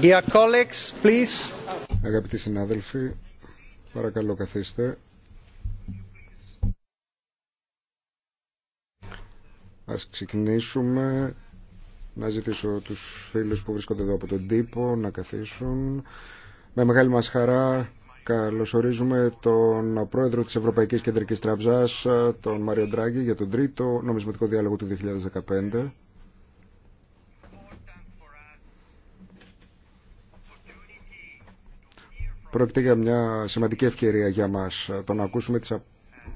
Dear Αγαπητοί συνάδελφοι, παρακαλώ καθίστε. Ας ξεκινήσουμε να ζητήσω τους φίλους που βρίσκονται εδώ από τον τύπο να καθίσουν. Με μεγάλη μας χαρά καλωσορίζουμε τον πρόεδρο της Ευρωπαϊκής Κεντρικής Τραπεζάς, τον Μάριο Ντράγκη, για τον τρίτο νομισματικό διάλογο του 2015. Πρόκειται για μια σημαντική ευκαιρία για μας ε, το να ακούσουμε τις,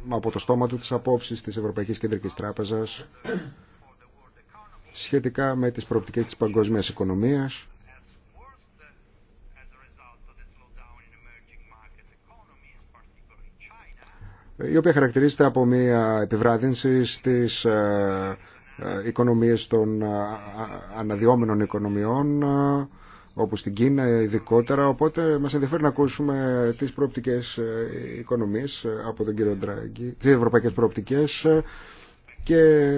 από το στόμα του τις απόψεις της Ευρωπαϊκής Κεντρικής Τράπεζας σχετικά με τις προοπτικές της παγκόσμιας οικονομίας η οποία χαρακτηρίζεται από μια επιβράδυνση στις ε, ε, οικονομίες των αναδυόμενων οικονομιών όπως στην Κίνα ειδικότερα, οπότε μας ενδιαφέρει να ακούσουμε τις προοπτικές ε, οικονομίες ε, από τον κύριο Ντράγκη, τις ευρωπαϊκές προοπτικές ε, και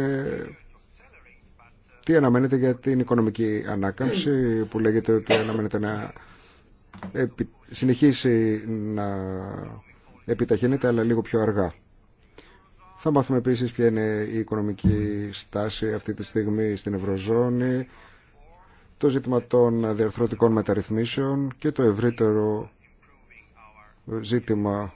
τι αναμένεται για την οικονομική ανάκαμψη που λέγεται ότι αναμένεται να συνεχίσει να επιταχύνεται αλλά λίγο πιο αργά. Θα μάθουμε επίσης ποια είναι η οικονομική στάση αυτή τη στιγμή στην Ευρωζώνη, το ζήτημα των διαρθρωτικών μεταρρυθμίσεων και το ευρύτερο ζήτημα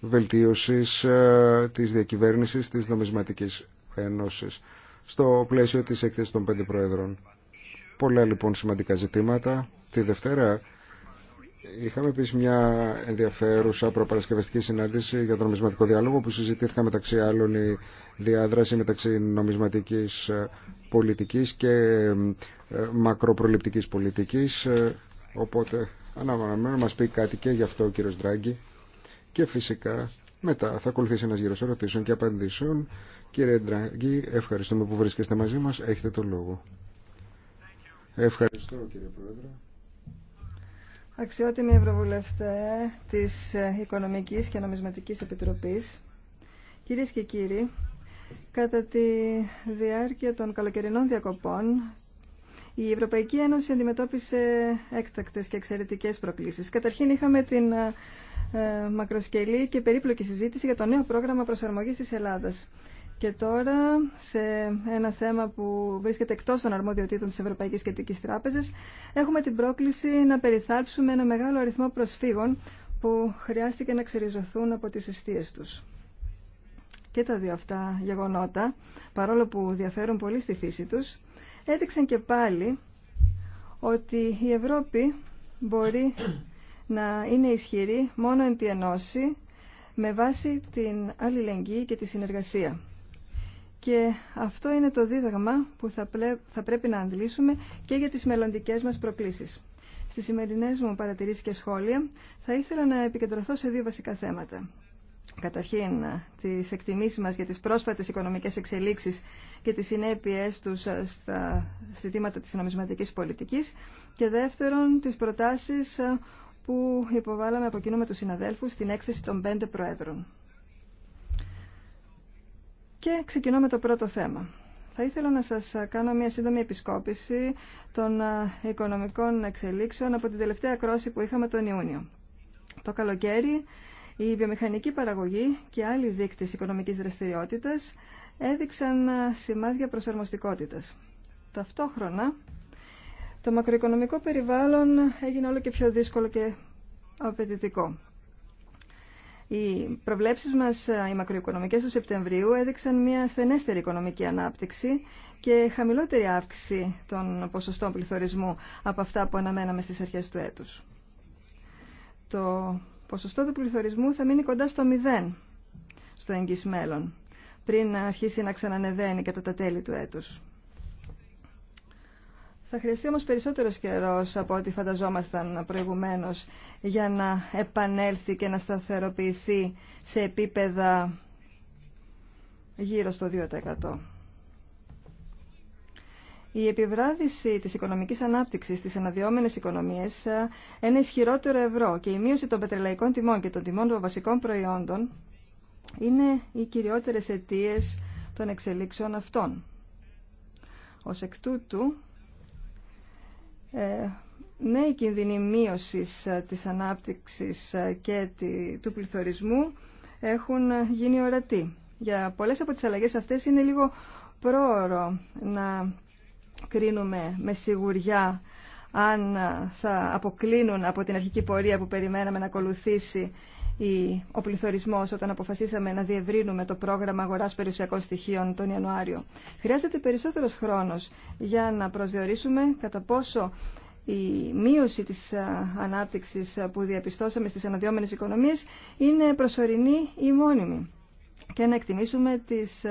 βελτίωσης ε, της διακυβέρνησης της νομισματικής ένωσης στο πλαίσιο της έκθεσης των πέντε προέδρων. Πολλά λοιπόν σημαντικά ζητήματα. Τη Δευτέρα Είχαμε επίση μια ενδιαφέρουσα προπαρασκευαστική συνάντηση για τον νομισματικό διάλογο που συζητήθηκα μεταξύ άλλων η διάδραση μεταξύ νομισματικής ε, πολιτικής και ε, μακροπροληπτικής πολιτικής. Ε, οπότε αναμένω να μας πει κάτι και γι' αυτό ο κύριος Ντράγκη. Και φυσικά μετά θα ακολουθήσει ένας γύρος ερωτήσεων και απαντήσεων. Κύριε Ντράγκη, ευχαριστούμε που βρίσκεστε μαζί μας. Έχετε το λόγο. Ευχαριστώ κύριε Πρόεδρε. Αξιότιμη Ευρωβουλευτέ της Οικονομικής και Νομισματικής Επιτροπής, κυρίες και κύριοι, κατά τη διάρκεια των καλοκαιρινών διακοπών, η Ευρωπαϊκή Ένωση αντιμετώπισε έκτακτες και εξαιρετικές προκλήσεις. Καταρχήν είχαμε την ε, μακροσκελή και περίπλοκη συζήτηση για το νέο πρόγραμμα προσαρμογής της Ελλάδας. Και τώρα σε ένα θέμα που βρίσκεται εκτός των αρμοδιοτήτων της Ευρωπαϊκής Κεντρικής Τράπεζας έχουμε την πρόκληση να περιθάλψουμε ένα μεγάλο αριθμό προσφύγων που χρειάστηκε να ξεριζωθούν από τις αιστείες τους. Και τα δύο αυτά γεγονότα, παρόλο που διαφέρουν πολύ στη φύση τους, έδειξαν και πάλι ότι η Ευρώπη μπορεί να είναι ισχυρή μόνο εν τη ενώση με βάση την αλληλεγγύη και τη συνεργασία. Και αυτό είναι το δίδαγμα που θα, πρέπει να αντλήσουμε και για τις μελλοντικές μας προκλήσεις. Στις σημερινές μου παρατηρήσεις και σχόλια θα ήθελα να επικεντρωθώ σε δύο βασικά θέματα. Καταρχήν, τις εκτιμήσεις μας για τις πρόσφατες οικονομικές εξελίξεις και τις συνέπειες τους στα ζητήματα της νομισματικής πολιτικής και δεύτερον, τις προτάσεις που υποβάλαμε από κοινού με τους συναδέλφους στην έκθεση των πέντε προέδρων. Και ξεκινώ με το πρώτο θέμα. Θα ήθελα να σας κάνω μια σύντομη επισκόπηση των οικονομικών εξελίξεων από την τελευταία κρόση που είχαμε τον Ιούνιο. Το καλοκαίρι η βιομηχανική παραγωγή και άλλοι δείκτες οικονομικής δραστηριότητας έδειξαν σημάδια προσαρμοστικότητας. Ταυτόχρονα, το μακροοικονομικό περιβάλλον έγινε όλο και πιο δύσκολο και απαιτητικό. Οι προβλέψεις μας, ε, οι μακροοικονομικές του Σεπτεμβρίου, έδειξαν μια στενέστερη οικονομική ανάπτυξη και χαμηλότερη αύξηση των ποσοστών πληθωρισμού από αυτά που αναμέναμε στις αρχές του έτους. Το ποσοστό του πληθωρισμού θα μείνει κοντά στο μηδέν στο εγγύς μέλλον, πριν αρχίσει να ξανανεβαίνει κατά τα τέλη του έτους. Θα χρειαστεί όμως περισσότερος καιρός από ό,τι φανταζόμασταν προηγουμένως για να επανέλθει και να σταθεροποιηθεί σε επίπεδα γύρω στο 2%. Η επιβράδυση της οικονομικής ανάπτυξης στις αναδυόμενες οικονομίες, ένα ισχυρότερο ευρώ και η μείωση των πετρελαϊκών τιμών και των τιμών των βασικών προϊόντων είναι οι κυριότερες αιτίες των εξελίξεων αυτών. Ως εκ τούτου, ε, ναι, η κίνδυνοι μείωση ε, της ανάπτυξης ε, και του πληθωρισμού έχουν γίνει ορατοί. Για πολλές από τις αλλαγές αυτές είναι λίγο πρόωρο να κρίνουμε με σιγουριά αν θα αποκλίνουν από την αρχική πορεία που περιμέναμε να ακολουθήσει ο πληθωρισμός όταν αποφασίσαμε να διευρύνουμε το πρόγραμμα αγοράς περιουσιακών στοιχείων τον Ιανουάριο. Χρειάζεται περισσότερος χρόνος για να προσδιορίσουμε κατά πόσο η μείωση της ανάπτυξης που διαπιστώσαμε στις αναδυόμενες οικονομίες είναι προσωρινή ή μόνιμη και να εκτιμήσουμε τις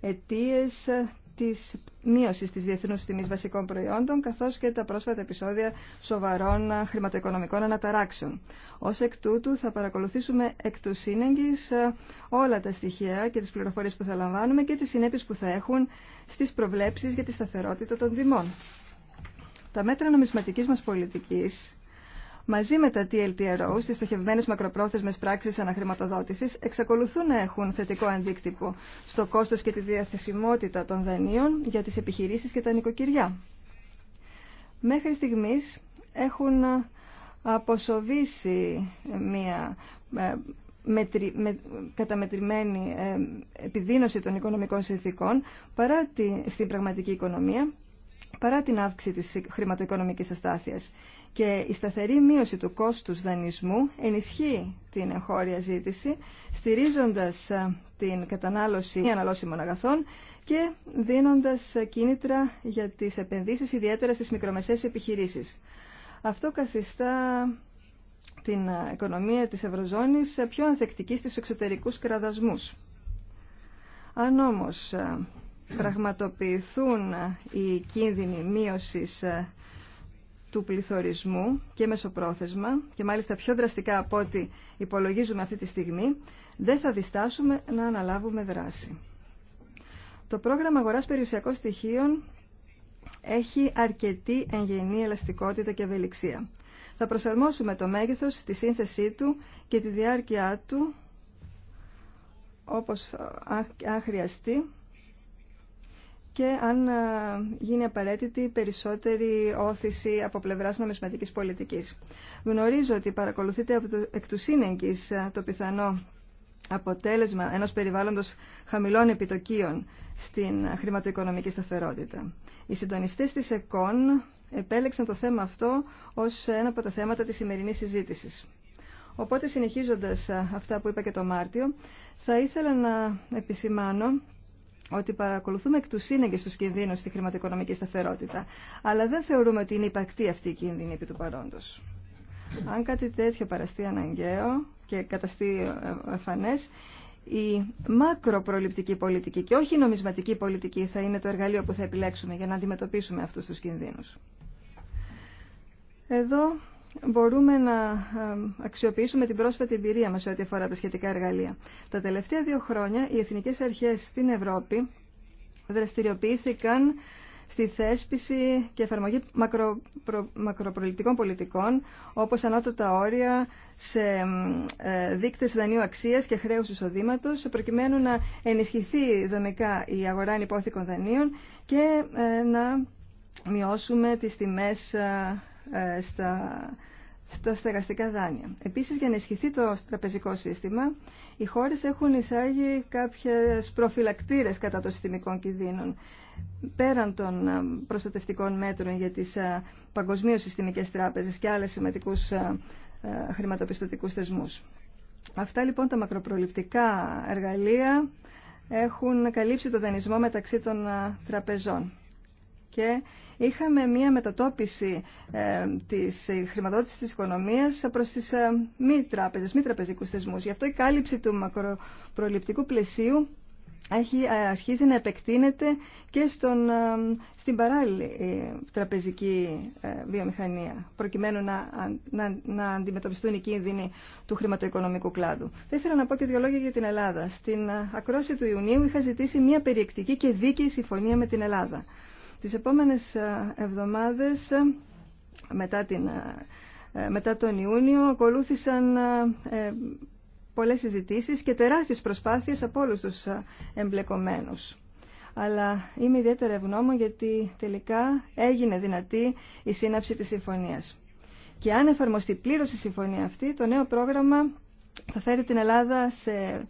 αιτίες της μείωσης της διεθνούς τιμής βασικών προϊόντων, καθώς και τα πρόσφατα επεισόδια σοβαρών χρηματοοικονομικών αναταράξεων. Ως εκ τούτου θα παρακολουθήσουμε εκ του σύνεγγυς ε, όλα τα στοιχεία και τις πληροφορίες που θα λαμβάνουμε και τις συνέπειες που θα έχουν στις προβλέψεις για τη σταθερότητα των τιμών. Τα μέτρα νομισματικής μας πολιτικής μαζί με τα TLTRO, στι στοχευμένε μακροπρόθεσμες πράξεις αναχρηματοδότησης, εξακολουθούν να έχουν θετικό αντίκτυπο στο κόστος και τη διαθεσιμότητα των δανείων για τις επιχειρήσεις και τα νοικοκυριά. Μέχρι στιγμή έχουν αποσοβήσει μια ε, με, καταμετρημένη ε, επιδείνωση των οικονομικών συνθήκων παρά τη, στην πραγματική οικονομία παρά την αύξηση της χρηματοοικονομικής αστάθειας και η σταθερή μείωση του κόστους δανεισμού ενισχύει την εγχώρια ζήτηση, στηρίζοντας ε, την κατανάλωση αναλώσιμων αγαθών και δίνοντας ε, κίνητρα για τις επενδύσεις, ιδιαίτερα στις μικρομεσαίες επιχειρήσεις. Αυτό καθιστά την ε, οικονομία της Ευρωζώνης πιο ανθεκτική στις εξωτερικούς κραδασμούς. Αν όμως πραγματοποιηθούν οι κίνδυνοι μείωσης του πληθωρισμού και μεσοπρόθεσμα και μάλιστα πιο δραστικά από ό,τι υπολογίζουμε αυτή τη στιγμή, δεν θα διστάσουμε να αναλάβουμε δράση. Το πρόγραμμα αγοράς περιουσιακών στοιχείων έχει αρκετή εγγενή ελαστικότητα και ευελιξία. Θα προσαρμόσουμε το μέγεθος, τη σύνθεσή του και τη διάρκεια του, όπως αν χρειαστεί, και αν ε, γίνει απαραίτητη περισσότερη όθηση από πλευράς νομισματικής πολιτικής. Γνωρίζω ότι παρακολουθείτε το, εκ του σύνεγγυς ε, το πιθανό αποτέλεσμα ενός περιβάλλοντος χαμηλών επιτοκίων στην χρηματοοικονομική σταθερότητα. Οι συντονιστές της ΕΚΟΝ επέλεξαν το θέμα αυτό ως ένα από τα θέματα της σημερινής συζήτησης. Οπότε συνεχίζοντας ε, αυτά που είπα και το Μάρτιο, θα ήθελα να επισημάνω ότι παρακολουθούμε εκ του σύνεγγες του κινδύνους στη χρηματοοικονομική σταθερότητα, αλλά δεν θεωρούμε ότι είναι υπαρκτή αυτή η κίνδυνη επί του παρόντος. Αν κάτι τέτοιο παραστεί αναγκαίο και καταστεί εμφανέ, η μακροπροληπτική πολιτική και όχι η νομισματική πολιτική θα είναι το εργαλείο που θα επιλέξουμε για να αντιμετωπίσουμε αυτού του κινδύνους. Εδώ μπορούμε να αξιοποιήσουμε την πρόσφατη εμπειρία μας ό,τι αφορά τα σχετικά εργαλεία. Τα τελευταία δύο χρόνια οι εθνικές αρχές στην Ευρώπη δραστηριοποιήθηκαν στη θέσπιση και εφαρμογή μακροπρο, μακροπροληπτικών πολιτικών, όπως ανώτατα όρια σε ε, δείκτες δανείου αξίας και χρέους εισοδήματος, προκειμένου να ενισχυθεί δομικά η αγορά ανυπόθηκων δανείων και ε, να μειώσουμε τις τιμές ε, ε, στα, στα στεγαστικά δάνεια. Επίσης, για να ισχυθεί το τραπεζικό σύστημα, οι χώρες έχουν εισάγει κάποιες προφυλακτήρες κατά των συστημικών κινδύνων, πέραν των ε, προστατευτικών μέτρων για τις ε, παγκοσμίως συστημικές τράπεζες και άλλες σημαντικούς χρηματοπιστωτικούς θεσμούς. Αυτά λοιπόν τα μακροπροληπτικά εργαλεία έχουν καλύψει το δανεισμό μεταξύ των τραπεζών και είχαμε μία μετατόπιση ε, της χρηματοδότησης της οικονομίας προς τις ε, μη τράπεζες, μη τραπεζικούς θεσμούς. Γι' αυτό η κάλυψη του μακροπροληπτικού πλαισίου έχει, ε, αρχίζει να επεκτείνεται και στον, ε, στην παράλληλη ε, τραπεζική βιομηχανία, προκειμένου να, να, να αντιμετωπιστούν οι κίνδυνοι του χρηματοοικονομικού κλάδου. Θα ήθελα να πω και δύο λόγια για την Ελλάδα. Στην ακρόση του Ιουνίου είχα ζητήσει μια περιεκτική και δίκαιη συμφωνία με την Ελλάδα. Τις επόμενες ε, εβδομάδες ε, μετά, ε, μετά τον Ιούνιο ακολούθησαν πολλές συζητήσεις και τεράστιες προσπάθειες από όλους τους εμπλεκομένους. Αλλά είμαι ιδιαίτερα ευγνώμων γιατί τελικά έγινε δυνατή η σύναψη της συμφωνίας. Και αν εφαρμοστεί πλήρως η συμφωνία αυτή, το νέο πρόγραμμα θα φέρει την Ελλάδα σε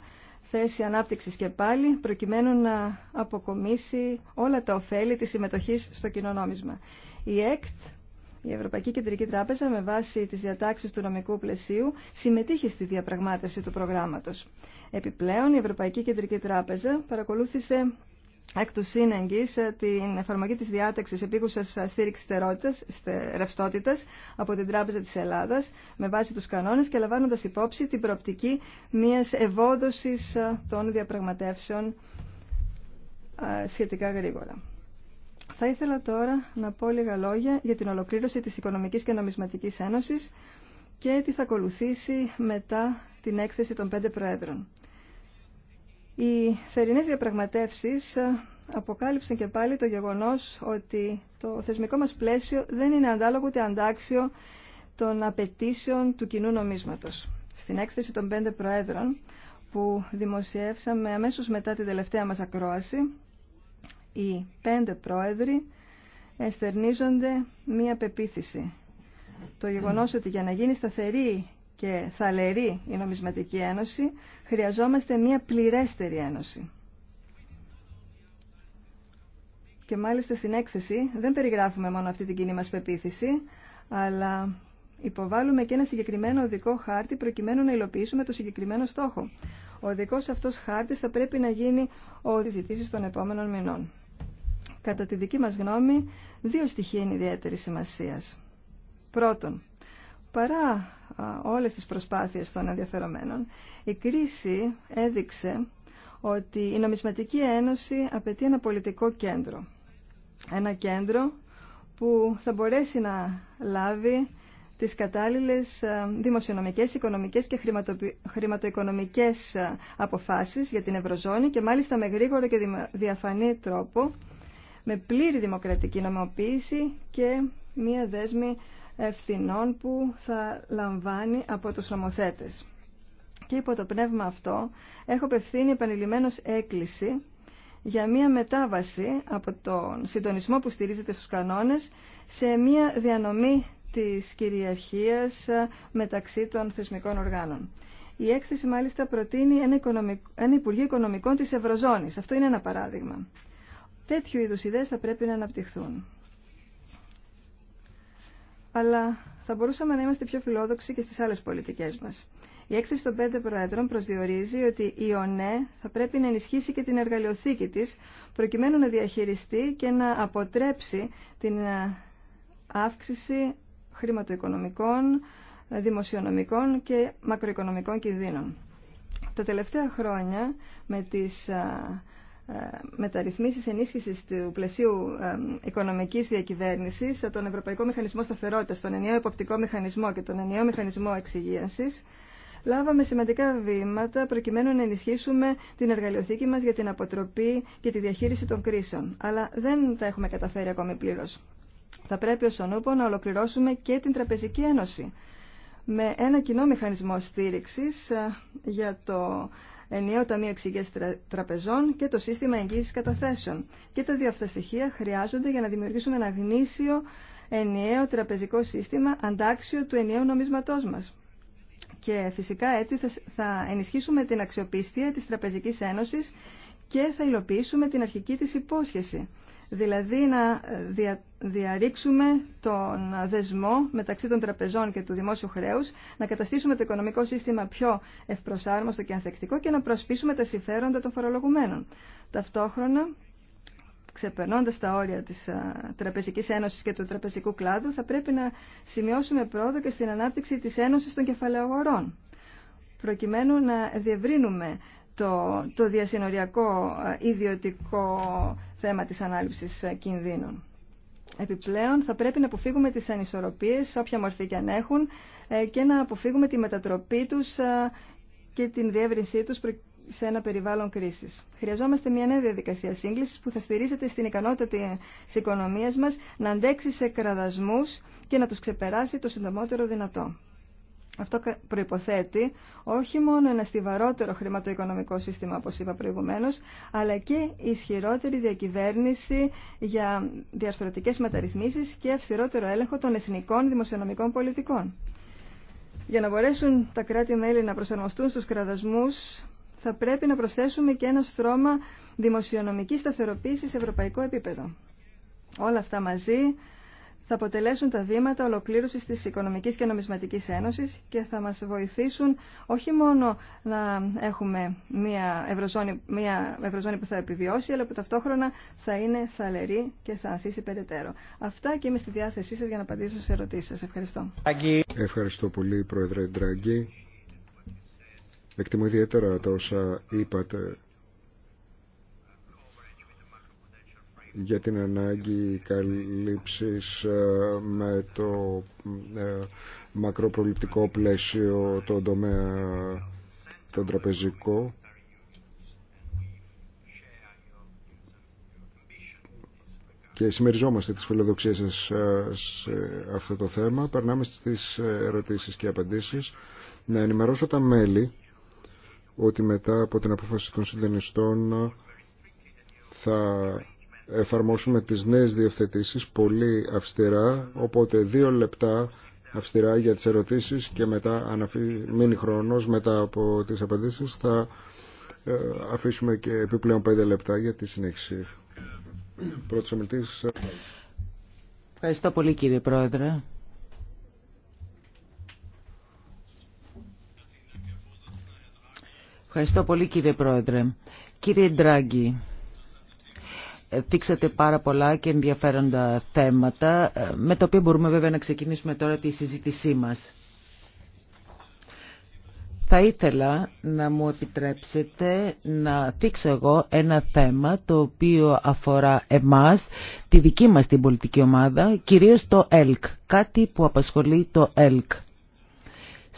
θέση ανάπτυξης και πάλι προκειμένου να αποκομίσει όλα τα ωφέλη της συμμετοχής στο κοινωνόμισμα. Η ΕΚΤ, η Ευρωπαϊκή Κεντρική Τράπεζα, με βάση τις διατάξεις του νομικού πλαισίου, συμμετείχε στη διαπραγμάτευση του προγράμματος. Επιπλέον, η Ευρωπαϊκή Κεντρική Τράπεζα παρακολούθησε εκ του ε, την εφαρμογή τη διάταξη επίκουσα στήριξη ρευστότητα από την Τράπεζα τη Ελλάδα με βάση του κανόνε και λαμβάνοντα υπόψη την προοπτική μια ευόδοση ε, των διαπραγματεύσεων ε, σχετικά γρήγορα. Θα ήθελα τώρα να πω λίγα λόγια για την ολοκλήρωση της Οικονομικής και Νομισματικής Ένωσης και τι θα ακολουθήσει μετά την έκθεση των πέντε Προέδρων. Οι θερινές διαπραγματεύσεις ε, αποκάλυψαν και πάλι το γεγονός ότι το θεσμικό μας πλαίσιο δεν είναι αντάλογο ούτε αντάξιο των απαιτήσεων του κοινού νομίσματος. Στην έκθεση των πέντε προέδρων που δημοσιεύσαμε αμέσως μετά την τελευταία μας ακρόαση, οι πέντε πρόεδροι εστερνίζονται μία πεποίθηση. Το γεγονός ότι για να γίνει σταθερή και θαλερή η νομισματική ένωση, χρειαζόμαστε μια πληρέστερη ένωση. Και μάλιστα στην έκθεση δεν περιγράφουμε μόνο αυτή την κοινή μας πεποίθηση, αλλά υποβάλλουμε και ένα συγκεκριμένο οδικό χάρτη προκειμένου να υλοποιήσουμε το συγκεκριμένο στόχο. Ο οδικό αυτός χάρτη θα πρέπει να γίνει ο διζητή των επόμενων μηνών. Κατά τη δική μα γνώμη, δύο στοιχεία είναι ιδιαίτερη σημασία. Πρώτον, παρά όλες τις προσπάθειες των ενδιαφερομένων, η κρίση έδειξε ότι η Νομισματική Ένωση απαιτεί ένα πολιτικό κέντρο. Ένα κέντρο που θα μπορέσει να λάβει τις κατάλληλες δημοσιονομικές, οικονομικές και χρηματοοικονομικές αποφάσεις για την Ευρωζώνη και μάλιστα με γρήγορο και διαφανή τρόπο, με πλήρη δημοκρατική νομοποίηση και μία δέσμη ευθυνών που θα λαμβάνει από τους νομοθέτες. Και υπό το πνεύμα αυτό έχω πευθύνει επανειλημμένως έκκληση για μια μετάβαση από τον συντονισμό που στηρίζεται στους κανόνες σε μια διανομή της κυριαρχίας μεταξύ των θεσμικών οργάνων. Η έκθεση μάλιστα προτείνει ένα, οικονομικό, ένα Υπουργείο Οικονομικών της Ευρωζώνης. Αυτό είναι ένα παράδειγμα. Τέτοιου είδους ιδέες θα πρέπει να αναπτυχθούν αλλά θα μπορούσαμε να είμαστε πιο φιλόδοξοι και στις άλλες πολιτικές μας. Η έκθεση των πέντε προέδρων προσδιορίζει ότι η ΟΝΕ θα πρέπει να ενισχύσει και την εργαλειοθήκη της προκειμένου να διαχειριστεί και να αποτρέψει την ε, αύξηση χρηματοοικονομικών, ε, δημοσιονομικών και μακροοικονομικών κινδύνων. Τα τελευταία χρόνια με τις ε, μεταρρυθμίσεις ενίσχυση του πλαισίου ε, οικονομική διακυβέρνηση, τον Ευρωπαϊκό Μηχανισμό σταθερότητα, τον Ενιαίο Εποπτικό Μηχανισμό και τον Ενιαίο Μηχανισμό Εξυγίανσης, λάβαμε σημαντικά βήματα προκειμένου να ενισχύσουμε την εργαλειοθήκη μα για την αποτροπή και τη διαχείριση των κρίσεων. Αλλά δεν τα έχουμε καταφέρει ακόμη πλήρω. Θα πρέπει ως ονούπο να ολοκληρώσουμε και την Τραπεζική Ένωση με ένα κοινό μηχανισμό στήριξης ε, για το ενιαίο Ταμείο Εξηγίας Τραπεζών και το Σύστημα Εγγύησης Καταθέσεων. Και τα δύο αυτά στοιχεία χρειάζονται για να δημιουργήσουμε ένα γνήσιο ενιαίο τραπεζικό σύστημα αντάξιο του ενιαίου νομίσματός μας. Και φυσικά έτσι θα ενισχύσουμε την αξιοπίστεια της Τραπεζικής Ένωσης και θα υλοποιήσουμε την αρχική της υπόσχεση δηλαδή να ε, δια, διαρρήξουμε τον ε, δεσμό μεταξύ των τραπεζών και του δημόσιου χρέους, να καταστήσουμε το οικονομικό σύστημα πιο ευπροσάρμοστο και ανθεκτικό και να προσπίσουμε τα συμφέροντα των φορολογουμένων. Ταυτόχρονα, ξεπερνώντα τα όρια τη ε, τραπεζικής ένωσης και του τραπεζικού κλάδου, θα πρέπει να σημειώσουμε πρόοδο και στην ανάπτυξη της ένωσης των Κεφαλαίων Προκειμένου να διευρύνουμε το, το διασυνοριακό ε, ιδιωτικό θέμα της ανάληψης ε, κινδύνων. Επιπλέον θα πρέπει να αποφύγουμε τις ανισορροπίες, όποια μορφή και αν έχουν, ε, και να αποφύγουμε τη μετατροπή τους και την διεύρυνσή τους σε ένα περιβάλλον κρίσης. Χρειαζόμαστε μια νέα διαδικασία σύγκλησης που θα στηρίζεται στην ικανότητα της οικονομίας μας να αντέξει σε κραδασμούς και να τους ξεπεράσει το συντομότερο δυνατό. Αυτό προϋποθέτει όχι μόνο ένα στιβαρότερο χρηματοοικονομικό σύστημα, όπως είπα προηγουμένως, αλλά και ισχυρότερη διακυβέρνηση για διαρθρωτικές μεταρρυθμίσεις και αυστηρότερο έλεγχο των εθνικών δημοσιονομικών πολιτικών. Για να μπορέσουν τα κράτη-μέλη να προσαρμοστούν στους κραδασμούς, θα πρέπει να προσθέσουμε και ένα στρώμα δημοσιονομικής σταθεροποίησης σε ευρωπαϊκό επίπεδο. Όλα αυτά μαζί θα αποτελέσουν τα βήματα ολοκλήρωσης της Οικονομικής και Νομισματικής Ένωσης και θα μας βοηθήσουν όχι μόνο να έχουμε μια ευρωζώνη, μια ευρωζώνη που θα επιβιώσει, αλλά που ταυτόχρονα θα είναι θαλερή και θα ανθίσει περαιτέρω. Αυτά και είμαι στη διάθεσή σας για να απαντήσω σε ερωτήσεις σας. Ευχαριστώ. Ευχαριστώ πολύ, Πρόεδρε Ντράγκη. Εκτιμώ ιδιαίτερα τα όσα είπατε για την ανάγκη καλύψης ε, με το ε, μακροπροληπτικό πλαίσιο το τομέα το τραπεζικό και συμμεριζόμαστε τις φιλοδοξίες σας ε, σε αυτό το θέμα. Περνάμε στις ερωτήσεις και απαντήσεις. Να ενημερώσω τα μέλη ότι μετά από την απόφαση των συντενιστών θα εφαρμόσουμε τις νέες διευθετήσεις πολύ αυστηρά, οπότε δύο λεπτά αυστηρά για τις ερωτήσεις και μετά αν μείνει χρόνος μετά από τις απαντήσεις θα ε, αφήσουμε και επιπλέον πέντε λεπτά για τη συνέχιση. Πρώτος ομιλητής. Ε, Ευχαριστώ πολύ κύριε Πρόεδρε. Ευχαριστώ πολύ κύριε Πρόεδρε. Κύριε Ντράγκη, δείξατε πάρα πολλά και ενδιαφέροντα θέματα, ε, με τα οποία μπορούμε βέβαια να ξεκινήσουμε τώρα τη συζήτησή μας. Θα ήθελα να μου επιτρέψετε να δείξω εγώ ένα θέμα το οποίο αφορά εμάς, τη δική μας την πολιτική ομάδα, κυρίως το ΕΛΚ, κάτι που απασχολεί το ΕΛΚ.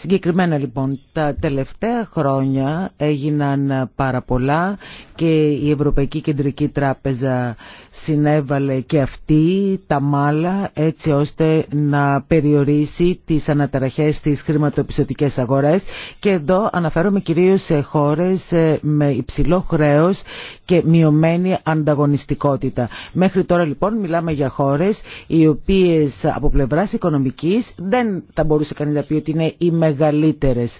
Συγκεκριμένα λοιπόν, τα τελευταία χρόνια έγιναν πάρα πολλά και η Ευρωπαϊκή Κεντρική Τράπεζα συνέβαλε και αυτή τα μάλα έτσι ώστε να περιορίσει τις αναταραχές στις χρηματοπιστωτικές αγορές και εδώ αναφέρομαι κυρίως σε χώρες με υψηλό χρέος και μειωμένη ανταγωνιστικότητα. Μέχρι τώρα λοιπόν μιλάμε για χώρες οι οποίες από πλευράς οικονομικής δεν θα μπορούσε κανείς να πει ότι είναι η μεγαλύτερες.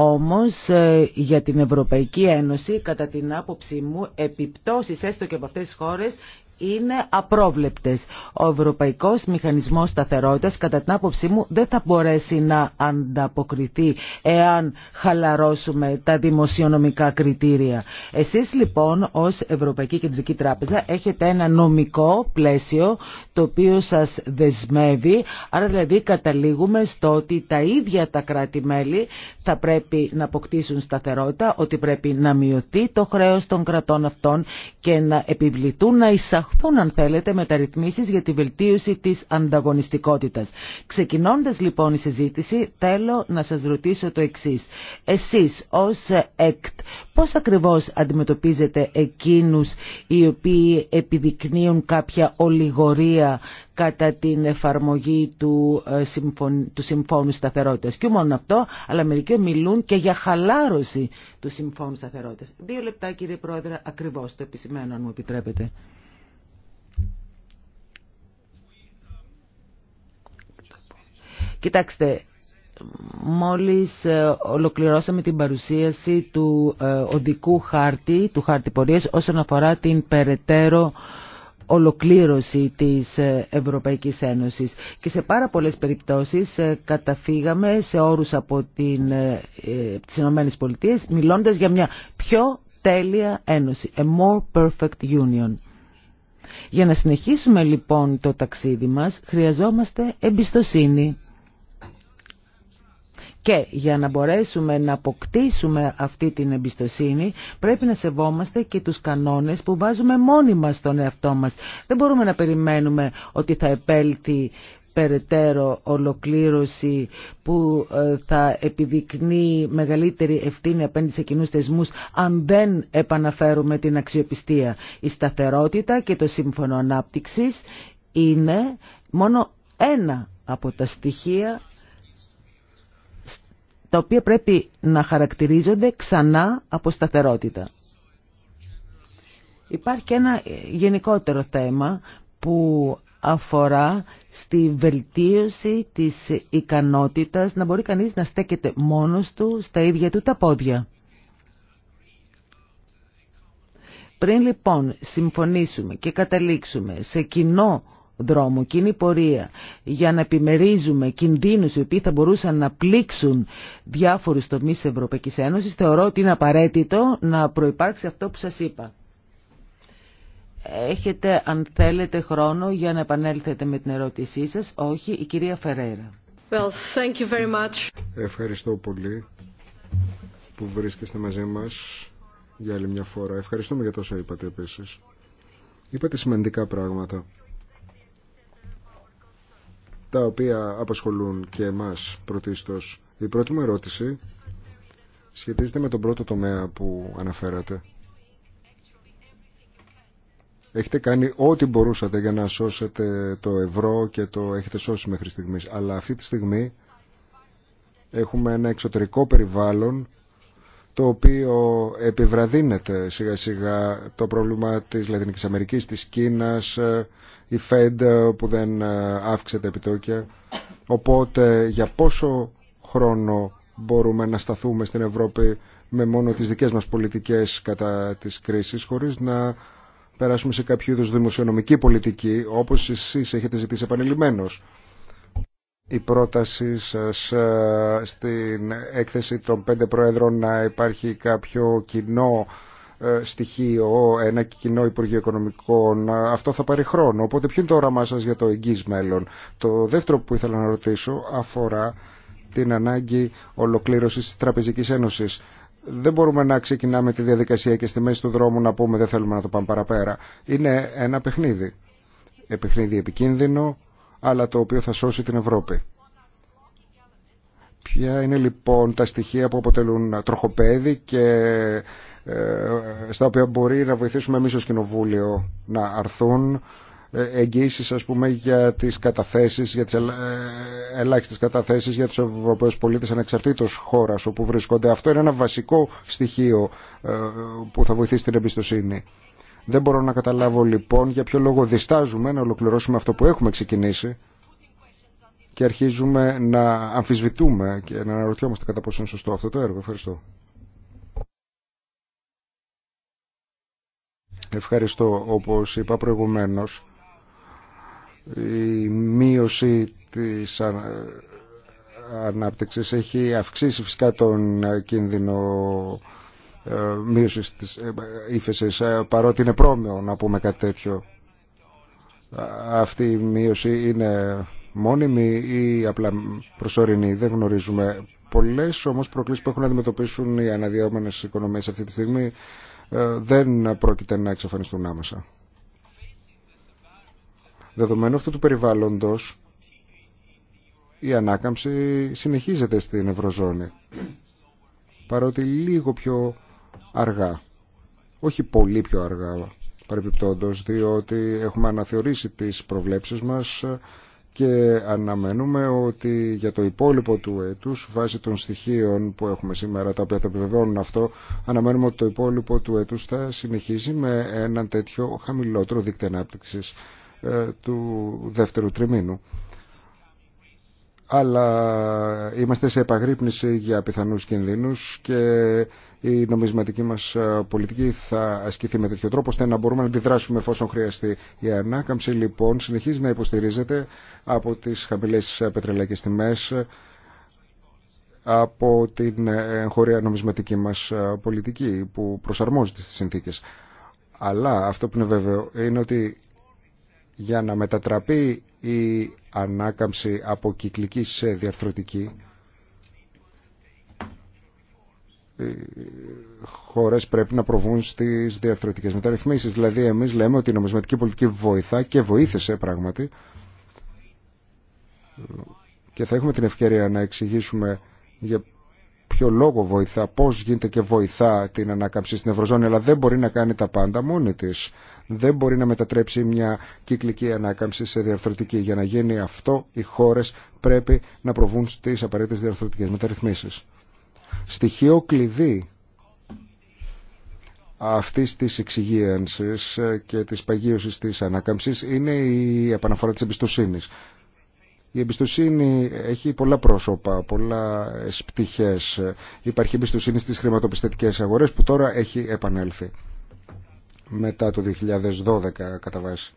Όμως ε, για την Ευρωπαϊκή Ένωση, κατά την άποψή μου, επιπτώσεις έστω και από αυτές τις χώρες είναι απρόβλεπτες. Ο Ευρωπαϊκός Μηχανισμός Σταθερότητας, κατά την άποψή μου, δεν θα μπορέσει να ανταποκριθεί εάν χαλαρώσουμε τα δημοσιονομικά κριτήρια. Εσείς λοιπόν ως Ευρωπαϊκή Κεντρική Τράπεζα έχετε ένα νομικό πλαίσιο το οποίο σας δεσμεύει, άρα δηλαδή καταλήγουμε στο ότι τα ίδια τα κράτη-μέλη θα πρέπει πρέπει να αποκτήσουν σταθερότητα, ότι πρέπει να μειωθεί το χρέος των κρατών αυτών και να επιβληθούν, να εισαχθούν αν θέλετε μεταρρυθμίσεις για τη βελτίωση της ανταγωνιστικότητας. Ξεκινώντας λοιπόν η συζήτηση θέλω να σας ρωτήσω το εξής. Εσείς ως ΕΚΤ πώς ακριβώς αντιμετωπίζετε εκείνους οι οποίοι επιδεικνύουν κάποια ολιγορία κατά την εφαρμογή του, ε, συμφων... του Συμφώνου Σταθερότητας. Και μόνο αυτό, αλλά μερικοί μιλούν και για χαλάρωση του Συμφώνου Σταθερότητας. Δύο λεπτά κύριε Πρόεδρε, ακριβώς το επισημένο αν μου επιτρέπετε. Κοιτάξτε, μόλις ε, ολοκληρώσαμε την παρουσίαση του ε, οδικού χάρτη, του χάρτη πορείας, όσον αφορά την περαιτέρω ολοκλήρωση της ε, Ευρωπαϊκής Ένωσης και σε πάρα πολλές περιπτώσεις ε, καταφύγαμε σε όρους από την, ε, τις Ηνωμένες Πολιτείες μιλώντας για μια πιο τέλεια ένωση, a more perfect union. Για να συνεχίσουμε λοιπόν το ταξίδι μας χρειαζόμαστε εμπιστοσύνη. Και για να μπορέσουμε να αποκτήσουμε αυτή την εμπιστοσύνη πρέπει να σεβόμαστε και τους κανόνες που βάζουμε μόνοι μας στον εαυτό μας. Δεν μπορούμε να περιμένουμε ότι θα επέλθει περαιτέρω ολοκλήρωση που ε, θα επιδεικνύει μεγαλύτερη ευθύνη απέναντι σε κοινού θεσμού αν δεν επαναφέρουμε την αξιοπιστία. Η σταθερότητα και το σύμφωνο ανάπτυξης είναι μόνο ένα από τα στοιχεία τα οποία πρέπει να χαρακτηρίζονται ξανά από σταθερότητα. Υπάρχει ένα γενικότερο θέμα που αφορά στη βελτίωση της ικανότητας να μπορεί κανείς να στέκεται μόνος του στα ίδια του τα πόδια. Πριν λοιπόν συμφωνήσουμε και καταλήξουμε σε κοινό δρόμο, κοινή πορεία για να επιμερίζουμε κινδύνους οι οποίοι θα μπορούσαν να πλήξουν διάφορους τομείς της Ευρωπαϊκής Ένωσης θεωρώ ότι είναι απαραίτητο να προϋπάρξει αυτό που σας είπα. Έχετε αν θέλετε χρόνο για να επανέλθετε με την ερώτησή σας. Όχι, η κυρία Φερέρα. Well, thank you very much. Ευχαριστώ πολύ που βρίσκεστε μαζί μας για άλλη μια φορά. Ευχαριστούμε για τόσα είπατε επίσης. Είπατε σημαντικά πράγματα τα οποία απασχολούν και εμάς πρωτίστως. Η πρώτη μου ερώτηση σχετίζεται με τον πρώτο τομέα που αναφέρατε. Έχετε κάνει ό,τι μπορούσατε για να σώσετε το ευρώ και το έχετε σώσει μέχρι στιγμής. Αλλά αυτή τη στιγμή έχουμε ένα εξωτερικό περιβάλλον το οποίο επιβραδύνεται σιγά σιγά το πρόβλημα της Λατινικής Αμερικής, της Κίνας, ε, η Fed ε, που δεν ε, αύξησε τα επιτόκια. Οπότε για πόσο χρόνο μπορούμε να σταθούμε στην Ευρώπη με μόνο τις δικές μας πολιτικές κατά της κρίσης χωρίς να περάσουμε σε κάποιο είδους δημοσιονομική πολιτική όπως εσείς έχετε ζητήσει επανειλημμένως η πρόταση σας ε, στην έκθεση των πέντε πρόεδρων να υπάρχει κάποιο κοινό ε, στοιχείο, ένα κοινό Υπουργείο Οικονομικών, αυτό θα πάρει χρόνο. Οπότε ποιο είναι το όραμά σας για το εγγύς μέλλον. Το δεύτερο που ήθελα να ρωτήσω αφορά την ανάγκη ολοκλήρωσης της Τραπεζικής Ένωσης. Δεν μπορούμε να ξεκινάμε τη διαδικασία και στη μέση του δρόμου να πούμε δεν θέλουμε να το πάμε παραπέρα. Είναι ένα παιχνίδι. Επιχνίδι επικίνδυνο, αλλά το οποίο θα σώσει την Ευρώπη. Ποια είναι λοιπόν τα στοιχεία που αποτελούν τροχοπέδι και ε, στα οποία μπορεί να βοηθήσουμε εμείς ως Κοινοβούλιο να αρθούν ε, εγγύσεις ας πούμε για τις καταθέσεις, για τις ε, ελάχιστες καταθέσεις για τους Ευρωπαίους πολίτες ανεξαρτήτως χώρας όπου βρίσκονται. Αυτό είναι ένα βασικό στοιχείο που θα βοηθήσει την εμπιστοσύνη. Δεν μπορώ να καταλάβω λοιπόν για ποιο λόγο διστάζουμε να ολοκληρώσουμε αυτό που έχουμε ξεκινήσει και αρχίζουμε να αμφισβητούμε και να αναρωτιόμαστε κατά πόσο είναι σωστό αυτό το έργο. Ευχαριστώ. Ευχαριστώ. Όπως είπα προηγουμένως, η μείωση της ανάπτυξης έχει αυξήσει φυσικά τον κίνδυνο ε, μείωση τη ε, ύφεση ε, παρότι είναι πρόμοιο να πούμε κάτι τέτοιο. Αυτή η μείωση είναι μόνιμη ή απλά προσωρινή, δεν γνωρίζουμε. Πολλές όμως προκλήσεις που έχουν να αντιμετωπίσουν οι αναδυόμενες οικονομίες αυτή τη στιγμή δεν πρόκειται να εξαφανιστούν άμεσα. Δεδομένου αυτού του περιβάλλοντος, η απλα προσωρινη δεν γνωριζουμε πολλε ομως προκλησεις που εχουν να αντιμετωπισουν οι αναδυομενε οικονομιες αυτη συνεχίζεται στην Ευρωζώνη. Παρότι λίγο πιο αργά. Όχι πολύ πιο αργά παρεπιπτόντως, διότι έχουμε αναθεωρήσει τις προβλέψεις μας και αναμένουμε ότι για το υπόλοιπο του έτους, βάσει των στοιχείων που έχουμε σήμερα, τα οποία το επιβεβαιώνουν αυτό, αναμένουμε ότι το υπόλοιπο του έτους θα συνεχίζει με έναν τέτοιο χαμηλότερο δίκτυο ανάπτυξη ε, του δεύτερου τριμήνου αλλά είμαστε σε επαγρύπνηση για πιθανούς κινδύνους και η νομισματική μας πολιτική θα ασκηθεί με τέτοιο τρόπο ώστε να μπορούμε να αντιδράσουμε εφόσον χρειαστεί. Η ανάκαμψη λοιπόν συνεχίζει να υποστηρίζεται από τις χαμηλές πετρελαϊκές τιμές από την χωρία νομισματική μας πολιτική που προσαρμόζεται στις συνθήκες. Αλλά αυτό που είναι βέβαιο είναι ότι για να μετατραπεί η ανάκαμψη από κυκλική σε διαρθρωτική. Οι χώρες πρέπει να προβούν στις διαρθρωτικές μεταρρυθμίσεις. Δηλαδή εμείς λέμε ότι η νομισματική πολιτική βοηθά και βοήθησε πράγματι και θα έχουμε την ευκαιρία να εξηγήσουμε για ποιο λόγο βοηθά, πώς γίνεται και βοηθά την ανάκαμψη στην Ευρωζώνη, αλλά δεν μπορεί να κάνει τα πάντα μόνη της. Δεν μπορεί να μετατρέψει μια κυκλική ανάκαμψη σε διαρθρωτική. Για να γίνει αυτό, οι χώρες πρέπει να προβούν στις απαραίτητες διαρθρωτικές μεταρρυθμίσεις. Στοιχείο κλειδί αυτή τη εξυγίανση και τη παγίωση τη ανάκαμψη είναι η επαναφορά τη εμπιστοσύνη. Η εμπιστοσύνη έχει πολλά πρόσωπα, πολλά πτυχές. Υπάρχει εμπιστοσύνη στις χρηματοπιστωτικές αγορές που τώρα έχει επανέλθει μετά το 2012 κατά βάση.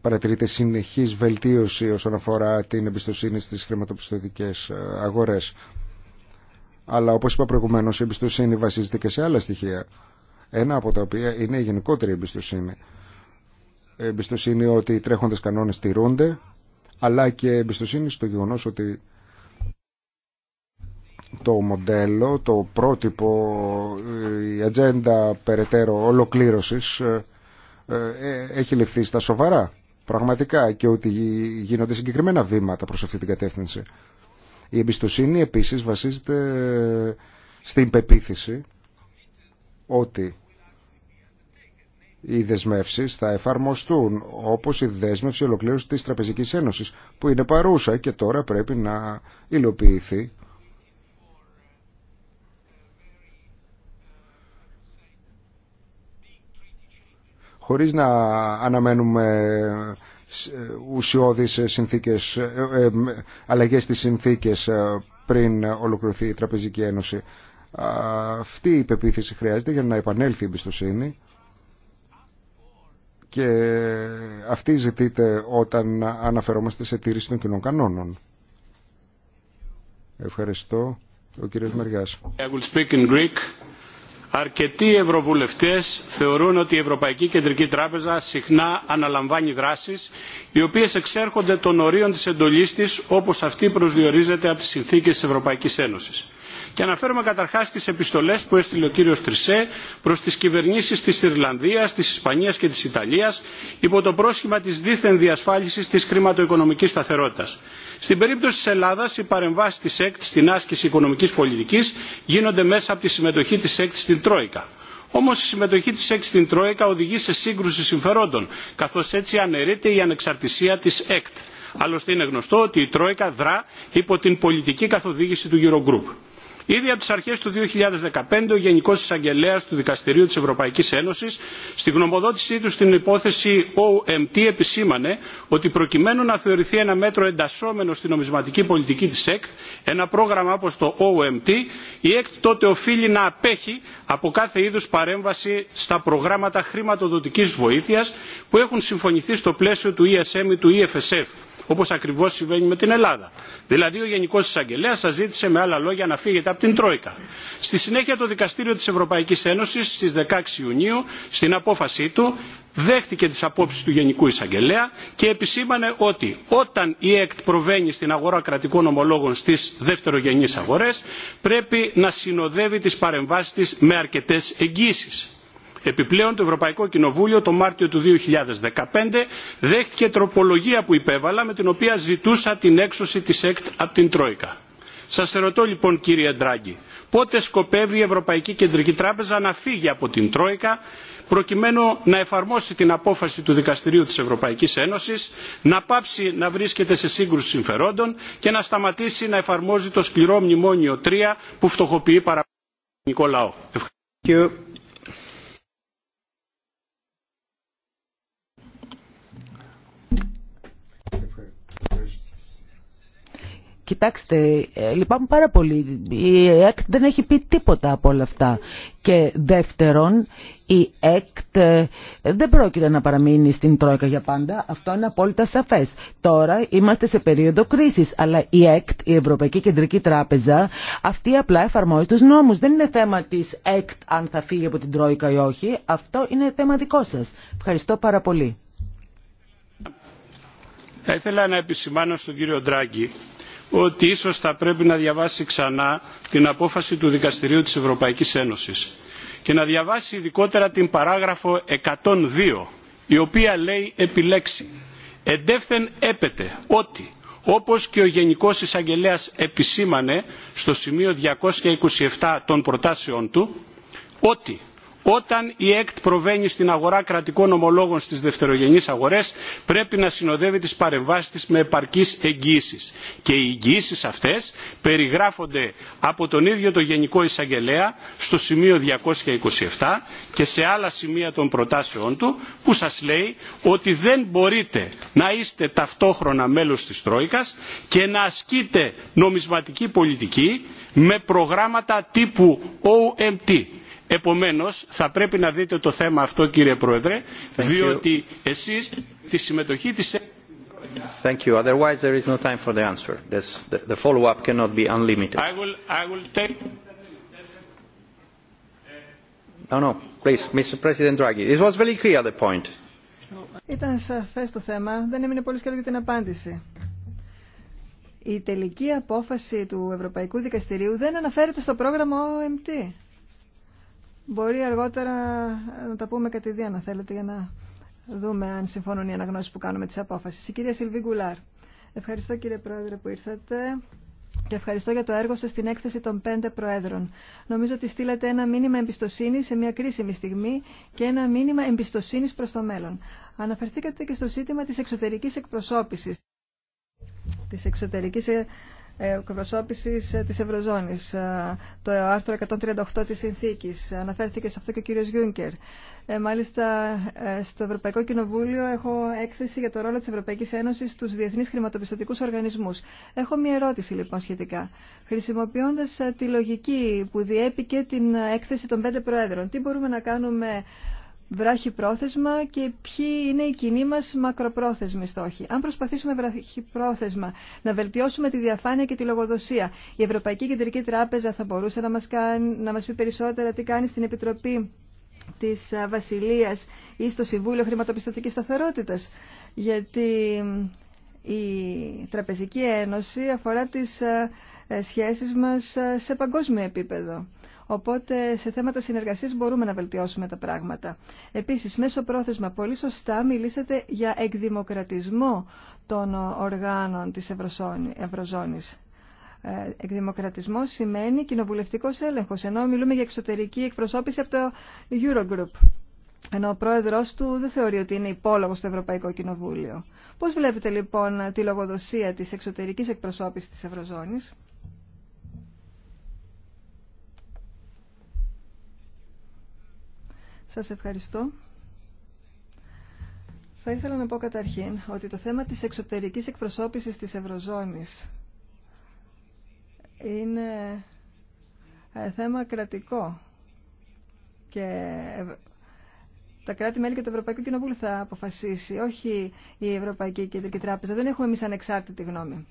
Παρατηρείται συνεχής βελτίωση όσον αφορά την εμπιστοσύνη στις χρηματοπιστωτικές αγορές. Αλλά όπως είπα προηγουμένως η εμπιστοσύνη βασίζεται και σε άλλα στοιχεία. Ένα από τα οποία είναι η γενικότερη εμπιστοσύνη. Εμπιστοσύνη ότι οι τρέχοντες κανόνες τηρούνται, αλλά και εμπιστοσύνη στο γεγονός ότι το μοντέλο, το πρότυπο, η ατζέντα περαιτέρω ολοκλήρωσης ε, ε, έχει ληφθεί στα σοβαρά πραγματικά και ότι γίνονται συγκεκριμένα βήματα προς αυτή την κατεύθυνση. Η εμπιστοσύνη επίσης βασίζεται στην πεποίθηση ότι οι δεσμεύσει θα εφαρμοστούν όπως η δέσμευση ολοκλήρωση της Τραπεζικής Ένωσης που είναι παρούσα και τώρα πρέπει να υλοποιηθεί χωρίς να αναμένουμε ε, ουσιώδεις ε, συνθήκες, ε, αλλαγές στις συνθήκες πριν ολοκληρωθεί η Τραπεζική Ένωση. Αυτή η υπεποίθηση χρειάζεται για να επανέλθει η εμπιστοσύνη και αυτή ζητείται όταν αναφερόμαστε σε τήρηση των κοινών κανόνων. Ευχαριστώ. Ο κύριος Μεριάς. I will Greek. Αρκετοί ευρωβουλευτές θεωρούν ότι η Ευρωπαϊκή Κεντρική Τράπεζα συχνά αναλαμβάνει δράσεις οι οποίες εξέρχονται των ορίων της εντολής της όπως αυτή προσδιορίζεται από τις συνθήκες της Ευρωπαϊκής Ένωσης και αναφέρομαι καταρχάς τις επιστολές που έστειλε ο κύριος Τρισέ προς τις κυβερνήσεις της Ιρλανδίας, της Ισπανίας και της Ιταλίας υπό το πρόσχημα της δίθεν διασφάλισης της χρηματοοικονομικής σταθερότητας. Στην περίπτωση της Ελλάδας οι παρεμβάσεις της ΕΚΤ στην άσκηση οικονομικής πολιτικής γίνονται μέσα από τη συμμετοχή της ΕΚΤ στην Τρόικα. Όμως η συμμετοχή της ΕΚΤ στην Τρόικα οδηγεί σε σύγκρουση συμφερόντων, καθώ έτσι αναιρείται η ανεξαρτησία τη ΕΚΤ. Άλλωστε είναι γνωστό ότι η Τρόικα δρά υπό την πολιτική καθοδήγηση του Eurogroup. Ήδη από τι αρχέ του 2015, ο Γενικό Εισαγγελέα του Δικαστηρίου τη Ευρωπαϊκή Ένωση, στη γνωμοδότησή του στην υπόθεση OMT, επισήμανε ότι προκειμένου να θεωρηθεί ένα μέτρο εντασσόμενο στην νομισματική πολιτική τη ΕΚΤ, ένα πρόγραμμα όπω το OMT, η ΕΚΤ τότε οφείλει να απέχει από κάθε είδου παρέμβαση στα προγράμματα χρηματοδοτική βοήθεια που έχουν συμφωνηθεί στο πλαίσιο του ESM ή του EFSF όπω ακριβώ συμβαίνει με την Ελλάδα. Δηλαδή, ο Γενικό Εισαγγελέα σα ζήτησε με άλλα λόγια να φύγετε την Τρόικα. Στη συνέχεια το Δικαστήριο της Ευρωπαϊκής Ένωσης στις 16 Ιουνίου στην απόφασή του δέχτηκε τις απόψεις του Γενικού Εισαγγελέα και επισήμανε ότι όταν η ΕΚΤ προβαίνει στην αγορά κρατικών ομολόγων στις δευτερογενείς αγορές πρέπει να συνοδεύει τις παρεμβάσεις της με αρκετές εγγύσεις. Επιπλέον το Ευρωπαϊκό Κοινοβούλιο το Μάρτιο του 2015 δέχτηκε τροπολογία που υπέβαλα με την οποία ζητούσα την έξωση της ΕΚΤ από την Τρόικα σας ερωτώ λοιπόν κύριε ντράγκη πότε σκοπεύει η ευρωπαϊκή κεντρική τράπεζα να φύγει από την τρόικα προκειμένου να εφαρμόσει την απόφαση του δικαστηρίου της ευρωπαϊκής ένωσης να πάψει να βρίσκεται σε σύγκρουση συμφερόντων και να σταματήσει να εφαρμόζει το σκληρό μνημόνιο 3 που φτωχοποιεί παραπάνω τον ελληνικό λαό. Κοιτάξτε, ε, λυπάμαι πάρα πολύ. Η ΕΚΤ δεν έχει πει τίποτα από όλα αυτά. Και δεύτερον, η ΕΚΤ ε, δεν πρόκειται να παραμείνει στην Τρόικα για πάντα. Αυτό είναι απόλυτα σαφές. Τώρα είμαστε σε περίοδο κρίσης, αλλά η ΕΚΤ, η Ευρωπαϊκή Κεντρική Τράπεζα, αυτή απλά εφαρμόζει τους νόμους. Δεν είναι θέμα της ΕΚΤ αν θα φύγει από την Τρόικα ή όχι. Αυτό είναι θέμα δικό σας. Ευχαριστώ πάρα πολύ. Θα ήθελα να επισημάνω στον κύριο Ντράγκη ότι ίσως θα πρέπει να διαβάσει ξανά την απόφαση του Δικαστηρίου της Ευρωπαϊκής Ένωσης και να διαβάσει ειδικότερα την παράγραφο 102 η οποία λέει επιλέξει εντεύθεν έπεται ότι όπως και ο Γενικός Εισαγγελέας επισήμανε στο σημείο 227 των προτάσεων του ότι όταν η ΕΚΤ προβαίνει στην αγορά κρατικών ομολόγων στις δευτερογενείς αγορές πρέπει να συνοδεύει τις παρεμβάσεις της με επαρκείς εγγύησεις. Και οι εγγύησεις αυτές περιγράφονται από τον ίδιο το Γενικό Εισαγγελέα στο σημείο 227 και σε άλλα σημεία των προτάσεών του που σας λέει ότι δεν μπορείτε να είστε ταυτόχρονα μέλος της Τρόικας και να ασκείτε νομισματική πολιτική με προγράμματα τύπου OMT επομένως θα πρέπει να δείτε το θέμα αυτό κύριε πρόεδρε Thank διότι εσείς τη συμμετοχή της Thank you. Otherwise there is no time for the answer. This, the, the follow-up cannot be unlimited. I will, I will take... No, no, please, Mr. President Draghi. It was very clear the point. Ήταν σαφές το θέμα. Δεν έμεινε πολύ σκέλο για την απάντηση. Η τελική απόφαση του Ευρωπαϊκού Δικαστηρίου δεν αναφέρεται στο πρόγραμμα OMT. Μπορεί αργότερα να τα πούμε κατηδίαν, αν θέλετε, για να δούμε αν συμφωνούν οι αναγνώσει που κάνουμε τη απόφαση. Η κυρία Σιλβί Γκουλάρ. Ευχαριστώ κύριε Πρόεδρε που ήρθατε και ευχαριστώ για το έργο σας στην έκθεση των πέντε Προέδρων. Νομίζω ότι στείλατε ένα μήνυμα εμπιστοσύνη σε μια κρίσιμη στιγμή και ένα μήνυμα εμπιστοσύνη προ το μέλλον. Αναφερθήκατε και στο ζήτημα της εξωτερικής εκπροσώπησης, της εξωτερικής ε, εκπροσώπησης ε, της Ευρωζώνης, ε, το άρθρο 138 της Συνθήκης. Αναφέρθηκε σε αυτό και ο κύριος Γιούνκερ. μάλιστα, στο Ευρωπαϊκό Κοινοβούλιο έχω έκθεση για το ρόλο της Ευρωπαϊκής Ένωσης στους διεθνείς χρηματοπιστωτικούς οργανισμούς. Έχω μια ερώτηση λοιπόν σχετικά. Χρησιμοποιώντας τη λογική που διέπει την έκθεση των πέντε προέδρων, τι μπορούμε να κάνουμε Βραχυπρόθεσμα πρόθεσμα και ποιοι είναι οι κοινοί μας μακροπρόθεσμοι στόχοι. Αν προσπαθήσουμε βραχυπρόθεσμα πρόθεσμα να βελτιώσουμε τη διαφάνεια και τη λογοδοσία, η Ευρωπαϊκή Κεντρική Τράπεζα θα μπορούσε να μας, κάνει, να μας πει περισσότερα τι κάνει στην Επιτροπή της ε, Βασιλείας ή στο Συμβούλιο Χρηματοπιστωτικής Σταθερότητας. Γιατί η Τραπεζική Ένωση αφορά τις ε, ε, σχέσεις μας σε παγκόσμιο επίπεδο. Οπότε σε θέματα συνεργασίας μπορούμε να βελτιώσουμε τα πράγματα. Επίσης, μέσω πρόθεσμα, πολύ σωστά μιλήσατε για εκδημοκρατισμό των οργάνων της Ευρωζώνης. Ε, εκδημοκρατισμό σημαίνει κοινοβουλευτικός έλεγχος, ενώ μιλούμε για εξωτερική εκπροσώπηση από το Eurogroup. Ενώ ο πρόεδρος του δεν θεωρεί ότι είναι υπόλογο στο Ευρωπαϊκό Κοινοβούλιο. Πώς βλέπετε λοιπόν τη λογοδοσία της εξωτερικής εκπροσώπησης της Ευρωζώνης. Σας ευχαριστώ. Θα ήθελα να πω καταρχήν ότι το θέμα της εξωτερικής εκπροσώπησης της Ευρωζώνης είναι ε, θέμα κρατικό και ε, τα κράτη-μέλη και το Ευρωπαϊκό Κοινοβούλιο θα αποφασίσει, όχι η Ευρωπαϊκή Κεντρική Τράπεζα. Δεν έχουμε εμεί ανεξάρτητη γνώμη.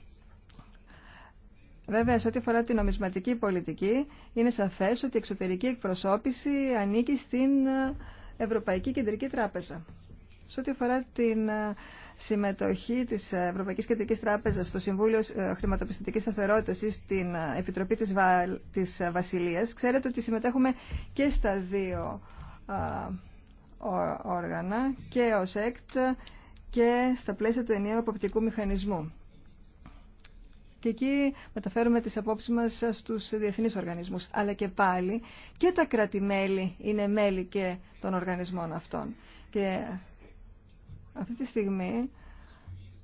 Βέβαια, σε ό,τι αφορά την νομισματική πολιτική, είναι σαφές ότι η εξωτερική εκπροσώπηση ανήκει στην ε, Ευρωπαϊκή Κεντρική Τράπεζα. Σε ό,τι αφορά την ε, συμμετοχή της Ευρωπαϊκής Κεντρικής Τράπεζας στο Συμβούλιο ε, Χρηματοπιστωτικής Σταθερότητας ή στην Επιτροπή της, Βα... της Βασιλείας, ξέρετε ότι συμμετέχουμε και στα δύο όργανα, και ως ΕΚΤ και στα πλαίσια του ενιαίου αποπτικού μηχανισμού και εκεί μεταφέρουμε τις απόψεις μας στους διεθνείς οργανισμούς. Αλλά και πάλι και τα κράτη-μέλη είναι μέλη και των οργανισμών αυτών. Και αυτή τη στιγμή,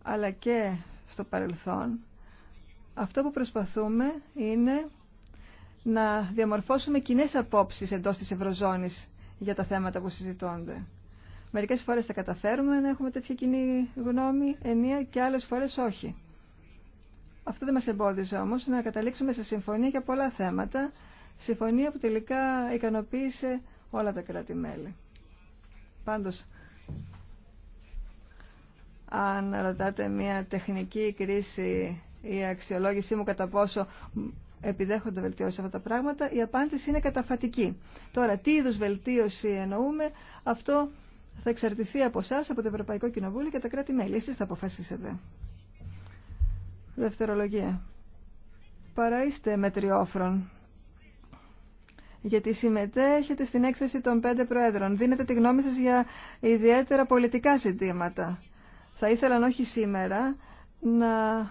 αλλά και στο παρελθόν, αυτό που προσπαθούμε είναι να διαμορφώσουμε κοινέ απόψεις εντός της Ευρωζώνης για τα θέματα που συζητώνται. Μερικές φορές τα καταφέρουμε να έχουμε τέτοια κοινή γνώμη ενία και άλλες φορές όχι. Αυτό δεν μας εμπόδιζε όμως να καταλήξουμε σε συμφωνία για πολλά θέματα, συμφωνία που τελικά ικανοποίησε όλα τα κράτη-μέλη. Πάντως, αν ρωτάτε μια τεχνική κρίση ή αξιολόγησή μου κατά πόσο επιδέχονται βελτιώσει αυτά τα πράγματα, η απάντηση είναι καταφατική. Τώρα, τι είδου βελτίωση εννοούμε, αυτό θα εξαρτηθεί από εσά, από το Ευρωπαϊκό Κοινοβούλιο και τα κράτη-μέλη. Εσεί θα αποφασίσετε. Δευτερολογία. Παρά είστε μετριόφρον. Γιατί συμμετέχετε στην έκθεση των πέντε προέδρων. Δίνετε τη γνώμη σας για ιδιαίτερα πολιτικά ζητήματα. Θα ήθελαν όχι σήμερα να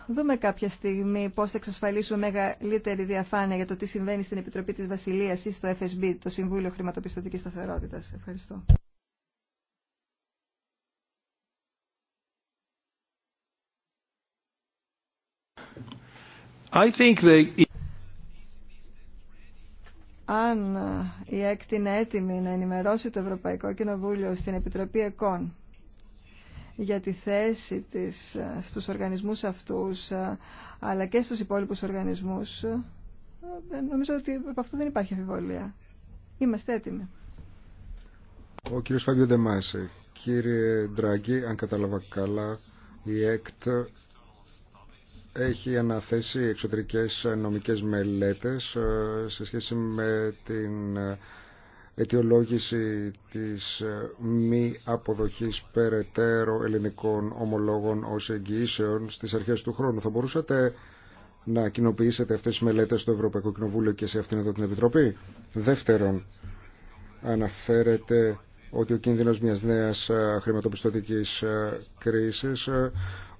δούμε κάποια στιγμή πώς θα εξασφαλίσουμε μεγαλύτερη διαφάνεια για το τι συμβαίνει στην Επιτροπή της Βασιλείας ή στο FSB, το Συμβούλιο Χρηματοπιστωτικής Σταθερότητας. Ευχαριστώ. Αν ε, η ΕΚΤ είναι έτοιμη να ενημερώσει το Ευρωπαϊκό Κοινοβούλιο στην Επιτροπή ΕΚΟΝ για τη θέση της ε, στους οργανισμούς αυτούς ε, αλλά και στους υπόλοιπους οργανισμούς νομίζω ότι από αυτό δεν υπάρχει αμφιβολία. Είμαστε έτοιμοι. Ο κύριος Φάβιο κύριε Ντράγκη, αν κατάλαβα καλά, η ΕΚΤ έχει αναθέσει εξωτερικές νομικές μελέτες ε, σε σχέση με την ε, αιτιολόγηση της ε, μη αποδοχής περαιτέρω ελληνικών ομολόγων ως εγγυήσεων στις αρχές του χρόνου. Θα μπορούσατε να κοινοποιήσετε αυτές τις μελέτες στο Ευρωπαϊκό Κοινοβούλιο και σε αυτήν εδώ την Επιτροπή. Δεύτερον, αναφέρεται ότι ο κίνδυνος μιας νέας χρηματοπιστωτικής κρίσης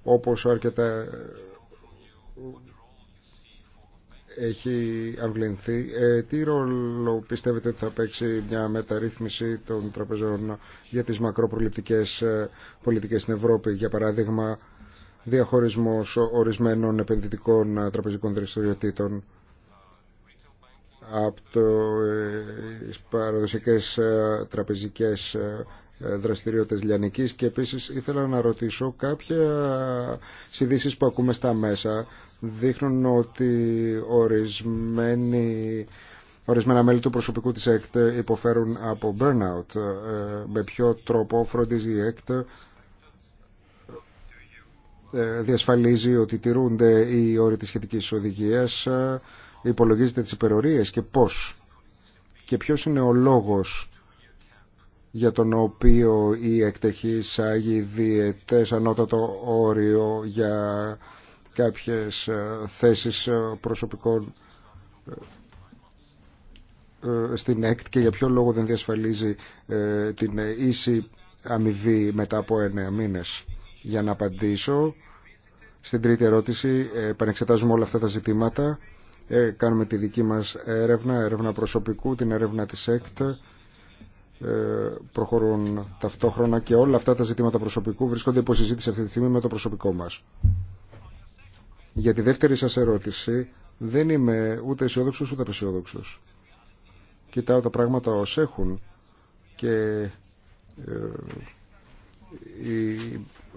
όπως αρκετά έχει αυλυνθεί. Ε, τι ρόλο πιστεύετε ότι θα παίξει μια μεταρρύθμιση των τραπεζών για τις μακροπροληπτικές ε, πολιτικές στην Ευρώπη, για παράδειγμα διαχωρισμός ορισμένων επενδυτικών ε, τραπεζικών δραστηριοτήτων από τις παραδοσιακές τραπεζικές δραστηριότητες λιανικής και επίσης ήθελα να ρωτήσω κάποια ειδήσει που ακούμε στα μέσα δείχνουν ότι ορισμένοι Ορισμένα μέλη του προσωπικού της ΕΚΤ υποφέρουν από burnout. Ε, με ποιο τρόπο φροντίζει η ΕΚΤ ε, διασφαλίζει ότι τηρούνται οι όροι της σχετικής οδηγίας, ε, υπολογίζεται τις υπερορίες και πώς. Και ποιος είναι ο λόγος για τον οποίο η εκτεχή εισάγει διαιτές ανώτατο όριο για κάποιες ε, θέσεις ε, προσωπικών ε, στην ΕΚΤ και για ποιο λόγο δεν διασφαλίζει την ίση αμοιβή μετά από εννέα μήνες. Για να απαντήσω στην τρίτη ερώτηση, επανεξετάζουμε όλα αυτά τα ζητήματα, κάνουμε τη δική μας έρευνα, έρευνα προσωπικού, την έρευνα της ΕΚΤ, ε, προχωρούν ταυτόχρονα και όλα αυτά τα ζητήματα προσωπικού βρίσκονται υπό συζήτηση αυτή τη στιγμή με το προσωπικό μας. Για τη δεύτερη σας ερώτηση δεν είμαι ούτε αισιόδοξο ούτε απεσιόδοξο. Κοιτάω τα πράγματα ως έχουν και ε, οι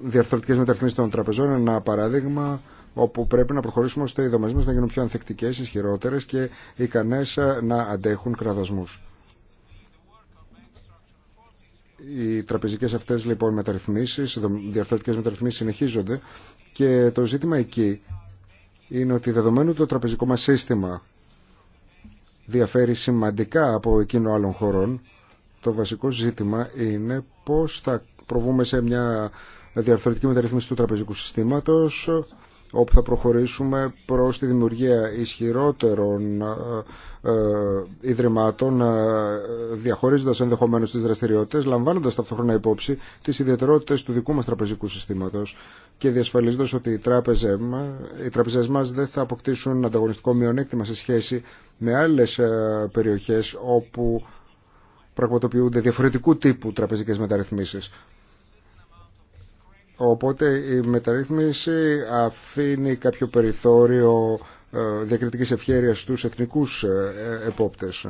διαρθρωτικές μεταρρυθμίσεις των τραπεζών είναι ένα παράδειγμα όπου πρέπει να προχωρήσουμε ώστε οι δομές μας να γίνουν πιο ανθεκτικές, ισχυρότερες και ικανές να αντέχουν κραδασμούς. Οι τραπεζικές αυτές λοιπόν μεταρρυθμίσεις, οι μεταρρυθμίσεις συνεχίζονται και το ζήτημα εκεί είναι ότι δεδομένου το τραπεζικό μας σύστημα διαφέρει σημαντικά από εκείνο άλλων χωρών, το βασικό ζήτημα είναι πώς θα προβούμε σε μια διαρθρωτική μεταρρύθμιση του τραπεζικού συστήματος όπου θα προχωρήσουμε προς τη δημιουργία ισχυρότερων ε, ε, ιδρυμάτων ε, διαχωρίζοντας ενδεχομένως τις δραστηριότητες λαμβάνοντας ταυτόχρονα υπόψη τις ιδιαιτερότητες του δικού μας τραπεζικού συστήματος και διασφαλίζοντας ότι οι, τράπεζε, οι τραπεζές μας δεν θα αποκτήσουν ανταγωνιστικό μειονέκτημα σε σχέση με άλλες περιοχές όπου πραγματοποιούνται διαφορετικού τύπου τραπεζικές μεταρρυθμίσεις. Οπότε η μεταρρύθμιση αφήνει κάποιο περιθώριο ε, διακριτικής ευχέρειας στους εθνικούς ε, ε, επόπτες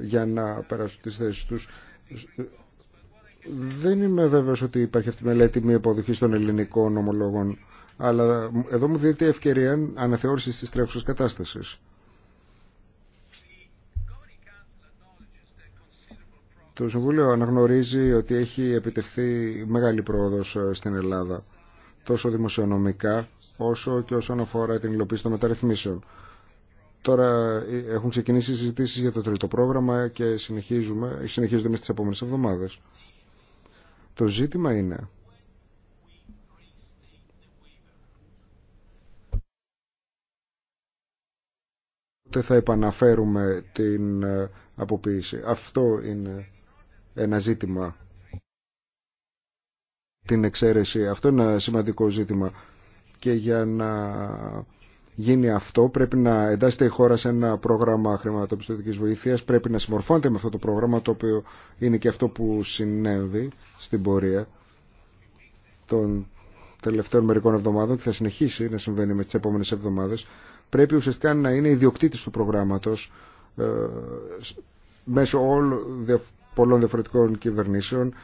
για να περάσουν τις θέσεις τους. Δεν είμαι βέβαιος ότι υπάρχει αυτή η μελέτη μη αποδοχή των ελληνικών ομολόγων, αλλά εδώ μου δίνεται ευκαιρία αναθεώρησης της τρέχουσας κατάστασης. Το Συμβούλιο αναγνωρίζει ότι έχει επιτευχθεί μεγάλη πρόοδος ε, στην Ελλάδα, τόσο δημοσιονομικά όσο και όσον αφορά την υλοποίηση των μεταρρυθμίσεων. Τώρα ε, έχουν ξεκινήσει συζητήσεις για το τρίτο πρόγραμμα και συνεχίζουμε, ε, συνεχίζονται μέσα στις επόμενες εβδομάδες. Το ζήτημα είναι θα επαναφέρουμε την αποποίηση. Αυτό είναι ένα ζήτημα την εξαίρεση. Αυτό είναι ένα σημαντικό ζήτημα. Και για να γίνει αυτό πρέπει να εντάσσεται η χώρα σε ένα πρόγραμμα χρηματοπιστωτικής βοήθειας. Πρέπει να συμμορφώνεται με αυτό το πρόγραμμα το οποίο είναι και αυτό που συνέβη στην πορεία των τελευταίων μερικών εβδομάδων και θα συνεχίσει να συμβαίνει με τις επόμενες εβδομάδες. Πρέπει ουσιαστικά να είναι ιδιοκτήτης του προγράμματος ε, μέσω όλων πολλών διαφορετικών κυβερνήσεων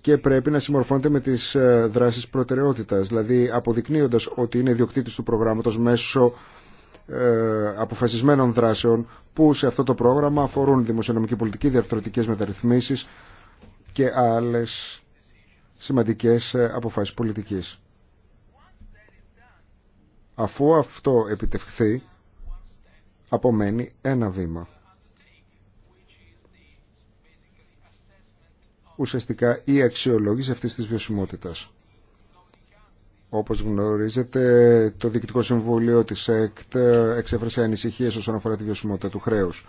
και πρέπει να συμμορφώνεται με τις ε, δράσεις προτεραιότητας, δηλαδή αποδεικνύοντας ότι είναι διοκτήτης του προγράμματος μέσω ε, αποφασισμένων δράσεων που σε αυτό το πρόγραμμα αφορούν δημοσιονομική πολιτική, διαρθρωτικές μεταρρυθμίσεις και άλλες σημαντικές ε, αποφάσεις πολιτικής. Αφού αυτό επιτευχθεί, απομένει ένα βήμα. ουσιαστικά η αξιολόγηση αυτής της βιωσιμότητας. Όπως γνωρίζετε, το Διοικητικό Συμβούλιο της ΕΚΤ εξέφρασε ανησυχίες όσον αφορά τη βιωσιμότητα του χρέους.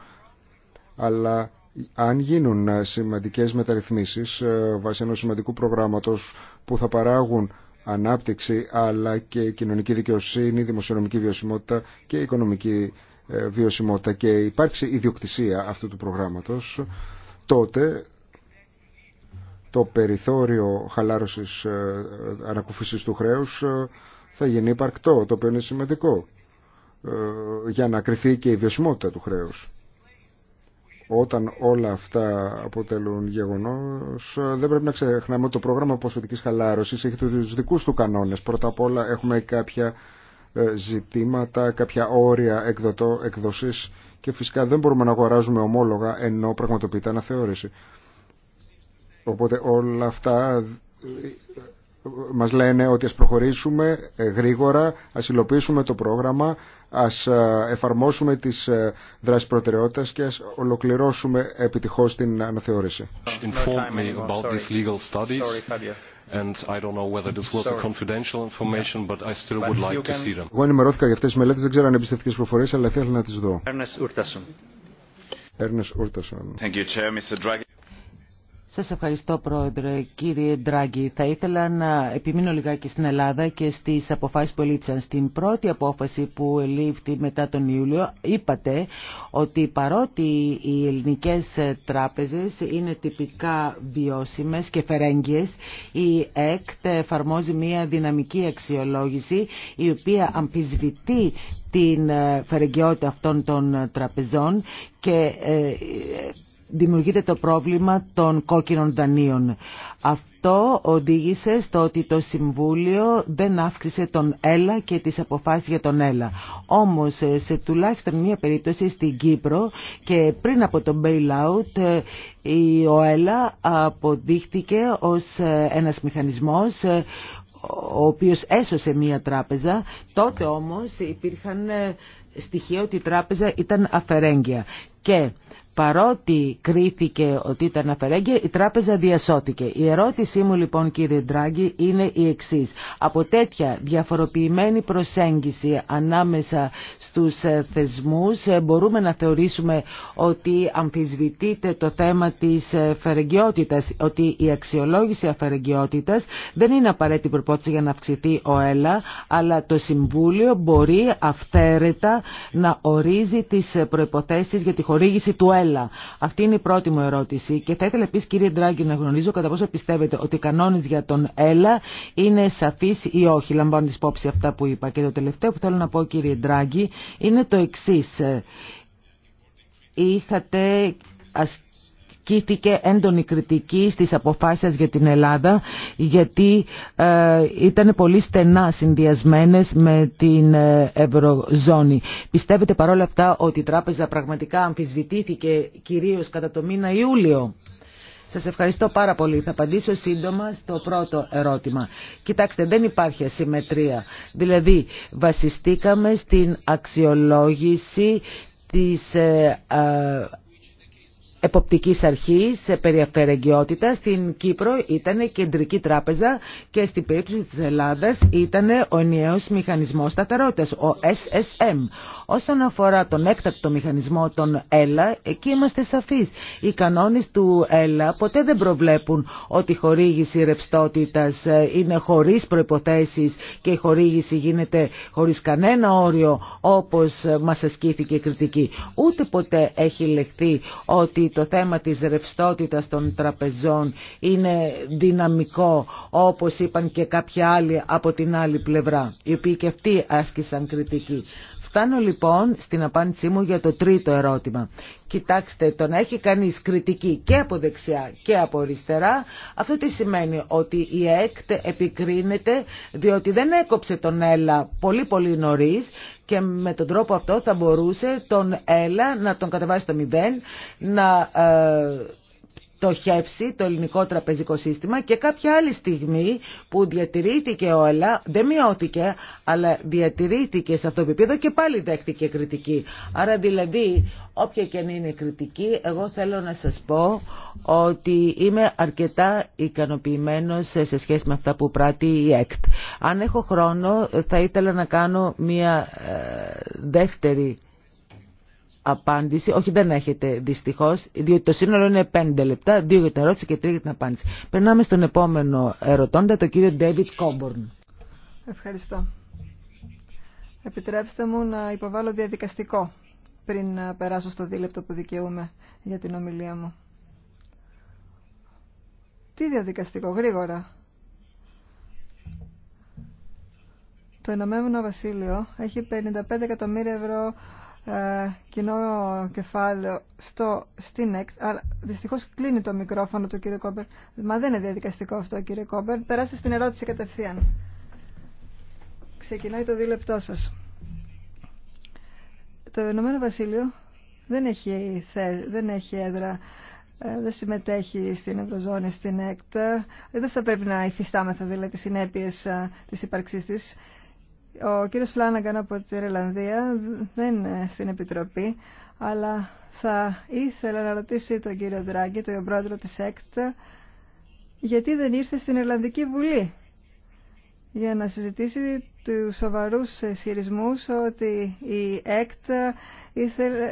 Αλλά αν γίνουν σημαντικές μεταρρυθμίσεις ε, βάσει ενός σημαντικού προγράμματος που θα παράγουν ανάπτυξη αλλά και κοινωνική δικαιοσύνη, δημοσιονομική βιωσιμότητα και οικονομική ε, βιωσιμότητα και υπάρξει ιδιοκτησία αυτού του προγράμματος, τότε το περιθώριο χαλάρωσης ε, ανακουφίσης του χρέους ε, θα γίνει υπαρκτό, το οποίο είναι σημαντικό ε, για να κριθεί και η βιωσιμότητα του χρέους. Όταν όλα αυτά αποτελούν γεγονός, δεν πρέπει να ξεχνάμε ότι το πρόγραμμα ποσοτικής χαλάρωσης έχει τους δικούς του κανόνες. Πρώτα απ' όλα έχουμε κάποια ζητήματα, κάποια όρια εκδοτό, εκδοσής και φυσικά δεν μπορούμε να αγοράζουμε ομόλογα ενώ πραγματοποιείται αναθεώρηση. Οπότε όλα αυτά ε, μας λένε ότι ας προχωρήσουμε ε, γρήγορα, ας υλοποιήσουμε το πρόγραμμα, ας ε, εφαρμόσουμε τις δράσεις προτεραιότητας και ας ολοκληρώσουμε επιτυχώς την αναθεώρηση. And I don't know whether this was a confidential information, but I still would like to see them. Εγώ είμαι ρωθικά για τις μελέτες. Δεν ξέρω αν είναι πιστευτικές προφορίες, αλλά θέλω να τις δω. Ernest Urtasun. Ernest Urtasun. Thank you, Chair, Mr. Draghi. Σας ευχαριστώ Πρόεδρε. Κύριε Ντράγκη, θα ήθελα να επιμείνω λιγάκι στην Ελλάδα και στις αποφάσεις που Στην πρώτη απόφαση που ελήφθη μετά τον Ιούλιο είπατε ότι παρότι οι ελληνικές τράπεζες είναι τυπικά βιώσιμες και φερέγγιες, η ΕΚΤ εφαρμόζει μια δυναμική αξιολόγηση η οποία αμφισβητεί την φερεγγιότητα αυτών των τραπεζών και ε, δημιουργείται το πρόβλημα των κόκκινων δανείων. Αυτό οδήγησε στο ότι το Συμβούλιο δεν αύξησε τον ΕΛΑ και τις αποφάσεις για τον ΕΛΑ. Όμως σε τουλάχιστον μία περίπτωση στην Κύπρο και πριν από τον bailout ο ΕΛΑ αποδείχθηκε ως ένας μηχανισμός ο οποίος έσωσε μία τράπεζα, τότε όμως υπήρχαν στοιχεία ότι η τράπεζα ήταν αφερέγγια. Και παρότι κρίθηκε ότι ήταν αφαιρέγγια, η τράπεζα διασώθηκε. Η ερώτησή μου λοιπόν κύριε Ντράγκη είναι η εξής. Από τέτοια διαφοροποιημένη προσέγγιση ανάμεσα στους ε, θεσμούς ε, μπορούμε να θεωρήσουμε ότι αμφισβητείται το θέμα της ε, αφαιρεγγιότητας, ότι η αξιολόγηση αφαιρεγγιότητας δεν είναι απαραίτητη προπόθεση για να αυξηθεί ο ΕΛΑ, αλλά το Συμβούλιο μπορεί αυθαίρετα να ορίζει τις προϋποθέσεις για τη χορήγηση του ΕΛΑ αυτή είναι η πρώτη μου ερώτηση και θα ήθελα επίση κύριε Ντράγκη να γνωρίζω κατά πόσο πιστεύετε ότι οι κανόνε για τον Έλα είναι σαφεί ή όχι, λαμβάνοντα υπόψη αυτά που είπα. Και το τελευταίο που θέλω να πω κύριε Ντράγκη είναι το εξή. Ε, είχατε ασκήθηκε έντονη κριτική στις αποφάσεις για την Ελλάδα γιατί ε, ήταν πολύ στενά συνδυασμένες με την ε, Ευρωζώνη. Πιστεύετε παρόλα αυτά ότι η τράπεζα πραγματικά αμφισβητήθηκε κυρίως κατά το μήνα Ιούλιο. Σας ευχαριστώ πάρα πολύ. Θα απαντήσω σύντομα στο πρώτο ερώτημα. Κοιτάξτε, δεν υπάρχει ασυμμετρία. Δηλαδή, βασιστήκαμε στην αξιολόγηση της ε, εποπτικής αρχής περιαφερεγγιότητα. Στην Κύπρο ήταν κεντρική τράπεζα και στην περίπτωση της Ελλάδας ήταν ο νέος μηχανισμός σταθερότητας, ο SSM. Όσον αφορά τον έκτακτο μηχανισμό των ΕΛΑ, εκεί είμαστε σαφείς. Οι κανόνες του ΕΛΑ ποτέ δεν προβλέπουν ότι η χορήγηση ρευστότητα ε, είναι χωρίς προϋποθέσεις και η χορήγηση γίνεται χωρίς κανένα όριο όπως ε, μας ασκήθηκε η κριτική. Ούτε ποτέ έχει λεχθεί ότι το θέμα της ρευστότητα των τραπεζών είναι δυναμικό όπως είπαν και κάποιοι άλλοι από την άλλη πλευρά, οι οποίοι και αυτοί άσκησαν κριτική. Φτάνω λοιπόν στην απάντησή μου για το τρίτο ερώτημα. Κοιτάξτε, το να έχει κάνει κριτική και από δεξιά και από αριστερά, αυτό τι σημαίνει ότι η ΕΚΤ επικρίνεται διότι δεν έκοψε τον ΕΛΑ πολύ πολύ νωρίς και με τον τρόπο αυτό θα μπορούσε τον ΕΛΑ να τον κατεβάσει στο μηδέν, να... Ε, το χέψι, το ελληνικό τραπεζικό σύστημα και κάποια άλλη στιγμή που διατηρήθηκε όλα, δεν μειώθηκε, αλλά διατηρήθηκε σε αυτό το επίπεδο και πάλι δέχτηκε κριτική. Άρα δηλαδή, όποια και αν είναι κριτική, εγώ θέλω να σας πω ότι είμαι αρκετά ικανοποιημένος σε σχέση με αυτά που πράττει η ΕΚΤ. Αν έχω χρόνο, θα ήθελα να κάνω μία ε, δεύτερη απάντηση. Όχι, δεν έχετε δυστυχώ, διότι το σύνολο είναι 5 λεπτά, δύο για την ερώτηση και τρία για την απάντηση. Περνάμε στον επόμενο ερωτώντα, τον κύριο David Κόμπορν Ευχαριστώ. Επιτρέψτε μου να υποβάλω διαδικαστικό πριν να περάσω στο δίλεπτο που δικαιούμαι για την ομιλία μου. Τι διαδικαστικό, γρήγορα. Το Ηνωμένο Βασίλειο έχει 55 εκατομμύρια ευρώ ε, κοινό κεφάλαιο στο, στην ΕΚΤ, αλλά δυστυχώς κλείνει το μικρόφωνο του κύριε Κόμπερ. Μα δεν είναι διαδικαστικό αυτό κύριε Κόμπερ. Περάστε στην ερώτηση κατευθείαν. Ξεκινάει το δίλεπτό σα. Το Ηνωμένο Βασίλειο δεν έχει, θέ, δεν έχει έδρα, ε, δεν συμμετέχει στην Ευρωζώνη, στην ΕΚΤ. Δεν θα πρέπει να υφιστάμεθα δηλαδή τις συνέπειες ε, της ύπαρξής της. Ο κύριος Φλάναγκαν από την Ιρλανδία δεν είναι στην Επιτροπή, αλλά θα ήθελα να ρωτήσει τον κύριο Δράγκη, τον πρόεδρο της ΕΚΤ, γιατί δεν ήρθε στην Ιρλανδική Βουλή για να συζητήσει του σοβαρούς ισχυρισμού ότι η ΕΚΤ ήθελε,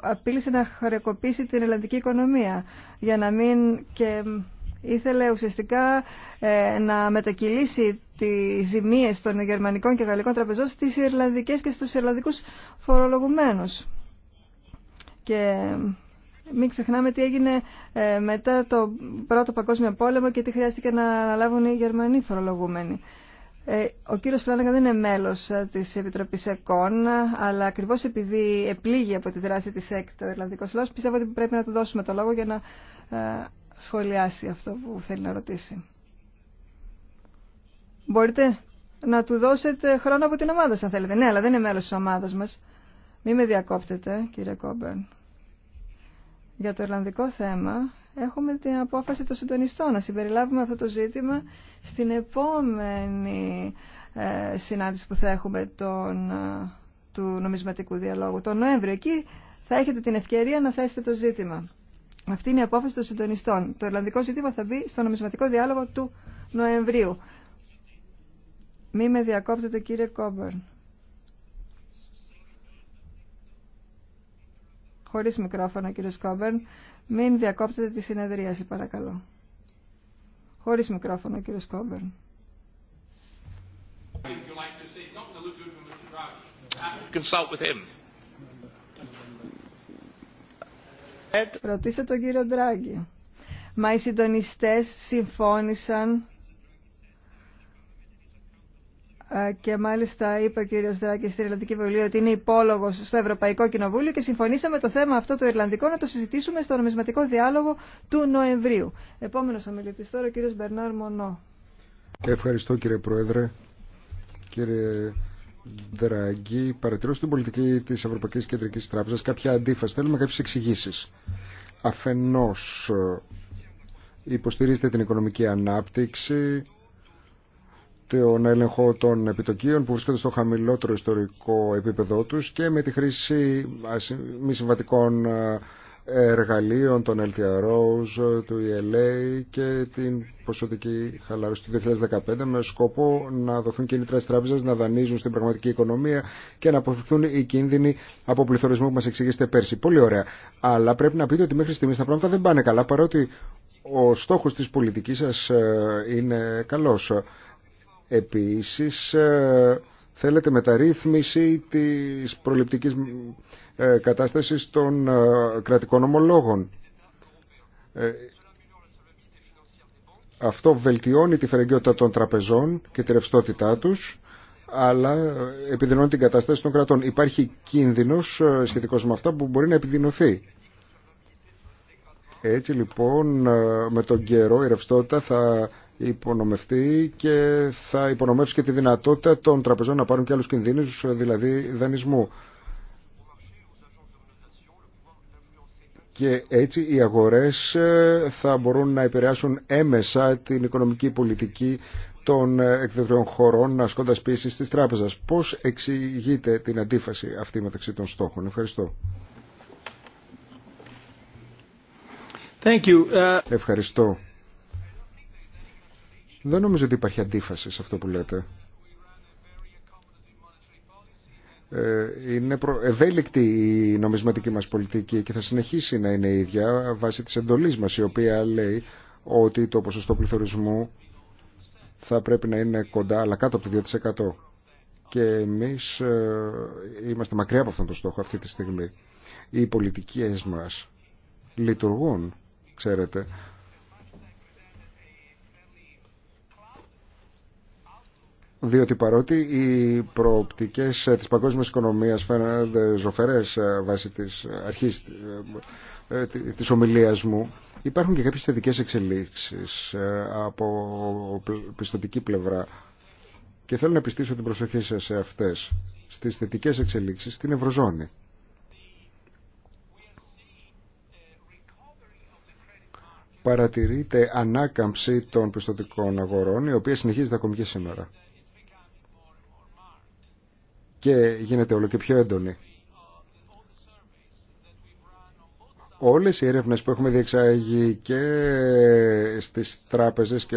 απείλησε να χρεοκοπήσει την Ιρλανδική οικονομία για να μην και ήθελε ουσιαστικά ε, να μετακυλήσει τις ζημίες των γερμανικών και γαλλικών τραπεζών στις Ιρλανδικές και στους Ιρλανδικούς φορολογουμένους. Και μην ξεχνάμε τι έγινε ε, μετά το Πρώτο Παγκόσμιο Πόλεμο και τι χρειάστηκε να αναλάβουν οι Γερμανοί φορολογούμενοι. Ε, ο κύριος Φλάνεγκα δεν είναι μέλος της Επιτροπής ΕΚΟΝ, αλλά ακριβώς επειδή επλήγει από τη δράση της ΕΚΤ ο Ιρλανδικός Λόγος, πιστεύω ότι πρέπει να του δώσουμε το λόγο για να σχολιάσει αυτό που θέλει να ρωτήσει. Μπορείτε να του δώσετε χρόνο από την ομάδα σας, αν θέλετε. Ναι, αλλά δεν είναι μέλος της ομάδας μας. μη με διακόπτετε, κύριε Κόμπερν. Για το Ιρλανδικό θέμα έχουμε την απόφαση των συντονιστών να συμπεριλάβουμε αυτό το ζήτημα στην επόμενη ε, συνάντηση που θα έχουμε τον, ε, του νομισματικού διαλόγου. Τον Νοέμβριο εκεί θα έχετε την ευκαιρία να θέσετε το ζήτημα. Αυτή είναι η απόφαση των συντονιστών. Το ελλανδικό ζήτημα θα μπει στο νομισματικό διάλογο του Νοεμβρίου. Μη με διακόπτετε κύριε Κόμπερν. Χωρίς μικρόφωνο κύριε Κόμπερν. Μην διακόπτετε τη συνεδρίαση παρακαλώ. Χωρίς μικρόφωνο κύριε Κόμπερν. Ρωτήστε τον κύριο Ντράγκη. Μα οι συντονιστέ συμφώνησαν ε, και μάλιστα είπε ο κύριο Δράκη στην Ιρλανδική Βουλή ότι είναι υπόλογο στο Ευρωπαϊκό Κοινοβούλιο και συμφωνήσαμε το θέμα αυτό το Ιρλανδικό να το συζητήσουμε στο νομισματικό διάλογο του Νοεμβρίου. Επόμενο ομιλητή τώρα ο κύριο Μπερνάρ Μονό. Ευχαριστώ κύριε Πρόεδρε. Κύριε Δραγκή παρατηρώ στην πολιτική της Ευρωπαϊκής Κεντρικής Τράπεζας κάποια αντίφαση. Θέλουμε κάποιες εξηγήσει. Αφενός ε, υποστηρίζεται την οικονομική ανάπτυξη, τον έλεγχο των επιτοκίων που βρίσκονται στο χαμηλότερο ιστορικό επίπεδό τους και με τη χρήση μη συμβατικών ε, εργαλείων των LTROs, του ELA και την ποσοτική χαλάρωση του 2015 με σκοπό να δοθούν κίνητρα στις τράπεζες να δανείζουν στην πραγματική οικονομία και να αποφευχθούν οι κίνδυνοι από πληθωρισμό που μας εξηγήσετε πέρσι. Πολύ ωραία. Αλλά πρέπει να πείτε ότι μέχρι στιγμής τα πράγματα δεν πάνε καλά παρότι ο στόχος της πολιτικής σας ε, είναι καλός. Επίσης ε, Θέλετε μεταρρύθμιση της προληπτικής ε, κατάστασης των ε, κρατικών ομολόγων. Ε, αυτό βελτιώνει τη φερεγγιότητα των τραπεζών και τη ρευστότητά τους, αλλά επιδεινώνει την κατάσταση των κρατών. Υπάρχει κίνδυνος σχετικός με αυτά που μπορεί να επιδεινωθεί. Έτσι λοιπόν με τον καιρό η ρευστότητα θα υπονομευτεί και θα υπονομεύσει και τη δυνατότητα των τραπεζών να πάρουν και άλλους κινδύνους, δηλαδή δανεισμού. Και έτσι οι αγορές ε, θα μπορούν να επηρεάσουν έμεσα την οικονομική πολιτική των ε, εκδοτριών χωρών ασκώντας πίεση στις τράπεζες. Πώς εξηγείται την αντίφαση αυτή μεταξύ των στόχων. Ευχαριστώ. Ε, Ευχαριστώ. Δεν νομίζω ότι υπάρχει αντίφαση σε αυτό που λέτε. Ε, είναι ευέλικτη η νομισματική μας πολιτική και θα συνεχίσει να είναι η ίδια βάσει της εντολής μας η οποία λέει ότι το ποσοστό πληθωρισμού θα πρέπει να είναι κοντά αλλά κάτω από το 2% και εμείς ε, είμαστε μακριά από αυτόν τον στόχο αυτή τη στιγμή. Οι πολιτικές μας λειτουργούν, ξέρετε, διότι παρότι οι προοπτικές ε, της παγκόσμιας οικονομίας φαίνονται ζωφερές ε, βάσει της ε, αρχής της ομιλίας μου υπάρχουν και κάποιες θετικέ εξελίξεις από πιστοτική πλευρά και θέλω να πιστήσω την προσοχή σας σε αυτές στις θετικέ εξελίξεις στην Ευρωζώνη. παρατηρείται ανάκαμψη των πιστοτικών αγορών, η οποία συνεχίζεται ακόμη και σήμερα και γίνεται όλο και πιο έντονη. Όλες οι έρευνες που έχουμε διεξάγει και στις τράπεζες και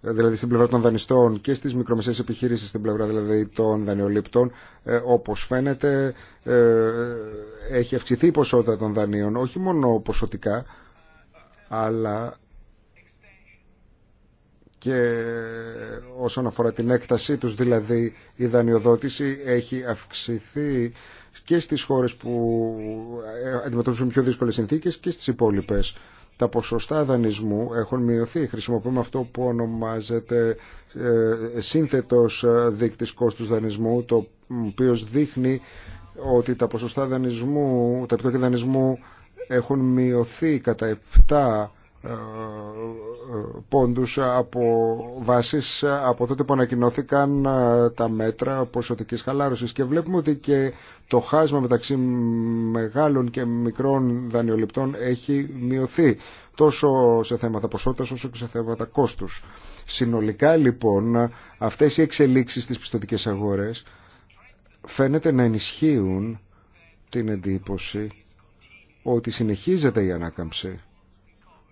δηλαδή στην πλευρά των δανειστών και στις μικρομεσαίες επιχειρήσεις στην πλευρά δηλαδή των δανειολήπτων ε, όπως φαίνεται ε, έχει αυξηθεί η ποσότητα των δανείων όχι μόνο ποσοτικά αλλά και όσον αφορά την έκτασή τους δηλαδή η δανειοδότηση έχει αυξηθεί και στις χώρες που αντιμετωπίζουν πιο δύσκολες συνθήκες και στις υπόλοιπες. Τα ποσοστά δανεισμού έχουν μειωθεί. Χρησιμοποιούμε αυτό που ονομάζεται ε, σύνθετος ε, δείκτης κόστους δανεισμού το οποίο δείχνει ότι τα ποσοστά δανεισμού, τα επιτόκια δανεισμού έχουν μειωθεί κατά 7 ε, πόντους από βάσεις ε, από τότε που ανακοινώθηκαν ε, τα μέτρα ποσοτικής χαλάρωσης και βλέπουμε ότι και το χάσμα μεταξύ μεγάλων και μικρών δανειοληπτών έχει μειωθεί τόσο σε θέματα ποσότητας όσο και σε θέματα κόστους. Συνολικά λοιπόν αυτές οι εξελίξεις στις πιστοτικές αγορές φαίνεται να ενισχύουν την εντύπωση ότι συνεχίζεται η ανάκαμψη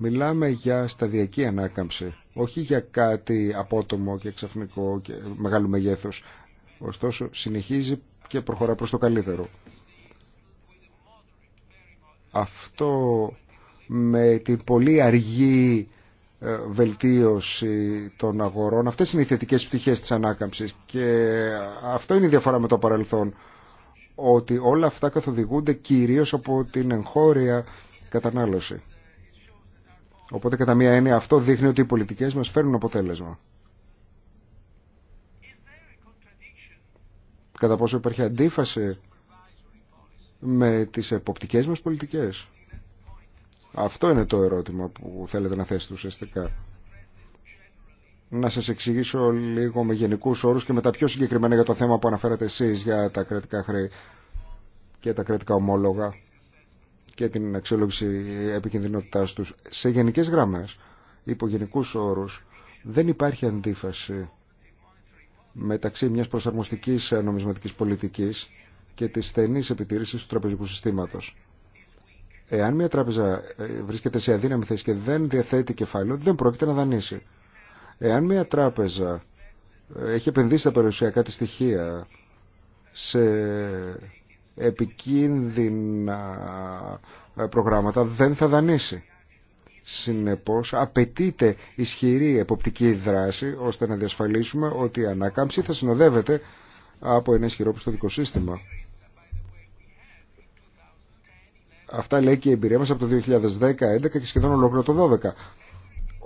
Μιλάμε για σταδιακή ανάκαμψη, όχι για κάτι απότομο και ξαφνικό και μεγάλου μεγέθους. Ωστόσο, συνεχίζει και προχωρά προς το καλύτερο. Αυτό με την πολύ αργή ε, βελτίωση των αγορών. Αυτές είναι οι θετικές πτυχές της ανάκαμψης και αυτό είναι η διαφορά με το παρελθόν ότι όλα αυτά καθοδηγούνται κυρίως από την εγχώρια κατανάλωση. Οπότε κατά μία έννοια αυτό δείχνει ότι οι πολιτικές μας φέρνουν αποτέλεσμα. Κατά πόσο υπάρχει αντίφαση με τις εποπτικές μας πολιτικές. Αυτό είναι το ερώτημα που θέλετε να θέσετε ουσιαστικά. Να σας εξηγήσω λίγο με γενικούς όρους και με τα πιο συγκεκριμένα για το θέμα που αναφέρατε εσείς για τα κρατικά χρέη και τα κρατικά ομόλογα και την αξιολόγηση επικινδυνότητάς τους σε γενικές γραμμές, υπό γενικούς όρους, δεν υπάρχει αντίφαση μεταξύ μιας προσαρμοστικής νομισματικής πολιτικής και της στενής επιτήρησης του τραπεζικού συστήματος. Εάν μια τράπεζα ε, βρίσκεται σε αδύναμη θέση και δεν διαθέτει κεφάλαιο, δεν πρόκειται να δανείσει. Εάν μια τράπεζα ε, έχει επενδύσει τα περιουσιακά της στοιχεία σε επικίνδυνα ε, προγράμματα δεν θα δανείσει. Συνεπώς απαιτείται ισχυρή εποπτική δράση ώστε να διασφαλίσουμε ότι η ανάκαμψη θα συνοδεύεται από ένα ισχυρό πιστοτικό σύστημα. Αυτά λέει και η εμπειρία μας από το 2010-2011 και σχεδόν ολόκληρο το 2012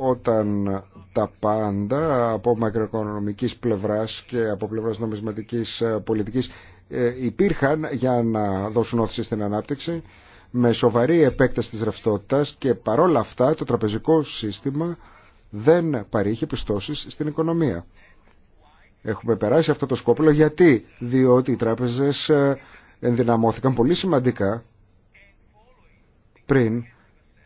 όταν τα πάντα από μακροοικονομικής πλευράς και από πλευράς νομισματικής ε, πολιτικής ε, υπήρχαν για να δώσουν όθηση στην ανάπτυξη με σοβαρή επέκταση της ρευστότητα και παρόλα αυτά το τραπεζικό σύστημα δεν παρήχε πιστώσεις στην οικονομία. Έχουμε περάσει αυτό το σκόπλο γιατί, διότι οι τράπεζες ε, ενδυναμώθηκαν πολύ σημαντικά πριν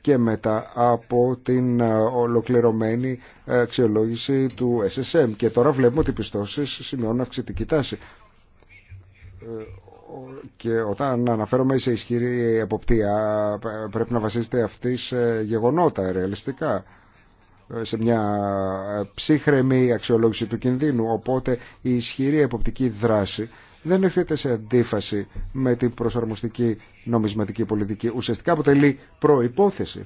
και μετά από την ε, ολοκληρωμένη αξιολόγηση του SSM. Και τώρα βλέπουμε ότι οι πιστώσεις σημειώνουν αυξητική τάση και όταν αναφέρομαι σε ισχυρή εποπτεία πρέπει να βασίζεται αυτή σε γεγονότα ρεαλιστικά σε μια ψύχρεμη αξιολόγηση του κινδύνου οπότε η ισχυρή εποπτική δράση δεν έρχεται σε αντίφαση με την προσαρμοστική νομισματική πολιτική ουσιαστικά αποτελεί προϋπόθεση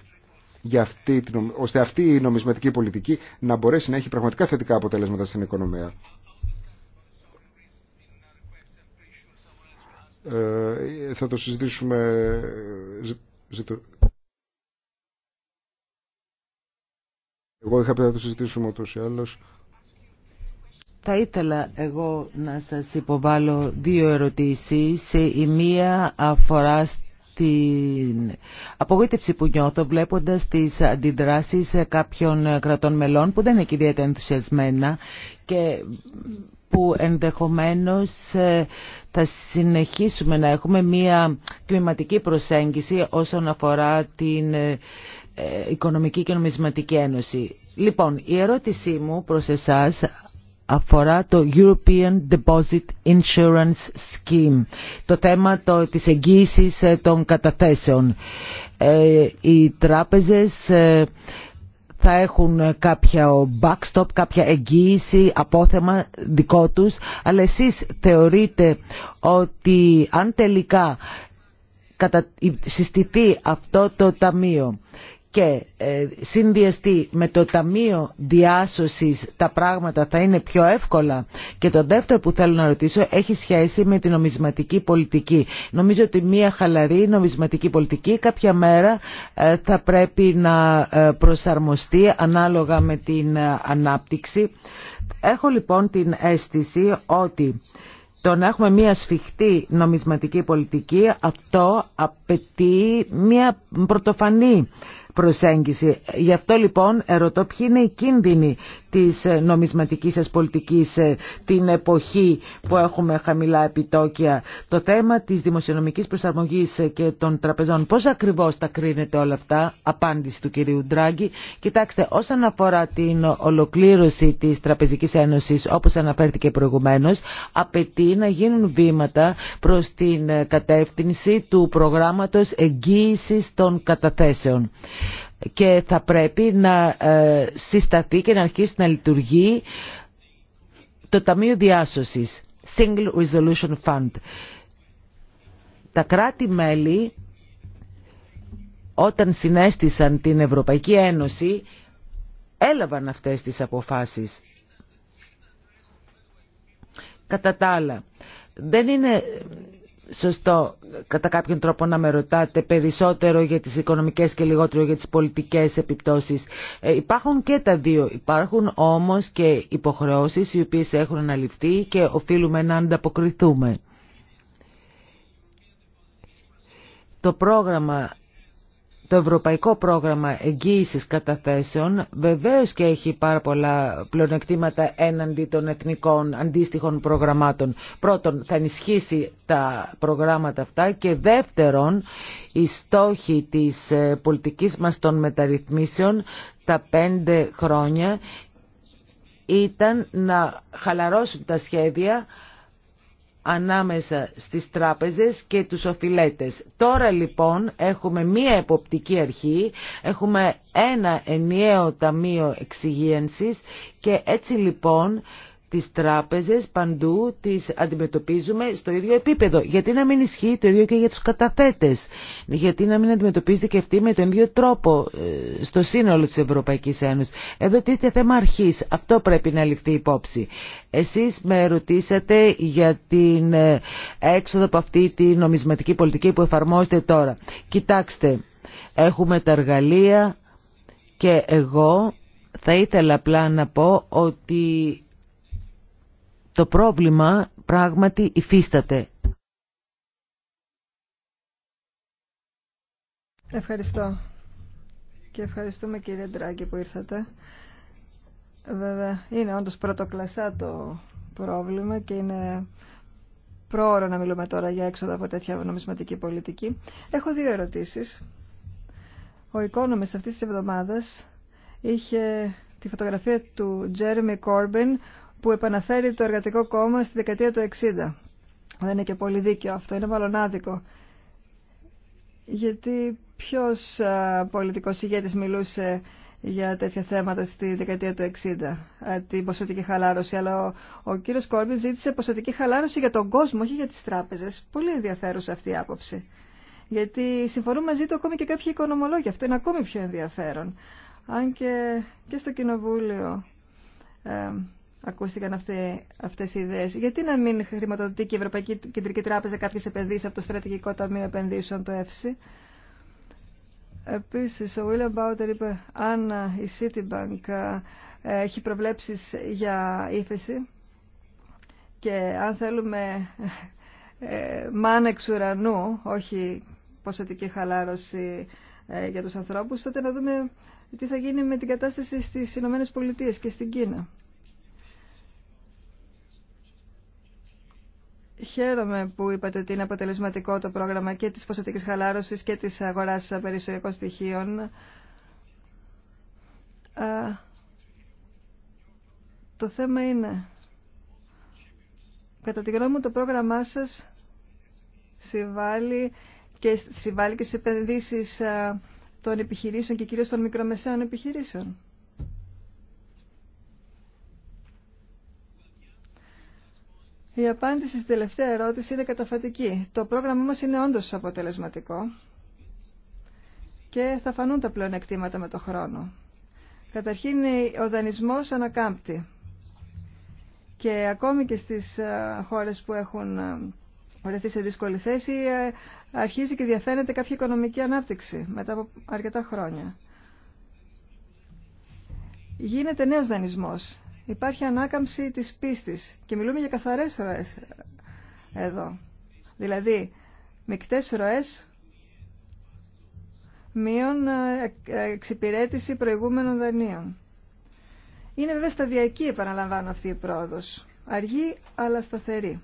για αυτή, ώστε αυτή η νομισματική πολιτική να μπορέσει να έχει πραγματικά θετικά αποτελέσματα στην οικονομία. Ε, θα το συζητήσουμε... Ε, εγώ είχα πει να το συζητήσουμε ούτως ή άλλως. Θα ήθελα εγώ να σας υποβάλω δύο ερωτήσεις. Η μία αφορά την απογοήτευση που νιώθω βλέποντας τις αντιδράσεις κάποιων κρατών μελών που δεν είναι και ιδιαίτερα ενθουσιασμένα και που ενδεχομένως ε, θα συνεχίσουμε να έχουμε μία κλιματική προσέγγιση όσον αφορά την ε, ε, Οικονομική και Νομισματική Ένωση. Λοιπόν, η ερώτησή μου προς εσάς αφορά το European Deposit Insurance Scheme, το θέμα το, της εγγύησης των καταθέσεων. οι τράπεζες θα έχουν ε, κάποια backstop, κάποια εγγύηση, απόθεμα δικό τους, αλλά εσείς θεωρείτε ότι αν τελικά συστηθεί αυτό το ταμείο και ε, συνδυαστεί με το Ταμείο Διάσωσης τα πράγματα θα είναι πιο εύκολα. Και το δεύτερο που θέλω να ρωτήσω έχει σχέση με την νομισματική πολιτική. Νομίζω ότι μια χαλαρή νομισματική πολιτική κάποια μέρα ε, θα πρέπει να ε, προσαρμοστεί ανάλογα με την ανάπτυξη. Έχω λοιπόν την αίσθηση ότι το να έχουμε μια σφιχτή νομισματική πολιτική αυτό απαιτεί μια πρωτοφανή προσέγγιση. Γι' αυτό λοιπόν ερωτώ ποιοι είναι οι κίνδυνοι της ε, νομισματικής σας πολιτικής ε, την εποχή που έχουμε χαμηλά επιτόκια. Το θέμα της δημοσιονομικής προσαρμογής ε, και των τραπεζών. Πώς ακριβώς τα κρίνεται όλα αυτά, απάντηση του κυρίου Ντράγκη. Κοιτάξτε, όσον αφορά την ολοκλήρωση της Τραπεζικής Ένωσης, όπως αναφέρθηκε προηγουμένως, απαιτεί να γίνουν βήματα προς την κατεύθυνση του προγράμματος εγγύησης των καταθέσεων και θα πρέπει να ε, συσταθεί και να αρχίσει να λειτουργεί το Ταμείο Διάσωσης, Single Resolution Fund. Τα κράτη-μέλη όταν συνέστησαν την Ευρωπαϊκή Ένωση έλαβαν αυτές τις αποφάσεις. Κατά τα άλλα, δεν είναι σωστό κατά κάποιον τρόπο να με ρωτάτε περισσότερο για τις οικονομικές και λιγότερο για τις πολιτικές επιπτώσεις. Ε, υπάρχουν και τα δύο. Υπάρχουν όμως και υποχρεώσεις οι οποίες έχουν αναλυφθεί και οφείλουμε να ανταποκριθούμε. Το πρόγραμμα το Ευρωπαϊκό Πρόγραμμα Εγγύησης Καταθέσεων βεβαίως και έχει πάρα πολλά πλεονεκτήματα έναντι των εθνικών αντίστοιχων προγραμμάτων. Πρώτον, θα ενισχύσει τα προγράμματα αυτά και δεύτερον, οι στόχοι της ε, πολιτικής μας των μεταρρυθμίσεων τα πέντε χρόνια ήταν να χαλαρώσουν τα σχέδια ανάμεσα στις τράπεζες και τους οφειλέτες. Τώρα λοιπόν έχουμε μία εποπτική αρχή, έχουμε ένα ενιαίο ταμείο εξυγίανσης και έτσι λοιπόν τις τράπεζες παντού τις αντιμετωπίζουμε στο ίδιο επίπεδο. Γιατί να μην ισχύει το ίδιο και για τους καταθέτες. Γιατί να μην αντιμετωπίζεται και αυτή με τον ίδιο τρόπο ε, στο σύνολο της Ευρωπαϊκής Ένωσης. Εδώ τίθεται θέμα αρχής. Αυτό πρέπει να ληφθεί υπόψη. Εσείς με ρωτήσατε για την ε, έξοδο από αυτή τη νομισματική πολιτική που εφαρμόζεται τώρα. Κοιτάξτε, έχουμε τα εργαλεία και εγώ θα ήθελα απλά να πω ότι το πρόβλημα πράγματι υφίσταται. Ευχαριστώ. Και ευχαριστούμε κύριε Ντράγκη που ήρθατε. Βέβαια, είναι όντως πρωτοκλασσά το πρόβλημα και είναι πρόωρο να μιλούμε τώρα για έξοδα από τέτοια νομισματική πολιτική. Έχω δύο ερωτήσεις. Ο οικόνομης αυτής της εβδομάδας είχε τη φωτογραφία του Τζέρεμι Κόρμπιν που επαναφέρει το εργατικό κόμμα στη δεκαετία του 60. Δεν είναι και πολύ δίκαιο αυτό, είναι μάλλον άδικο. Γιατί ποιο πολιτικό ηγέτης μιλούσε για τέτοια θέματα στη δεκαετία του 60, την ποσοτική χαλάρωση. Αλλά ο, ο κύριος Κόρμπιν ζήτησε ποσοτική χαλάρωση για τον κόσμο, όχι για τις τράπεζες. Πολύ ενδιαφέρουσα αυτή η άποψη. Γιατί συμφωνούν μαζί του ακόμη και κάποιοι οικονομολόγοι. Αυτό είναι ακόμη πιο ενδιαφέρον. Αν και, και στο Κοινοβούλιο ε, ακούστηκαν αυτέ, αυτές οι ιδέες. Γιατί να μην χρηματοδοτεί και η Ευρωπαϊκή Κεντρική Τράπεζα κάποιε επενδύσει από το Στρατηγικό Ταμείο Επενδύσεων, το ΕΦΣΥ. Επίση, ο William Μπάουτερ είπε, αν η Citibank ε, έχει προβλέψεις για ύφεση και αν θέλουμε ε, μάνα εξ ουρανού, όχι ποσοτική χαλάρωση ε, για τους ανθρώπους, τότε να δούμε τι θα γίνει με την κατάσταση στις Ηνωμένες Πολιτείες και στην Κίνα. Χαίρομαι που είπατε ότι είναι αποτελεσματικό το πρόγραμμα και της ποσοτικής χαλάρωσης και της αγοράς περιουσιακών στοιχείων. το θέμα είναι, κατά τη γνώμη μου το πρόγραμμά σας συμβάλλει και, συμβάλλει και στις επενδύσεις των επιχειρήσεων και κυρίως των μικρομεσαίων επιχειρήσεων. Η απάντηση στη τελευταία ερώτηση είναι καταφατική. Το πρόγραμμά μας είναι όντως αποτελεσματικό και θα φανούν τα πλεονεκτήματα με το χρόνο. Καταρχήν ο δανεισμός ανακάμπτει και ακόμη και στις ε, χώρες που έχουν ε, βρεθεί σε δύσκολη θέση ε, αρχίζει και διαφαίνεται κάποια οικονομική ανάπτυξη μετά από αρκετά χρόνια. Γίνεται νέος δανεισμός υπάρχει ανάκαμψη της πίστης και μιλούμε για καθαρές ροές εδώ. Δηλαδή, μικτές ροές μείων ε, ε, εξυπηρέτηση προηγούμενων δανείων. Είναι βέβαια σταδιακή, επαναλαμβάνω, αυτή η πρόοδος. Αργή, αλλά σταθερή.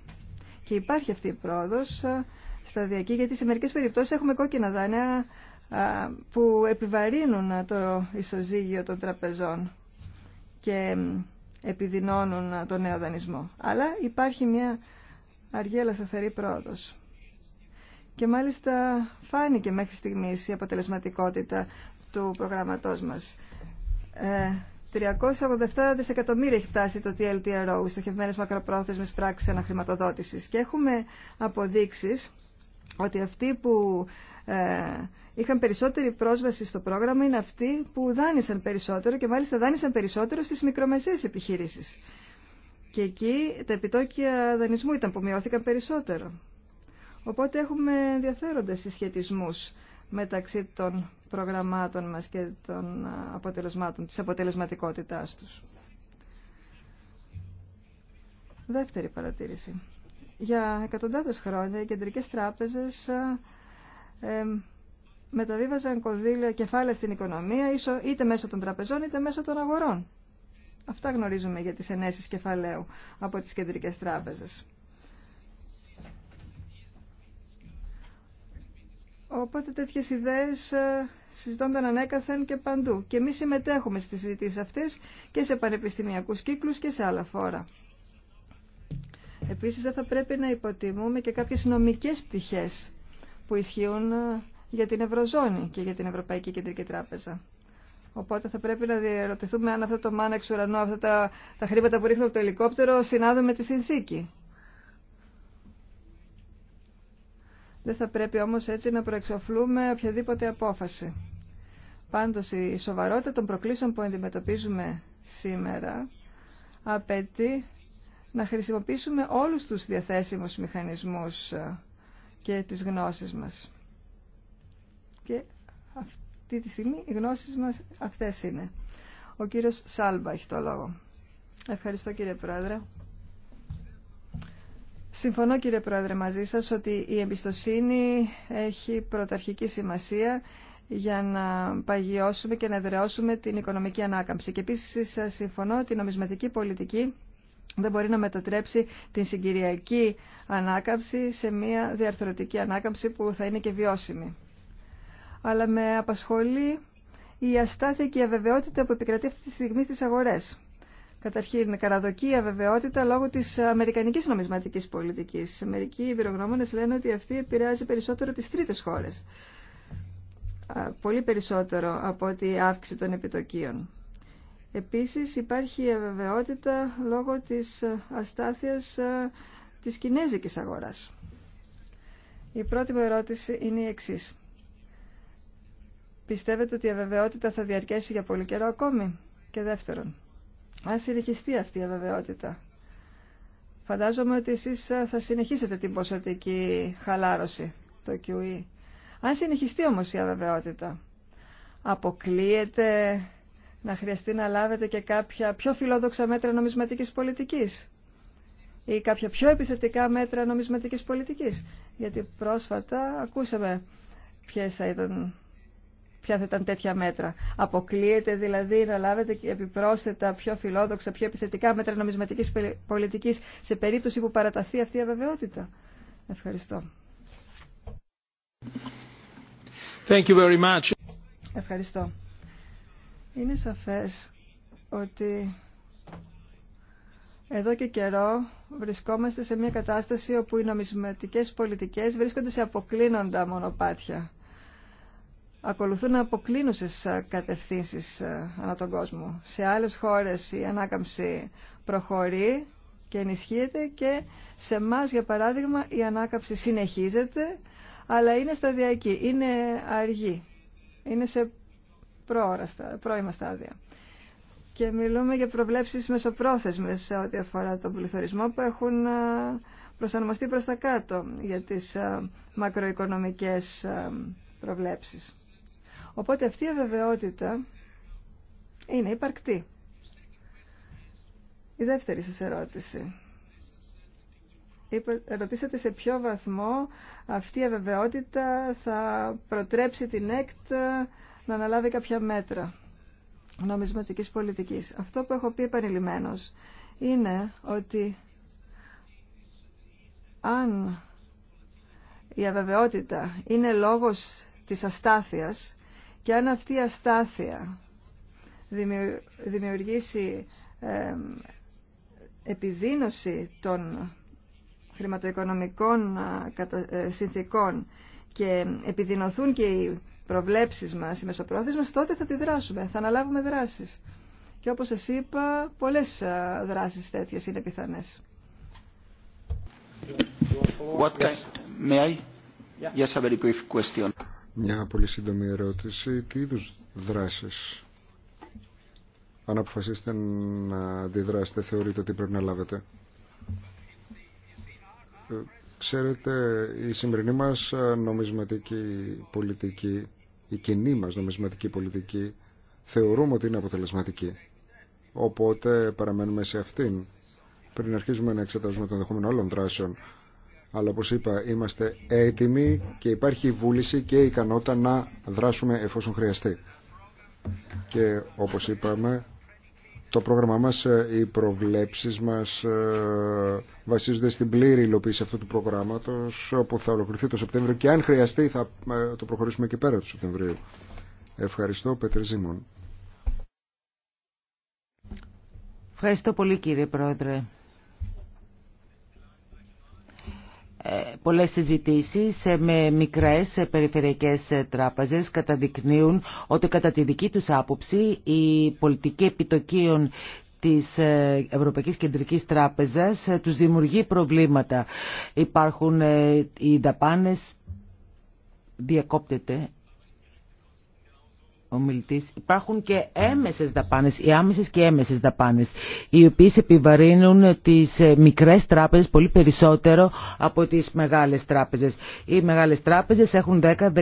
Και υπάρχει αυτή η πρόοδος ε, σταδιακή, γιατί σε μερικές περιπτώσεις έχουμε κόκκινα δάνεια που επιβαρύνουν το ισοζύγιο των τραπεζών. Και επιδεινώνουν τον νέο δανεισμό. Αλλά υπάρχει μια αργέλα σταθερή πρόοδος. Και μάλιστα φάνηκε μέχρι στιγμής η αποτελεσματικότητα του προγραμματός μας. 387 ε, δισεκατομμύρια έχει φτάσει το TLTRO, στοχευμένες μακροπρόθεσμες πράξεις αναχρηματοδότησης. Και έχουμε αποδείξεις ότι αυτοί που ε, είχαν περισσότερη πρόσβαση στο πρόγραμμα είναι αυτοί που δάνεισαν περισσότερο και μάλιστα δάνεισαν περισσότερο στις μικρομεσαίες επιχειρήσεις. Και εκεί τα επιτόκια δανεισμού ήταν που μειώθηκαν περισσότερο. Οπότε έχουμε ενδιαφέροντες συσχετισμούς μεταξύ των προγραμμάτων μας και των αποτελεσμάτων, της αποτελεσματικότητάς τους. Δεύτερη παρατήρηση. Για εκατοντάδες χρόνια οι κεντρικές τράπεζες ε, μεταβίβαζαν κονδύλια κεφάλαια στην οικονομία είτε μέσω των τραπεζών είτε μέσω των αγορών. Αυτά γνωρίζουμε για τις ενέσεις κεφαλαίου από τις κεντρικές τράπεζες. Οπότε τέτοιες ιδέες ε, συζητώνταν ανέκαθεν και παντού. Και εμείς συμμετέχουμε στις συζητήσεις αυτές και σε πανεπιστημιακούς κύκλους και σε άλλα φόρα. Επίσης δεν θα πρέπει να υποτιμούμε και κάποιες νομικές πτυχές που ισχύουν ε, για την Ευρωζώνη και για την Ευρωπαϊκή Κεντρική Τράπεζα. Οπότε θα πρέπει να διαρωτηθούμε αν αυτό το μάνα εξ ουρανού, αυτά τα, τα χρήματα που ρίχνουν από το ελικόπτερο συνάδουν με τη συνθήκη. Δεν θα πρέπει όμως έτσι να προεξοφλούμε οποιαδήποτε απόφαση. Πάντως η σοβαρότητα των προκλήσεων που αντιμετωπίζουμε σήμερα απαιτεί να χρησιμοποιήσουμε όλους τους διαθέσιμους μηχανισμούς και τις γνώσεις μας. Και αυτή τη στιγμή οι γνώσεις μας αυτές είναι. Ο κύριος Σάλμπα έχει το λόγο. Ευχαριστώ κύριε Πρόεδρε. Συμφωνώ κύριε Πρόεδρε μαζί σας ότι η εμπιστοσύνη έχει πρωταρχική σημασία για να παγιώσουμε και να εδραιώσουμε την οικονομική ανάκαμψη. Και επίσης σας συμφωνώ ότι η νομισματική πολιτική δεν μπορεί να μετατρέψει την συγκυριακή ανάκαμψη σε μια διαρθρωτική ανάκαμψη που θα είναι και βιώσιμη αλλά με απασχολεί η αστάθεια και η αβεβαιότητα που επικρατεί αυτή τη στιγμή στις αγορές. Καταρχήν, η αβεβαιότητα λόγω τη αμερικανική νομισματική πολιτική. Μερικοί εμπειρογνώμονε λένε ότι αυτή επηρεάζει περισσότερο τι τρίτε χώρε. Πολύ περισσότερο από ότι αύξηση των επιτοκίων. Επίση, υπάρχει η αβεβαιότητα λόγω τη αστάθεια της κινέζικης αγοράς. Η πρώτη μου ερώτηση είναι η εξής. Πιστεύετε ότι η αβεβαιότητα θα διαρκέσει για πολύ καιρό ακόμη. Και δεύτερον, αν συνεχιστεί αυτή η αβεβαιότητα, φαντάζομαι ότι εσείς ε, θα συνεχίσετε την ποσοτική χαλάρωση, το QE. Αν συνεχιστεί όμως η αβεβαιότητα, αποκλείεται να χρειαστεί να λάβετε και κάποια πιο φιλόδοξα μέτρα νομισματικής πολιτικής ή κάποια πιο επιθετικά μέτρα νομισματικής πολιτικής. Γιατί πρόσφατα ακούσαμε ποιες θα ήταν ποια θα ήταν τέτοια μέτρα. Αποκλείεται δηλαδή να λάβετε και επιπρόσθετα πιο φιλόδοξα, πιο επιθετικά μέτρα νομισματικής πολιτικής σε περίπτωση που παραταθεί αυτή η αβεβαιότητα. Ευχαριστώ. Thank you very much. Ευχαριστώ. Είναι σαφές ότι εδώ και καιρό βρισκόμαστε σε μια κατάσταση όπου οι νομισματικές πολιτικές βρίσκονται σε αποκλίνοντα μονοπάτια ακολουθούν αποκλίνουσες κατευθύνσεις ανά τον κόσμο. Σε άλλες χώρες η ανάκαμψη προχωρεί και ενισχύεται και σε εμά, για παράδειγμα, η ανάκαμψη συνεχίζεται, αλλά είναι σταδιακή, είναι αργή, είναι σε πρόωρα, πρώιμα στάδια. Και μιλούμε για προβλέψεις μεσοπρόθεσμες σε ό,τι αφορά τον πληθωρισμό που έχουν προσαρμοστεί προς τα κάτω για τις μακροοικονομικές προβλέψεις. Οπότε αυτή η αβεβαιότητα είναι υπαρκτή. Η δεύτερη σας ερώτηση. Ρωτήσατε σε ποιο βαθμό αυτή η αβεβαιότητα θα προτρέψει την ΕΚΤ να αναλάβει κάποια μέτρα νομισματικής πολιτικής. Αυτό που έχω πει επανειλημμένος είναι ότι αν η αβεβαιότητα είναι λόγος της αστάθειας, και αν αυτή η αστάθεια δημιουργήσει επιδείνωση των χρηματοοικονομικών ε, συνθήκων και επιδεινωθούν και οι προβλέψεις μας, οι μεσοπρόθεσμες, τότε θα τη δράσουμε, θα αναλάβουμε δράσεις. Και όπως σας είπα, πολλές δράσεις τέτοιες είναι πιθανές. What can... May I? Yes, a very brief question. Μια πολύ σύντομη ερώτηση. Τι είδου δράσεις, αν αποφασίσετε να αντιδράσετε, θεωρείτε ότι πρέπει να λάβετε. Ε, ξέρετε, η σημερινή μας νομισματική πολιτική, η κοινή μας νομισματική πολιτική, θεωρούμε ότι είναι αποτελεσματική. Οπότε παραμένουμε σε αυτήν πριν αρχίζουμε να εξετάζουμε τον δεχόμενο άλλων δράσεων αλλά όπως είπα είμαστε έτοιμοι και υπάρχει βούληση και ικανότητα να δράσουμε εφόσον χρειαστεί. Και όπως είπαμε το πρόγραμμά μας, ε, οι προβλέψεις μας ε, βασίζονται στην πλήρη υλοποίηση αυτού του προγράμματος που θα ολοκληρωθεί το Σεπτέμβριο και αν χρειαστεί θα ε, το προχωρήσουμε και πέρα του Σεπτεμβρίου. Ευχαριστώ, Πέτρη Ζήμων. Ευχαριστώ πολύ κύριε Πρόεδρε. Ε, πολλές συζητήσεις ε, με μικρές ε, περιφερειακές τράπεζες καταδεικνύουν ότι κατά τη δική τους άποψη η πολιτική επιτοκίων της Ευρωπαϊκής Κεντρικής Τράπεζας τους δημιουργεί προβλήματα. Υπάρχουν οι δαπάνες, διακόπτεται ομιλητής, υπάρχουν και έμεσες δαπάνες, οι άμεσες και έμεσες δαπάνες, οι οποίες επιβαρύνουν τις ε, μικρές τράπεζες πολύ περισσότερο από τις μεγάλες τράπεζες. Οι μεγάλες τράπεζες έχουν 10-15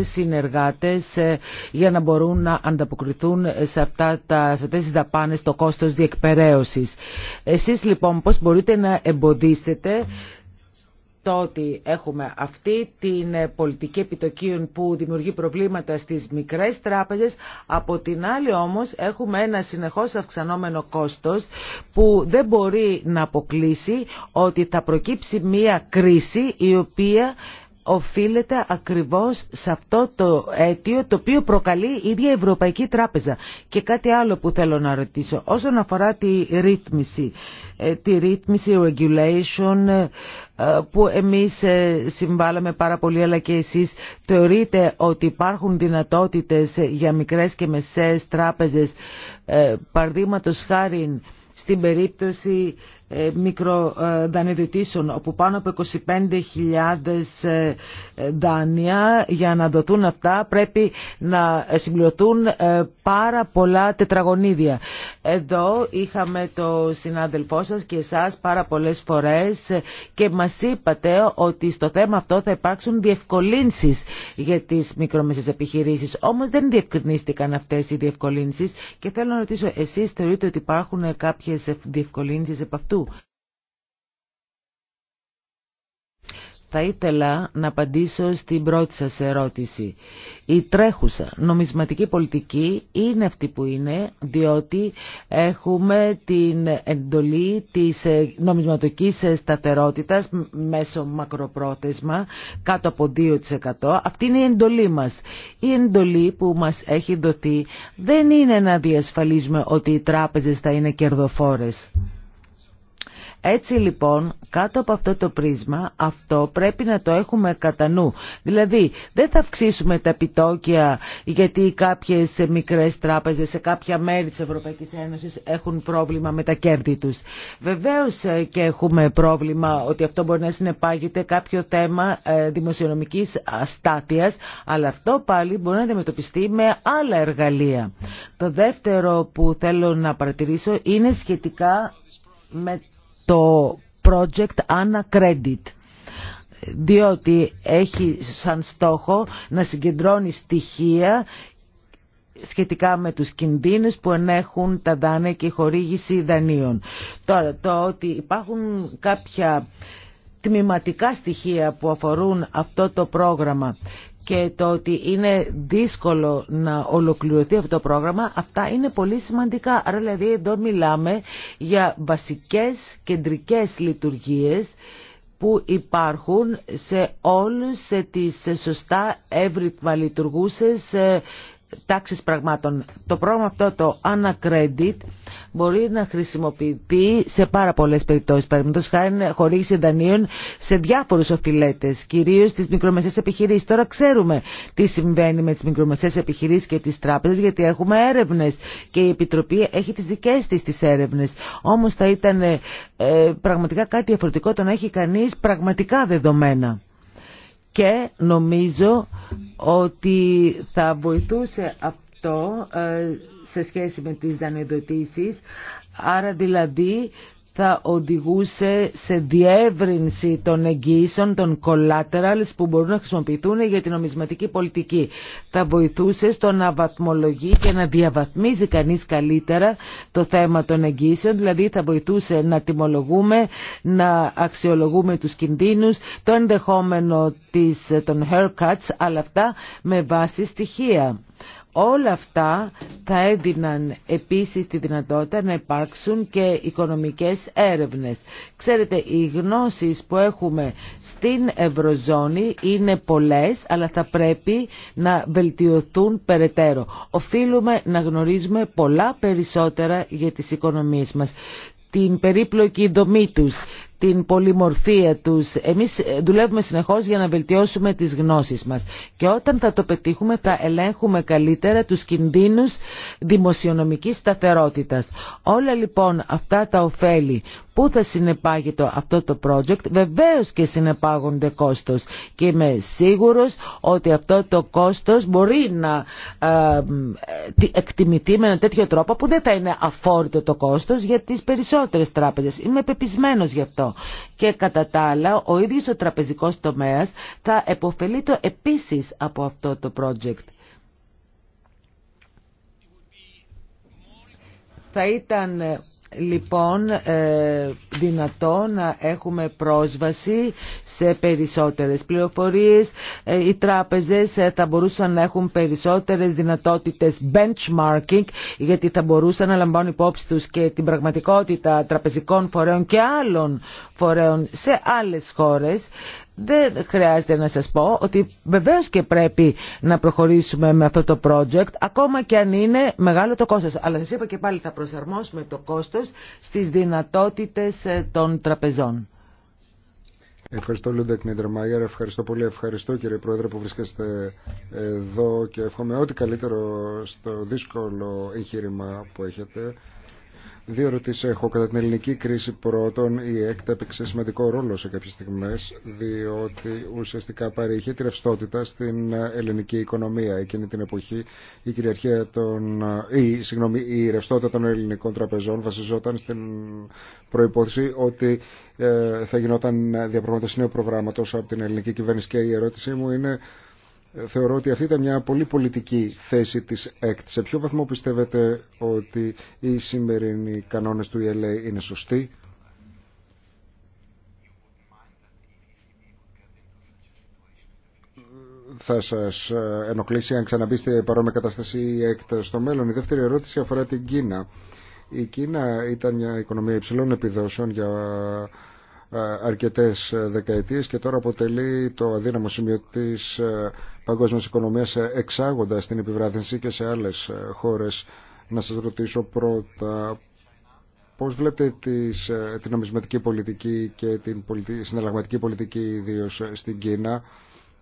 συνεργάτες ε, για να μπορούν να ανταποκριθούν σε αυτά τα, αυτές τις δαπάνες το κόστος διεκπαιρέωσης. Εσείς λοιπόν πώς μπορείτε να εμποδίσετε το ότι έχουμε αυτή την πολιτική επιτοκίων που δημιουργεί προβλήματα στις μικρές τράπεζες, από την άλλη όμως έχουμε ένα συνεχώς αυξανόμενο κόστος που δεν μπορεί να αποκλείσει ότι θα προκύψει μία κρίση η οποία οφείλεται ακριβώς σε αυτό το αίτιο το οποίο προκαλεί η ίδια Ευρωπαϊκή Τράπεζα. Και κάτι άλλο που θέλω να ρωτήσω όσον αφορά τη ρύθμιση, ε, τη ρύθμιση regulation ε, ε, που εμείς συμβάλαμε πάρα πολύ αλλά και εσείς θεωρείτε ότι υπάρχουν δυνατότητες για μικρές και μεσαίες τράπεζες παραδείγματο χάρη στην περίπτωση ε, μικροδανειδητήσεων όπου πάνω από 25.000 ε, δάνεια για να δοθούν αυτά πρέπει να συμπληρωθούν ε, πάρα πολλά τετραγωνίδια. Εδώ είχαμε το συνάδελφό σας και εσάς πάρα πολλές φορές και μας είπατε ότι στο θέμα αυτό θα υπάρξουν διευκολύνσεις για τις μικρομεσές επιχειρήσεις. Όμως δεν διευκρινίστηκαν αυτές οι διευκολύνσεις και θέλω να ρωτήσω εσείς θεωρείτε ότι υπάρχουν κάποιες διευκολύνσεις από αυτού. Θα ήθελα να απαντήσω στην πρώτη σας ερώτηση. Η τρέχουσα νομισματική πολιτική είναι αυτή που είναι, διότι έχουμε την εντολή της ε, νομισματικής σταθερότητας μέσω μακροπρόθεσμα κάτω από 2%. Αυτή είναι η εντολή μας. Η εντολή που μας έχει δοθεί δεν είναι να διασφαλίζουμε ότι οι τράπεζες θα είναι κερδοφόρες. Έτσι λοιπόν κάτω από αυτό το πρίσμα αυτό πρέπει να το έχουμε κατά νου. Δηλαδή δεν θα αυξήσουμε τα επιτόκια γιατί κάποιες μικρές τράπεζες σε κάποια μέρη της Ευρωπαϊκής Ένωσης έχουν πρόβλημα με τα κέρδη τους. Βεβαίως ε, και έχουμε πρόβλημα ότι αυτό μπορεί να συνεπάγεται κάποιο θέμα ε, δημοσιονομικής αστάθειας αλλά αυτό πάλι μπορεί να αντιμετωπιστεί με άλλα εργαλεία. Το δεύτερο που θέλω να παρατηρήσω είναι σχετικά με το project Anna Credit διότι έχει σαν στόχο να συγκεντρώνει στοιχεία σχετικά με τους κινδύνους που ενέχουν τα δάνεια και η χορήγηση δανείων. Τώρα, το ότι υπάρχουν κάποια τμηματικά στοιχεία που αφορούν αυτό το πρόγραμμα και το ότι είναι δύσκολο να ολοκληρωθεί αυτό το πρόγραμμα, αυτά είναι πολύ σημαντικά. Άρα δηλαδή εδώ μιλάμε για βασικές κεντρικές λειτουργίες που υπάρχουν σε όλους σε τις σωστά εύρυθμα λειτουργούσες τάξης πραγμάτων. Το πρόγραμμα αυτό το Credit, μπορεί να χρησιμοποιηθεί σε πάρα πολλές περιπτώσεις. Παραδείγματος χάρη χορήγηση δανείων σε διάφορους οφειλέτες, κυρίως στις μικρομεσαίες επιχειρήσεις. Τώρα ξέρουμε τι συμβαίνει με τις μικρομεσαίες επιχειρήσεις και τις τράπεζες γιατί έχουμε έρευνες και η Επιτροπή έχει τις δικές της τις έρευνες. Όμως θα ήταν ε, πραγματικά κάτι διαφορετικό το να έχει κανείς πραγματικά δεδομένα και νομίζω ότι θα βοηθούσε αυτό ε, σε σχέση με τις δανειοδοτήσεις, άρα δηλαδή θα οδηγούσε σε διεύρυνση των εγγύησεων, των collaterals που μπορούν να χρησιμοποιηθούν για την νομισματική πολιτική. Θα βοηθούσε στο να βαθμολογεί και να διαβαθμίζει κανείς καλύτερα το θέμα των εγγύησεων, δηλαδή θα βοηθούσε να τιμολογούμε, να αξιολογούμε τους κινδύνους, το ενδεχόμενο της, των haircuts, αλλά αυτά με βάση στοιχεία. Όλα αυτά θα έδιναν επίσης τη δυνατότητα να υπάρξουν και οικονομικές έρευνες. Ξέρετε, οι γνώσεις που έχουμε στην Ευρωζώνη είναι πολλές, αλλά θα πρέπει να βελτιωθούν περαιτέρω. Οφείλουμε να γνωρίζουμε πολλά περισσότερα για τις οικονομίες μας την περίπλοκη δομή τους, την πολυμορφία τους. Εμείς ε, δουλεύουμε συνεχώς για να βελτιώσουμε τις γνώσεις μας. Και όταν θα το πετύχουμε θα ελέγχουμε καλύτερα τους κινδύνους δημοσιονομικής σταθερότητας. Όλα λοιπόν αυτά τα ωφέλη που θα συνεπάγεται αυτό το project βεβαίως και συνεπάγονται κόστος. Και είμαι σίγουρος ότι αυτό το κόστος μπορεί να ε, ε, εκτιμηθεί με ένα τέτοιο τρόπο που δεν θα είναι αφόρητο το κόστος για τις περισσότερες τράπεζες. Είμαι πεπισμένος γι' αυτό. Και κατά τα άλλα, ο ίδιος ο τραπεζικός τομέας θα επωφελείται επίσης από αυτό το project. Θα ήταν ε, λοιπόν ε, δυνατό να έχουμε πρόσβαση σε περισσότερες πληροφορίες. Ε, οι τράπεζες θα μπορούσαν να έχουν περισσότερες δυνατότητες benchmarking γιατί θα μπορούσαν να λαμβάνουν υπόψη τους και την πραγματικότητα τραπεζικών φορέων και άλλων φορέων σε άλλες χώρες δεν χρειάζεται να σας πω ότι βεβαίως και πρέπει να προχωρήσουμε με αυτό το project, ακόμα και αν είναι μεγάλο το κόστος. Αλλά σας είπα και πάλι θα προσαρμόσουμε το κόστος στις δυνατότητες ε, των τραπεζών. Ευχαριστώ Λούντα Μάγερ, ευχαριστώ πολύ, ευχαριστώ κύριε Πρόεδρε που βρίσκεστε εδώ και εύχομαι ό,τι καλύτερο στο δύσκολο εγχείρημα που έχετε. Δύο ερωτήσει έχω. Κατά την ελληνική κρίση, πρώτον, η ΕΚΤ έπαιξε σημαντικό ρόλο σε κάποιε στιγμέ, διότι ουσιαστικά παρήχε τη ρευστότητα στην ελληνική οικονομία. Εκείνη την εποχή η, κυριαρχία των, η, συγγνώμη, η ρευστότητα των ελληνικών τραπεζών βασιζόταν στην προπόθεση ότι ε, θα γινόταν διαπραγματεύσει νέου προγράμματο από την ελληνική κυβέρνηση. Και η ερώτησή μου είναι Θεωρώ ότι αυτή ήταν μια πολύ πολιτική θέση της ΕΚΤ. Σε ποιο βαθμό πιστεύετε ότι οι σημερινοί κανόνες του ΙΕΛΕ είναι σωστοί. θα σας ε, ενοχλήσει αν ξαναμπείστε παρόμοια κατάσταση ΕΚΤ στο μέλλον. Η δεύτερη ερώτηση αφορά την Κίνα. Η Κίνα ήταν μια οικονομία υψηλών επιδόσεων για ε, αρκετές ε, δεκαετίες και τώρα αποτελεί το αδύναμο σημείο της ε, παγκόσμιας οικονομίας εξάγοντα την επιβράδυνση και σε άλλες χώρες. Να σας ρωτήσω πρώτα πώς βλέπετε τις, την νομισματική πολιτική και την πολιτική, συναλλαγματική πολιτική ιδίω στην Κίνα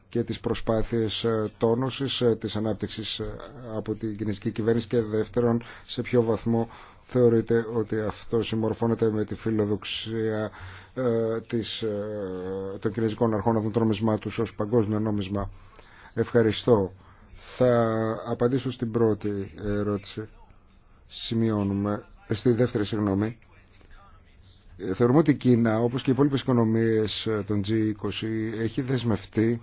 και τις προσπάθειες τόνωσης της ανάπτυξης από την κινέζικη κυβέρνηση και δεύτερον σε ποιο βαθμό θεωρείτε ότι αυτό συμμορφώνεται με τη φιλοδοξία ε, της, ε, των κινέζικων αρχών να δουν το τους ως παγκόσμιο νόμισμα. Ευχαριστώ. Θα απαντήσω στην πρώτη ερώτηση. Σημειώνουμε. Ε, στη δεύτερη, συγγνώμη. Ε, θεωρούμε ότι η Κίνα, όπως και οι υπόλοιπες οικονομίες των G20, έχει δεσμευτεί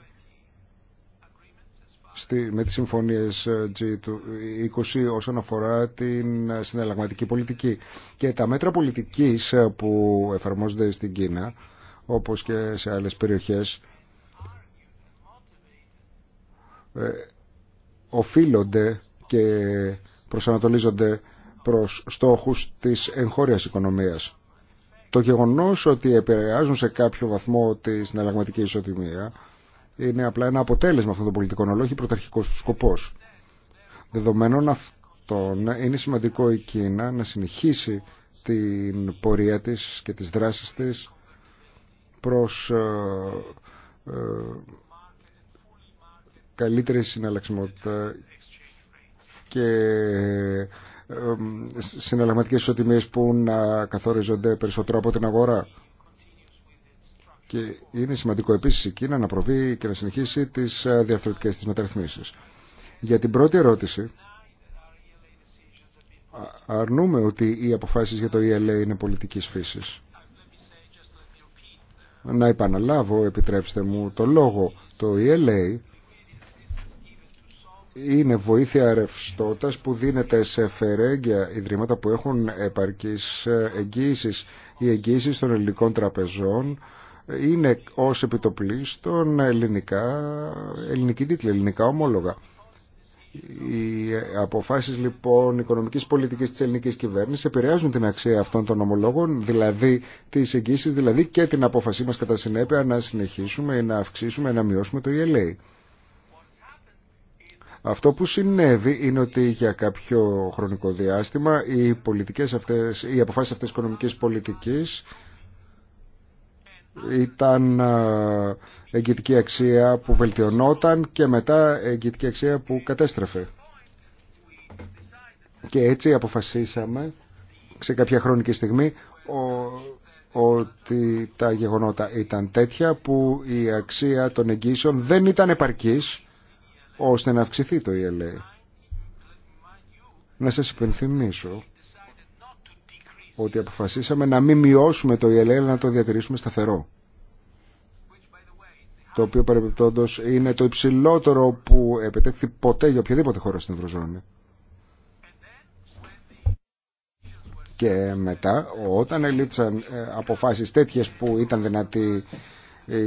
στη, με τις συμφωνίες ε, G20 ε, όσον αφορά την ε, συναλλαγματική πολιτική. Και τα μέτρα πολιτικής που εφαρμόζονται στην Κίνα, όπως και σε άλλες περιοχές, οφείλονται και προσανατολίζονται προς στόχους της εγχώριας οικονομίας. Το γεγονός ότι επηρεάζουν σε κάποιο βαθμό τη συναλλαγματική ισοτιμία είναι απλά ένα αποτέλεσμα αυτών των πολιτικών, αλλά όχι πρωταρχικό του σκοπό. Δεδομένων αυτών, είναι σημαντικό η Κίνα να συνεχίσει την πορεία της και τι δράσει τη προς ε, ε, καλύτερη συναλλαξιμότητα και ε, συναλλαγματικές ισοτιμίες που να καθορίζονται περισσότερο από την αγορά. Και είναι σημαντικό επίση η Κίνα να προβεί και να συνεχίσει τι ε, διαφορετικέ τη μεταρρυθμίσει. Για την πρώτη ερώτηση, αρνούμε ότι οι αποφάσει για το ELA είναι πολιτικής φύσης. Να επαναλάβω, επιτρέψτε μου, το λόγο. Το ELA είναι βοήθεια ρευστότητα που δίνεται σε φερέγγια ιδρύματα που έχουν επαρκείς ε, εγγύησεις. Οι εγγύησεις των ελληνικών τραπεζών είναι ως επιτοπλίστων ελληνικά, ελληνική τίτλη, ελληνικά ομόλογα. Οι αποφάσεις λοιπόν οικονομικής πολιτικής της ελληνικής κυβέρνησης επηρεάζουν την αξία αυτών των ομολόγων, δηλαδή τις εγγύσεις, δηλαδή και την απόφασή μας κατά συνέπεια να συνεχίσουμε ή να αυξήσουμε ή να μειώσουμε το ELA. Αυτό που συνέβη είναι ότι για κάποιο χρονικό διάστημα οι, πολιτικές αυτές, οι αποφάσεις αυτές οικονομικής πολιτικής ήταν ε, εγκυτική αξία που βελτιωνόταν και μετά εγκυτική αξία που κατέστρεφε. Και έτσι αποφασίσαμε σε κάποια χρονική στιγμή ότι τα γεγονότα ήταν τέτοια που η αξία των εγγύσεων δεν ήταν επαρκής ώστε να αυξηθεί το ELA. Να σας υπενθυμίσω ότι αποφασίσαμε να μην μειώσουμε το ELA αλλά να το διατηρήσουμε σταθερό το οποίο παρεμπιπτόντως είναι το υψηλότερο που επιτέχθη ποτέ για οποιαδήποτε χώρα στην Ευρωζώνη. Και μετά, όταν ελήφθησαν ε, αποφάσεις τέτοιες που ήταν δυνατή η ε,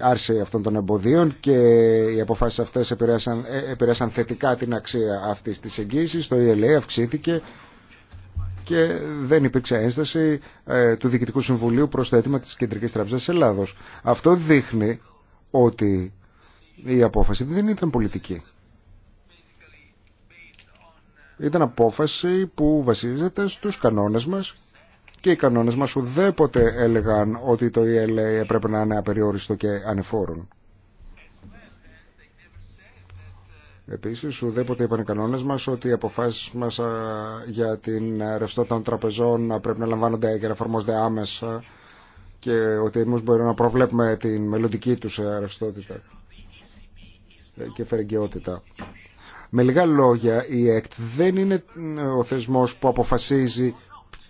άρση αυτών των εμποδίων και οι αποφάσεις αυτές επηρέασαν, ε, επηρέασαν θετικά την αξία αυτής της εγγύησης, το ELA αυξήθηκε και δεν υπήρξε ένσταση ε, του Διοικητικού Συμβουλίου προς το αίτημα της Κεντρικής Τράπεζας Ελλάδος. Αυτό δείχνει ότι η απόφαση δεν ήταν πολιτική. Ήταν απόφαση που βασίζεται στους κανόνες μας και οι κανόνες μας ουδέποτε έλεγαν ότι το ELA έπρεπε να είναι απεριόριστο και ανεφόρον. Επίσης, ουδέποτε είπαν οι κανόνες μας ότι οι αποφάσεις μας για την ρευστότητα των τραπεζών πρέπει να λαμβάνονται και να εφαρμόζονται άμεσα και ότι εμείς μπορούμε να προβλέπουμε την μελλοντική του ε, ρευστότητα και φερεγγιότητα. Με λίγα λόγια, η ΕΚΤ δεν είναι ε, ο θεσμός που αποφασίζει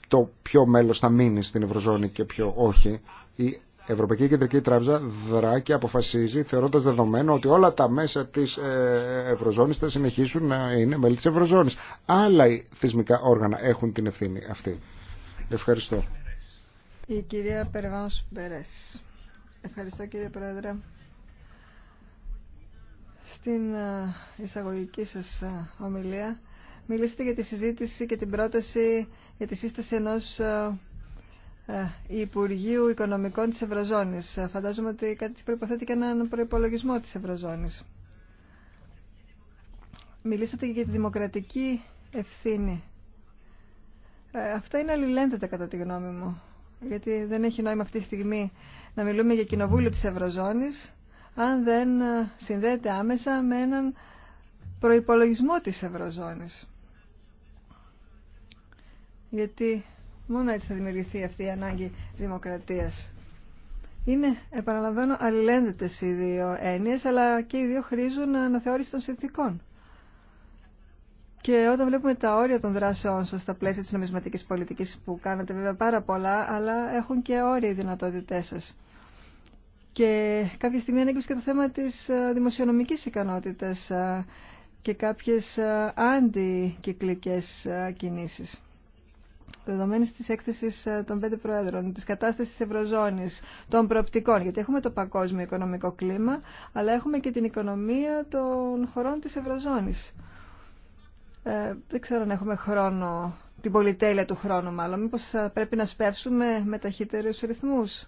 το ποιο μέλο θα μείνει στην Ευρωζώνη και ποιο όχι. Η Ευρωπαϊκή Κεντρική Τράπεζα δρά και αποφασίζει θεωρώντας δεδομένο ότι όλα τα μέσα της ε, Ευρωζώνης θα συνεχίσουν να είναι μέλη της Ευρωζώνης. Άλλα θεσμικά όργανα έχουν την ευθύνη αυτή. Ευχαριστώ. Η κυρία Περβάνος Μπερές. Ευχαριστώ κύριε Πρόεδρε. Στην ε, εισαγωγική σας ε, ομιλία μιλήσατε για τη συζήτηση και την πρόταση για τη σύσταση ενός ε, Υπουργείου Οικονομικών της Ευρωζώνης. Ε, φαντάζομαι ότι κάτι προϋποθέτει και έναν προϋπολογισμό της Ευρωζώνης. Μιλήσατε και για τη δημοκρατική ευθύνη. Ε, αυτά είναι αλληλένδετα κατά τη γνώμη μου. Γιατί δεν έχει νόημα αυτή τη στιγμή να μιλούμε για κοινοβούλιο της Ευρωζώνης αν δεν συνδέεται άμεσα με έναν προϋπολογισμό της Ευρωζώνης. Γιατί Μόνο έτσι θα δημιουργηθεί αυτή η ανάγκη δημοκρατίας. Είναι, επαναλαμβάνω, αλληλένδετες οι δύο έννοιες, αλλά και οι δύο χρήζουν αναθεώρηση των συνθήκων. Και όταν βλέπουμε τα όρια των δράσεών σας στα πλαίσια της νομισματικής πολιτικής που κάνατε βέβαια πάρα πολλά, αλλά έχουν και όρια οι δυνατότητές σας. Και κάποια στιγμή ανέκυψε και το θέμα της ε, δημοσιονομικής ικανότητας ε, και κάποιες ε, αντικυκλικές κινήσεις δεδομένη τη έκθεση ε, των πέντε Προέδρων, τη κατάσταση τη Ευρωζώνη, των προοπτικών, γιατί έχουμε το παγκόσμιο οικονομικό κλίμα, αλλά έχουμε και την οικονομία των χωρών τη Ευρωζώνη. Ε, δεν ξέρω αν έχουμε χρόνο, την πολυτέλεια του χρόνου μάλλον. Μήπως ε, πρέπει να σπεύσουμε με ταχύτερους ρυθμούς.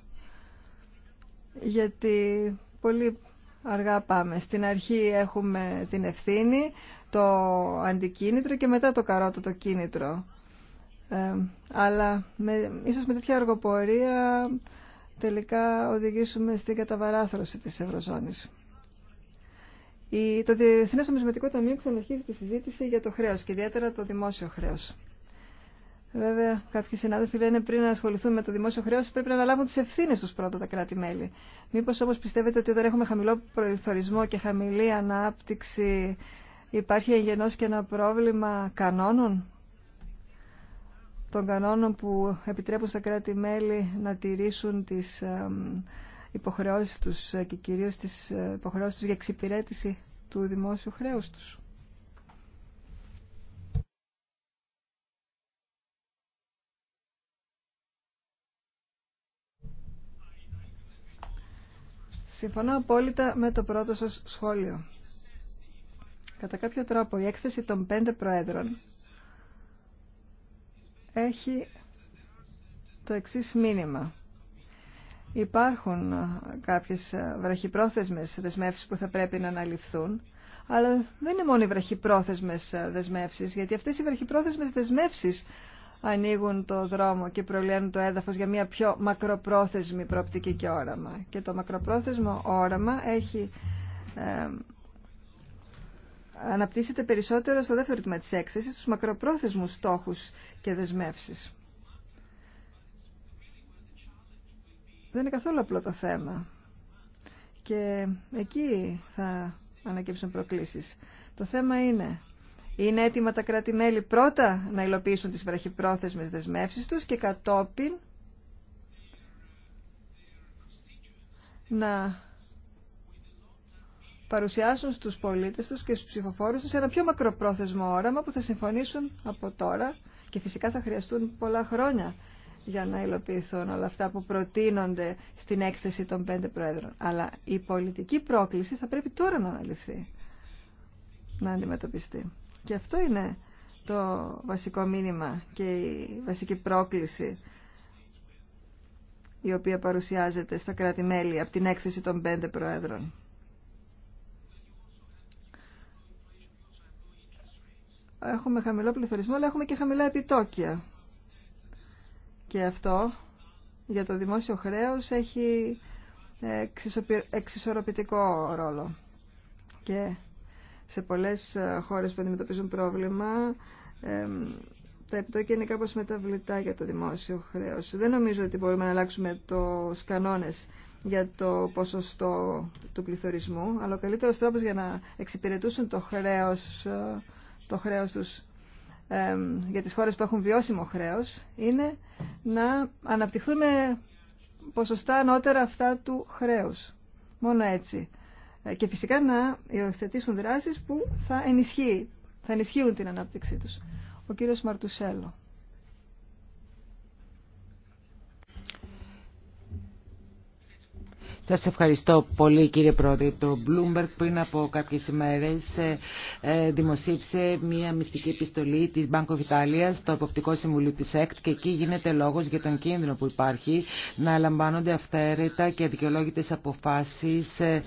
Γιατί πολύ αργά πάμε. Στην αρχή έχουμε την ευθύνη, το αντικίνητρο και μετά το καρότο το κίνητρο. Ε, αλλά με, ίσως με τέτοια αργοπορία τελικά οδηγήσουμε στην καταβαράθρωση της Ευρωζώνης. Η, το Διεθνές Ομισματικό Ταμείο ξαναρχίζει τη συζήτηση για το χρέος και ιδιαίτερα το δημόσιο χρέος. Βέβαια, κάποιοι συνάδελφοι λένε πριν να ασχοληθούν με το δημόσιο χρέο, πρέπει να αναλάβουν τι ευθύνε του πρώτα τα κράτη-μέλη. Μήπω όμω πιστεύετε ότι όταν έχουμε χαμηλό προϊθορισμό και χαμηλή ανάπτυξη, υπάρχει εγγενώ και ένα πρόβλημα κανόνων των κανόνων που επιτρέπουν στα κράτη-μέλη να τηρήσουν τις υποχρεώσεις τους και κυρίως τις ε, υποχρεώσεις τους για εξυπηρέτηση του δημόσιου χρέους τους. Συμφωνώ απόλυτα με το πρώτο σας σχόλιο. Κατά κάποιο τρόπο η έκθεση των πέντε προέδρων έχει το εξής μήνυμα. Υπάρχουν κάποιες βραχυπρόθεσμες δεσμεύσεις που θα πρέπει να αναλυφθούν, αλλά δεν είναι μόνο οι βραχυπρόθεσμες δεσμεύσεις, γιατί αυτές οι βραχυπρόθεσμες δεσμεύσεις ανοίγουν το δρόμο και προλύνουν το έδαφος για μια πιο μακροπρόθεσμη προοπτική και όραμα. Και το μακροπρόθεσμο όραμα έχει ε, αναπτύσσεται περισσότερο στο δεύτερο τμήμα της έκθεσης, στους μακροπρόθεσμους στόχους και δεσμεύσεις. Δεν είναι καθόλου απλό το θέμα. Και εκεί θα ανακύψουν προκλήσεις. Το θέμα είναι, είναι έτοιμα τα κράτη-μέλη πρώτα να υλοποιήσουν τις βραχυπρόθεσμες δεσμεύσεις τους και κατόπιν να παρουσιάσουν στους πολίτες τους και στους ψηφοφόρους τους ένα πιο μακροπρόθεσμο όραμα που θα συμφωνήσουν από τώρα και φυσικά θα χρειαστούν πολλά χρόνια για να υλοποιηθούν όλα αυτά που προτείνονται στην έκθεση των πέντε πρόεδρων. Αλλά η πολιτική πρόκληση θα πρέπει τώρα να αναλυθεί, να αντιμετωπιστεί. Και αυτό είναι το βασικό μήνυμα και η βασική πρόκληση η οποία παρουσιάζεται στα κράτη-μέλη από την έκθεση των πέντε πρόεδρων. έχουμε χαμηλό πληθωρισμό, αλλά έχουμε και χαμηλά επιτόκια. Και αυτό για το δημόσιο χρέος έχει ε, εξισορροπητικό ρόλο. Και σε πολλές ε, χώρες που αντιμετωπίζουν πρόβλημα, τα επιτόκια είναι κάπως μεταβλητά για το δημόσιο χρέος. Δεν νομίζω ότι μπορούμε να αλλάξουμε τους κανόνες για το ποσοστό του πληθωρισμού, αλλά ο καλύτερος τρόπος για να εξυπηρετούσουν το χρέος ε, το χρέος τους για τις χώρες που έχουν βιώσιμο χρέος είναι να αναπτυχθούν με ποσοστά ανώτερα αυτά του χρέους. Μόνο έτσι. Ε, και φυσικά να υιοθετήσουν δράσεις που θα, ενισχύει, θα ενισχύουν την ανάπτυξή τους. Ο κύριος Μαρτουσέλο. Σας ευχαριστώ πολύ κύριε Πρόεδρε. Το Bloomberg πριν από κάποιες ημέρες ε, ε, δημοσίευσε μια μυστική επιστολή της Bank of Italia στο Αποπτικό Συμβουλίο της ΕΚΤ και εκεί γίνεται λόγος για τον κίνδυνο που υπάρχει να λαμβάνονται αυθαίρετα και αδικαιολόγητες αποφάσεις ε,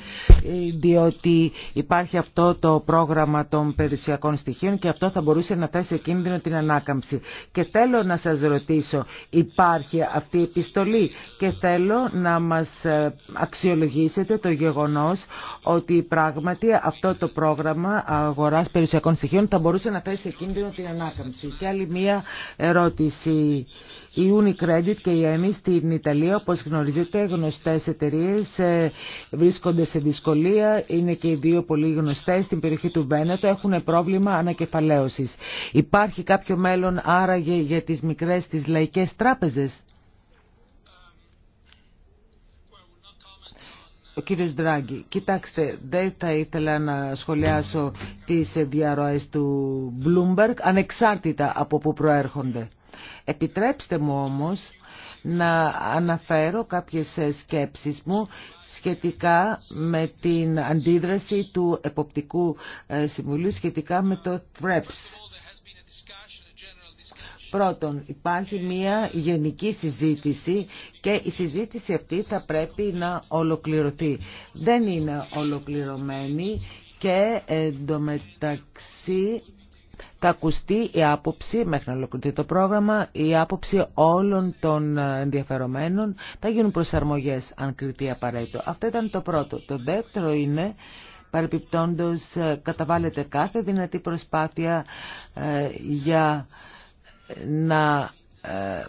διότι υπάρχει αυτό το πρόγραμμα των περιουσιακών στοιχείων και αυτό θα μπορούσε να θέσει σε κίνδυνο την ανάκαμψη. Και θέλω να σας ρωτήσω, υπάρχει αυτή η επιστολή και θέλω να μας αξιολογήσετε το γεγονός ότι πράγματι αυτό το πρόγραμμα αγοράς περιουσιακών στοιχείων θα μπορούσε να θέσει σε κίνδυνο την ανάκαμψη. Και άλλη μία ερώτηση. Η Unicredit και η EMI στην Ιταλία, όπως γνωρίζετε, γνωστές εταιρείες ε, βρίσκονται σε δυσκολία. Είναι και οι δύο πολύ γνωστές στην περιοχή του Βένετο. Έχουν πρόβλημα ανακεφαλαίωσης. Υπάρχει κάποιο μέλλον άραγε για τις μικρές, τις λαϊκές τράπεζες. Ο κύριος Ντράγκη, κοιτάξτε, δεν θα ήθελα να σχολιάσω τις διαρροές του Bloomberg ανεξάρτητα από που προέρχονται. Επιτρέψτε μου όμως να αναφέρω κάποιες σκέψεις μου σχετικά με την αντίδραση του Εποπτικού ε, Συμβουλίου σχετικά με το TREPS. Πρώτον, υπάρχει μια γενική συζήτηση και η συζήτηση αυτή θα πρέπει να ολοκληρωθεί. Δεν είναι ολοκληρωμένη και εντωμεταξύ θα ακουστεί η άποψη, μέχρι να ολοκληρωθεί το πρόγραμμα, η άποψη όλων των ενδιαφερομένων. Θα γίνουν προσαρμογές αν κριτεί απαραίτητο. Αυτό ήταν το πρώτο. Το δεύτερο είναι παρεπιπτόντως καταβάλλεται κάθε δυνατή προσπάθεια ε, για να ε,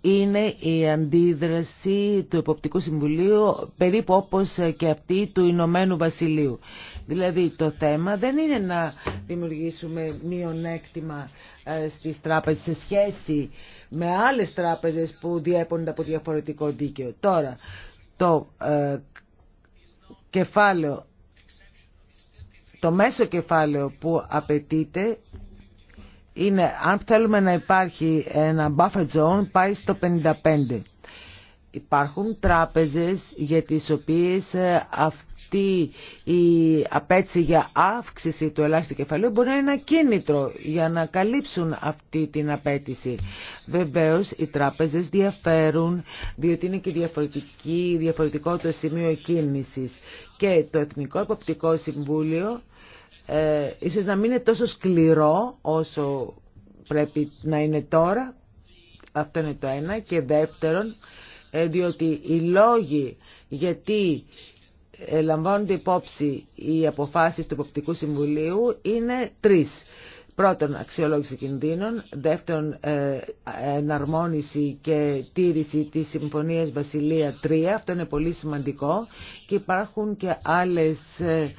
είναι η αντίδραση του Εποπτικού Συμβουλίου περίπου όπως και αυτή του Ηνωμένου Βασιλείου. Δηλαδή το θέμα δεν είναι να δημιουργήσουμε μειονέκτημα ε, στις τράπεζες σε σχέση με άλλες τράπεζες που διέπονται από διαφορετικό δίκαιο. Τώρα, το ε, κεφάλαιο, το μέσο κεφάλαιο που απαιτείται είναι αν θέλουμε να υπάρχει ένα buffer zone πάει στο 55. Υπάρχουν τράπεζες για τις οποίες ε, αυτή η απέτηση για αύξηση του ελάχιστου κεφαλαίου μπορεί να είναι ένα κίνητρο για να καλύψουν αυτή την απέτηση. Βεβαίως οι τράπεζες διαφέρουν διότι είναι και διαφορετικό το σημείο κίνησης και το Εθνικό Εποπτικό Συμβούλιο ε, ίσως να μην είναι τόσο σκληρό όσο πρέπει να είναι τώρα. Αυτό είναι το ένα. Και δεύτερον, ε, διότι οι λόγοι γιατί ε, λαμβάνονται υπόψη οι αποφάσεις του Εποπτικού Συμβουλίου είναι τρεις. Πρώτον, αξιολόγηση κινδύνων. Δεύτερον, ε, εναρμόνιση και τήρηση της Συμφωνίας Βασιλεία 3. Αυτό είναι πολύ σημαντικό. Και υπάρχουν και άλλες ε,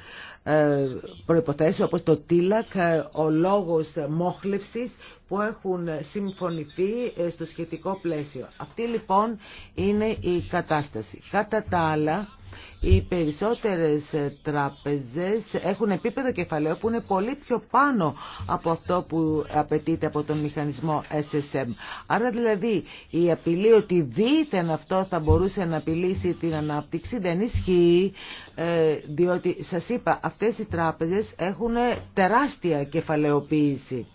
ε, προϋποθέσεις όπως το τίλακ, ε, ο λόγος μόχλευσης που έχουν συμφωνηθεί ε, στο σχετικό πλαίσιο. Αυτή λοιπόν είναι η κατάσταση. Κατά τα άλλα, οι περισσότερες τράπεζες έχουν επίπεδο κεφαλαίου που είναι πολύ πιο πάνω από αυτό που απαιτείται από τον μηχανισμό SSM. Άρα δηλαδή η απειλή ότι δίθεν αυτό θα μπορούσε να απειλήσει την ανάπτυξη δεν ισχύει ε, διότι σας είπα αυτές οι τράπεζες έχουν τεράστια κεφαλαιοποίηση.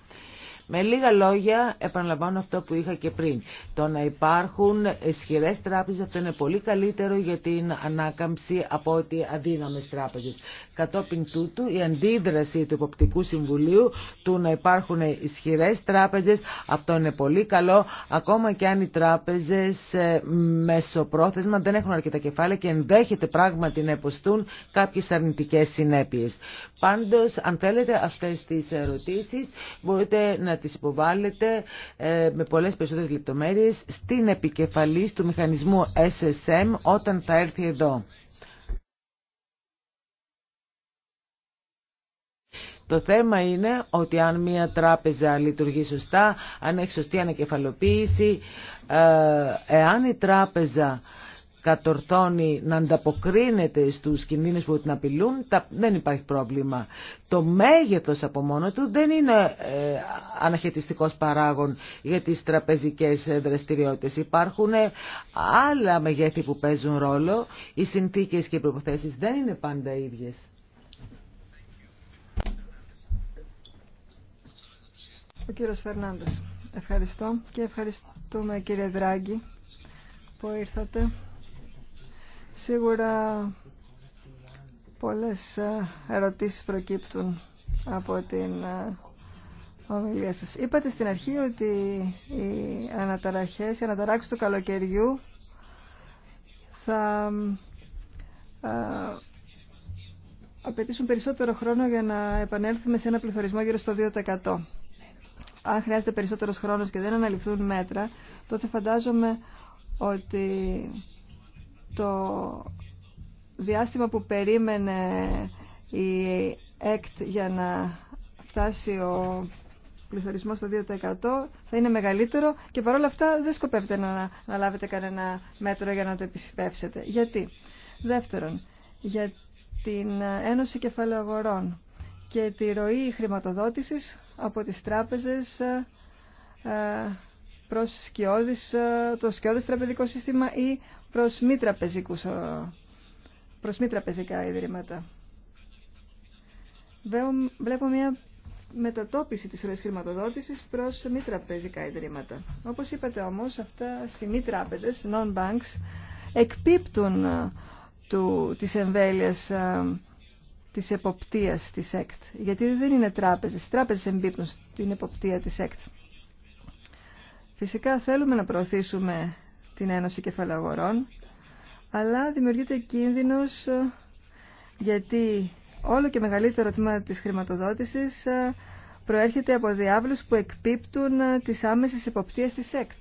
Με λίγα λόγια, επαναλαμβάνω αυτό που είχα και πριν. Το να υπάρχουν ισχυρέ τράπεζε, αυτό είναι πολύ καλύτερο για την ανάκαμψη από ότι αδύναμε τράπεζε. Κατόπιν τούτου η αντίδραση του Εποπτικού Συμβουλίου του να υπάρχουν ισχυρές τράπεζες, αυτό είναι πολύ καλό, ακόμα και αν οι τράπεζες ε, μεσοπρόθεσμα δεν έχουν αρκετά κεφάλαια και ενδέχεται πράγματι να υποστούν κάποιες αρνητικές συνέπειες. Πάντως, αν θέλετε αυτές τις ερωτήσεις μπορείτε να τις υποβάλλετε ε, με πολλές περισσότερες λεπτομέρειες στην επικεφαλής του μηχανισμού SSM όταν θα έρθει εδώ. Το θέμα είναι ότι αν μια τράπεζα λειτουργεί σωστά, αν έχει σωστή ανακεφαλοποίηση, ε, εάν η τράπεζα κατορθώνει να ανταποκρίνεται στους κινδύνους που την απειλούν, δεν υπάρχει πρόβλημα. Το μέγεθος από μόνο του δεν είναι ε, αναχαιτιστικός παράγων για τις τραπεζικές δραστηριότητες. Υπάρχουν ε, άλλα μεγέθη που παίζουν ρόλο. Οι συνθήκες και οι προποθέσεις δεν είναι πάντα ίδιες. Ο κύριος Φερνάνδες. Ευχαριστώ και ευχαριστούμε κύριε Δράγκη που ήρθατε. Σίγουρα πολλές ε, ερωτήσεις προκύπτουν από την ε, ομιλία σας. Είπατε στην αρχή ότι οι αναταραχές, οι αναταράξεις του καλοκαιριού θα ε, απαιτήσουν περισσότερο χρόνο για να επανέλθουμε σε ένα πληθωρισμό γύρω στο 2% αν χρειάζεται περισσότερος χρόνος και δεν αναλυθούν μέτρα, τότε φαντάζομαι ότι το διάστημα που περίμενε η ΕΚΤ για να φτάσει ο πληθωρισμός στο 2% θα είναι μεγαλύτερο και παρόλα αυτά δεν σκοπεύετε να, να λάβετε κανένα μέτρο για να το επισπεύσετε. Γιατί. Δεύτερον, για την Ένωση Κεφαλαίου Αγορών και τη ροή χρηματοδότησης από τις τράπεζες ε, προς σκιώδης, ε, το σκιώδης τραπεζικό σύστημα ή προς μη, ε, προς μη τραπεζικά ιδρύματα. Βλέπω μια μετατόπιση της ροής χρηματοδότησης προς μη τραπεζικά ιδρύματα. Όπως είπατε όμως, αυτά οι μη τράπεζες, non-banks, εκπίπτουν του, της της εποπτείας της ΕΚΤ. Γιατί δεν είναι τράπεζες. Οι τράπεζες εμπίπτουν στην εποπτεία της ΕΚΤ. Φυσικά θέλουμε να προωθήσουμε την Ένωση Κεφαλαγορών, αλλά δημιουργείται κίνδυνος ε, γιατί όλο και μεγαλύτερο τμήμα της χρηματοδότησης ε, προέρχεται από διάβλους που εκπίπτουν ε, τις άμεσες εποπτείες της ΕΚΤ.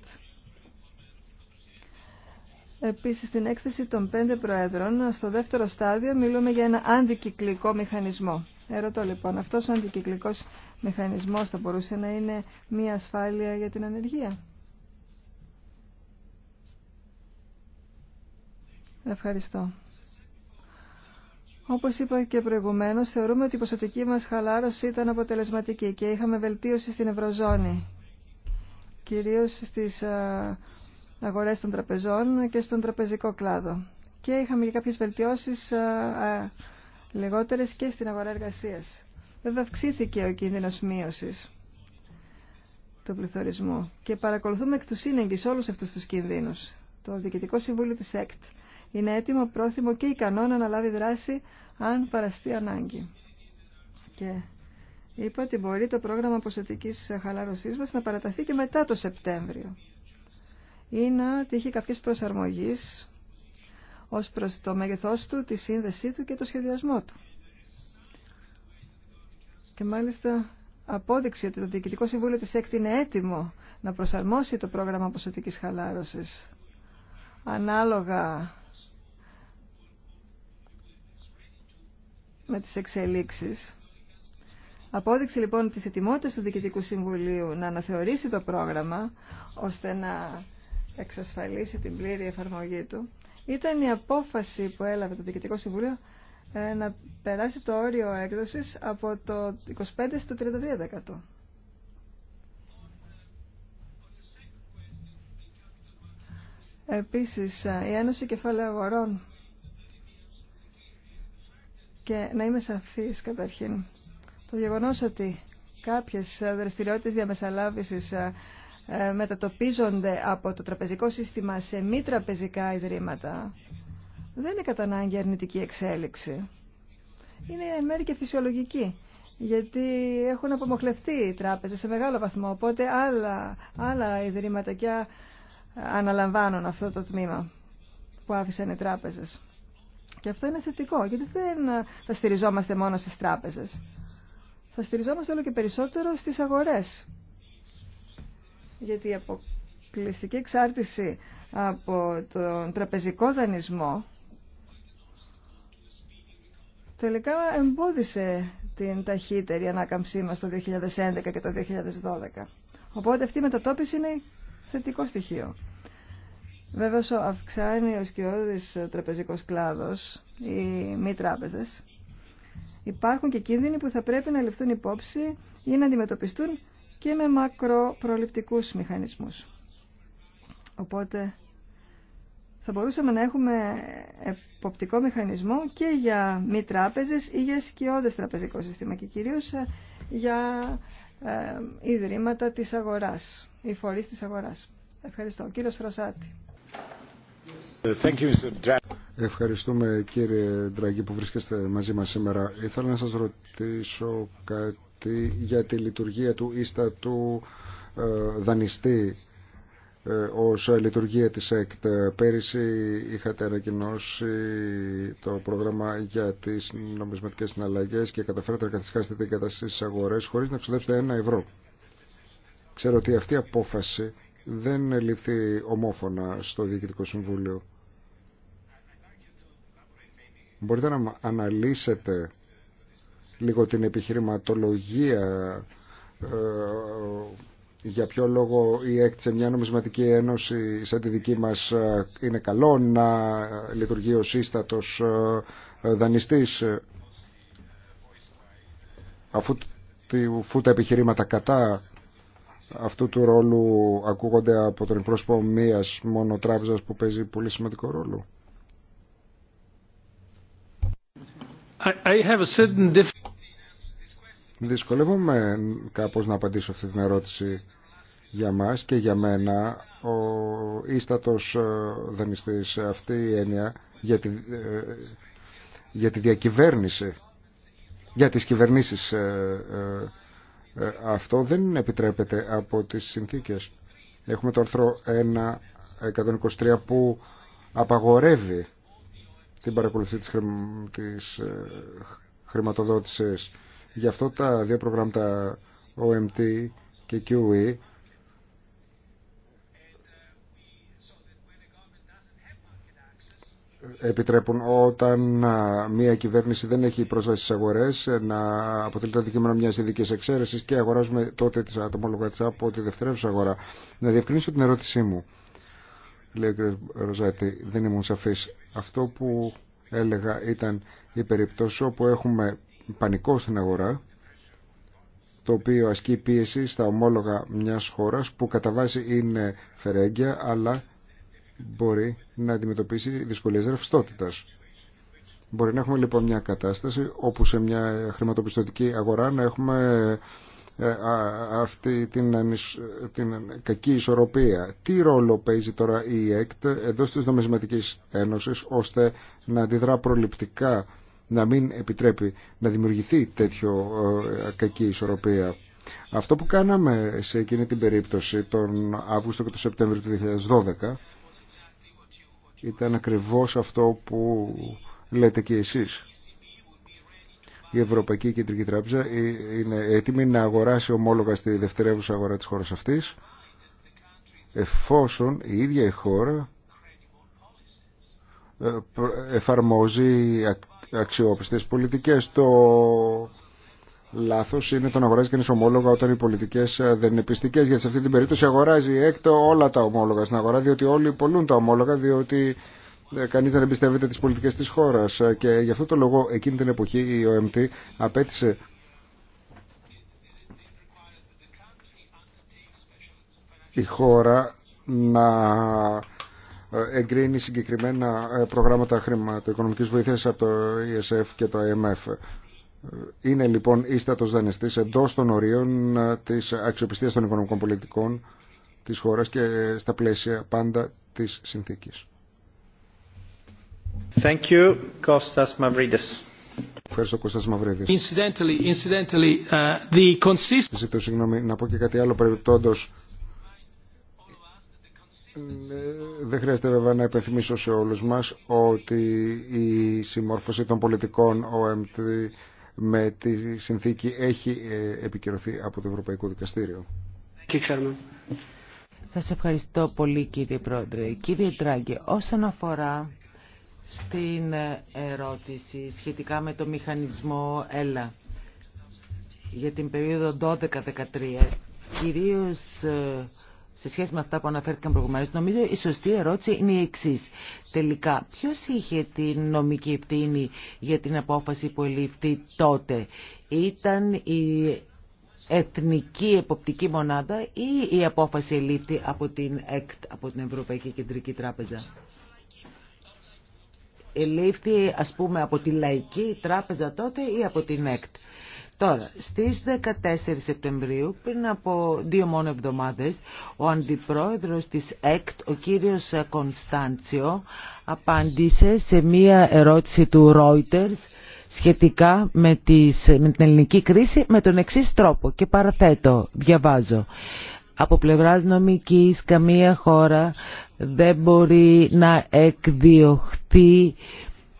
Επίσης, στην έκθεση των πέντε προέδρων, στο δεύτερο στάδιο, μιλούμε για ένα αντικυκλικό μηχανισμό. Ερωτώ λοιπόν, αυτός ο αντικυκλικός μηχανισμός θα μπορούσε να είναι μία ασφάλεια για την ανεργία. Ευχαριστώ. Όπως είπα και προηγουμένως, θεωρούμε ότι η ποσοτική μας χαλάρωση ήταν αποτελεσματική και είχαμε βελτίωση στην Ευρωζώνη, κυρίως στις αγορές των τραπεζών και στον τραπεζικό κλάδο. Και είχαμε και κάποιες βελτιώσεις ε, ε, λιγότερες και στην αγορά εργασίας. Βέβαια αυξήθηκε ο κίνδυνος μείωσης του πληθωρισμού και παρακολουθούμε εκ του σύνεγγυς όλους αυτούς τους κινδύνους. Το Διοικητικό Συμβούλιο της ΕΚΤ είναι έτοιμο, πρόθυμο και ικανό να αναλάβει δράση αν παραστεί ανάγκη. Και είπα ότι μπορεί το πρόγραμμα ποσοτικής χαλάρωσής μας να παραταθεί και μετά το Σεπτέμβριο ή να τύχει κάποιες προσαρμογής ως προς το μέγεθός του, τη σύνδεσή του και το σχεδιασμό του. Και μάλιστα απόδειξη ότι το Διοικητικό Συμβούλιο της ΕΚΤ είναι έτοιμο να προσαρμόσει το πρόγραμμα ποσοτικής χαλάρωσης ανάλογα με τις εξελίξεις. Απόδειξη λοιπόν της ετοιμότητας του Διοικητικού Συμβουλίου να αναθεωρήσει το πρόγραμμα ώστε να εξασφαλίσει την πλήρη εφαρμογή του ήταν η απόφαση που έλαβε το Διοικητικό Συμβούλιο ε, να περάσει το όριο έκδοσης από το 25% στο 33%. Επίσης, ε, η Ένωση Κεφάλαιο Αγορών και να είμαι σαφής καταρχήν. Το γεγονός ότι κάποιες ε, δραστηριότητες διαμεσαλάβησης ε, μετατοπίζονται από το τραπεζικό σύστημα σε μη τραπεζικά ιδρύματα δεν είναι κατά ανάγκη αρνητική εξέλιξη. Είναι εν και φυσιολογική, γιατί έχουν απομοχλευτεί οι τράπεζες σε μεγάλο βαθμό, οπότε άλλα, άλλα ιδρύματα και αναλαμβάνουν αυτό το τμήμα που άφησαν οι τράπεζες. Και αυτό είναι θετικό, γιατί δεν θα στηριζόμαστε μόνο στις τράπεζες. Θα στηριζόμαστε όλο και περισσότερο στις αγορές γιατί η αποκλειστική εξάρτηση από τον τραπεζικό δανεισμό τελικά εμπόδισε την ταχύτερη ανάκαμψή μας το 2011 και το 2012. Οπότε αυτή η μετατόπιση είναι θετικό στοιχείο. Βέβαια, όσο αυξάνει ο σκιώδης τραπεζικός κλάδος, οι μη τράπεζες, υπάρχουν και κίνδυνοι που θα πρέπει να ληφθούν υπόψη ή να αντιμετωπιστούν και με μακροπροληπτικούς μηχανισμούς. Οπότε θα μπορούσαμε να έχουμε εποπτικό μηχανισμό και για μη τράπεζες ή για σκιώδες τραπεζικό σύστημα και κυρίως ε, για ε, ιδρύματα της αγοράς ή φορείς της αγοράς. Ευχαριστώ. Κύριος Ρωσάτη. Ευχαριστούμε κύριε Ντραγκή που βρίσκεστε μαζί μας σήμερα. Ήθελα να σας ρωτήσω κάτι για τη λειτουργία του ίστα του ε, δανειστή ε, ως λειτουργία της ΕΚΤ. Πέρυσι είχατε ανακοινώσει το πρόγραμμα για τις νομισματικές συναλλαγές και καταφέρατε να καθισχάσετε την κατάσταση στις αγορές χωρίς να ξοδέψετε ένα ευρώ. Ξέρω ότι αυτή η απόφαση δεν ληφθεί ομόφωνα στο Διοικητικό Συμβούλιο. Μπορείτε να αναλύσετε λίγο την επιχειρηματολογία ε, για ποιο λόγο η έκτησε μια νομισματική ένωση σαν τη δική μας ε, είναι καλό να λειτουργεί ο σύστατος ε, δανειστής ε, αφού, αφού τα επιχειρήματα κατά αυτού του ρόλου ακούγονται από τον πρόσωπο μίας μόνο τράπεζας που παίζει πολύ σημαντικό ρόλο. I have a certain... Δυσκολεύομαι κάπως να απαντήσω αυτή την ερώτηση για μας και για μένα ο ίστατος ε, δανειστής αυτή η έννοια για τη, ε, για τη διακυβέρνηση για τις κυβερνήσεις ε, αυτό δεν επιτρέπεται από τις συνθήκες έχουμε το άρθρο 1.123 που απαγορεύει την παρακολουθή της χρηματοδότησης Γι' αυτό τα δύο προγράμματα OMT και QE επιτρέπουν όταν μια κυβέρνηση δεν έχει πρόσβαση στις αγορές ε, να αποτελεί το αντικείμενο μια ειδική εξαίρεσης και αγοράζουμε τότε τις ατομόλογα τη από τη δευτερεύουσα αγορά. Να διευκρινίσω την ερώτησή μου, λέει ο κ. Ροζάτη, δεν ήμουν σαφής. Αυτό που έλεγα ήταν η περίπτωση όπου έχουμε πανικό στην αγορά το οποίο ασκεί πίεση στα ομόλογα μιας χώρας που κατά βάση είναι φερέγγια αλλά μπορεί να αντιμετωπίσει δυσκολίες ρευστότητα. Μπορεί να έχουμε λοιπόν μια κατάσταση όπου σε μια χρηματοπιστωτική αγορά να έχουμε ε, αυτή την, κακή ισορροπία. Τι ρόλο παίζει τώρα η ΕΚΤ εντός της Νομισματικής Ένωσης ώστε να αντιδρά προληπτικά να μην επιτρέπει να δημιουργηθεί τέτοιο ε, κακή ισορροπία. Αυτό που κάναμε σε εκείνη την περίπτωση τον Αύγουστο και τον Σεπτέμβριο του 2012 ήταν ακριβώς αυτό που λέτε και εσείς. Η Ευρωπαϊκή Κεντρική Τράπεζα ε, είναι έτοιμη να αγοράσει ομόλογα στη δευτερεύουσα αγορά της χώρας αυτής εφόσον η ίδια η χώρα ε, εφαρμόζει αξιόπιστες πολιτικές. Το λάθος είναι το να αγοράζει κανείς ομόλογα όταν οι πολιτικές ε, δεν είναι πιστικές, γιατί σε αυτή την περίπτωση αγοράζει έκτο όλα τα ομόλογα στην αγορά, διότι όλοι πολλούν τα ομόλογα, διότι ε, κανείς δεν εμπιστεύεται τις πολιτικές της χώρας. Ε, και γι' αυτό το λόγο εκείνη την εποχή η ΟΜΤ απέτησε η χώρα να ε, εγκρίνει συγκεκριμένα ε, προγράμματα χρηματοοικονομικής βοήθειας από το ESF και το IMF. Ε, είναι λοιπόν ίστατος δανειστής εντός των ορίων της αξιοπιστίας των οικονομικών πολιτικών της χώρας και στα πλαίσια πάντα της συνθήκης. Thank you, Kostas Ευχαριστώ, Κώστας Μαυρίδης. Incidentally, incidentally, uh, the συγγνώμη να πω και κάτι άλλο περιπτώντος ναι, δεν χρειάζεται βέβαια να υπενθυμίσω σε όλους μας ότι η συμμόρφωση των πολιτικών ΟΕΜΤ με τη συνθήκη έχει ε, επικυρωθεί από το Ευρωπαϊκό Δικαστήριο. Σας ευχαριστώ πολύ κύριε Πρόεδρε. Κύριε Τράγκε, όσον αφορά στην ε, ερώτηση σχετικά με το μηχανισμό ΕΛΑ για την περίοδο 12-13, κυρίως ε, σε σχέση με αυτά που αναφέρθηκαν προηγουμένως, νομίζω η σωστή ερώτηση είναι η εξή. Τελικά, ποιος είχε την νομική ευθύνη για την απόφαση που ελήφθη τότε. Ήταν η Εθνική Εποπτική Μονάδα ή η απόφαση ελήφθη από την ΕΚΤ, από την Ευρωπαϊκή Κεντρική Τράπεζα. Ελήφθη, ας πούμε, από τη Λαϊκή Τράπεζα τότε ή από την ΕΚΤ. Τώρα, στις 14 Σεπτεμβρίου, πριν από δύο μόνο εβδομάδες, ο αντιπρόεδρος της ΕΚΤ, ο κύριος Κωνστάντσιο, απάντησε σε μία ερώτηση του Reuters σχετικά με, τις, με την ελληνική κρίση με τον εξή τρόπο και παραθέτω, διαβάζω. Από πλευράς νομικής καμία χώρα δεν μπορεί να εκδιωχθεί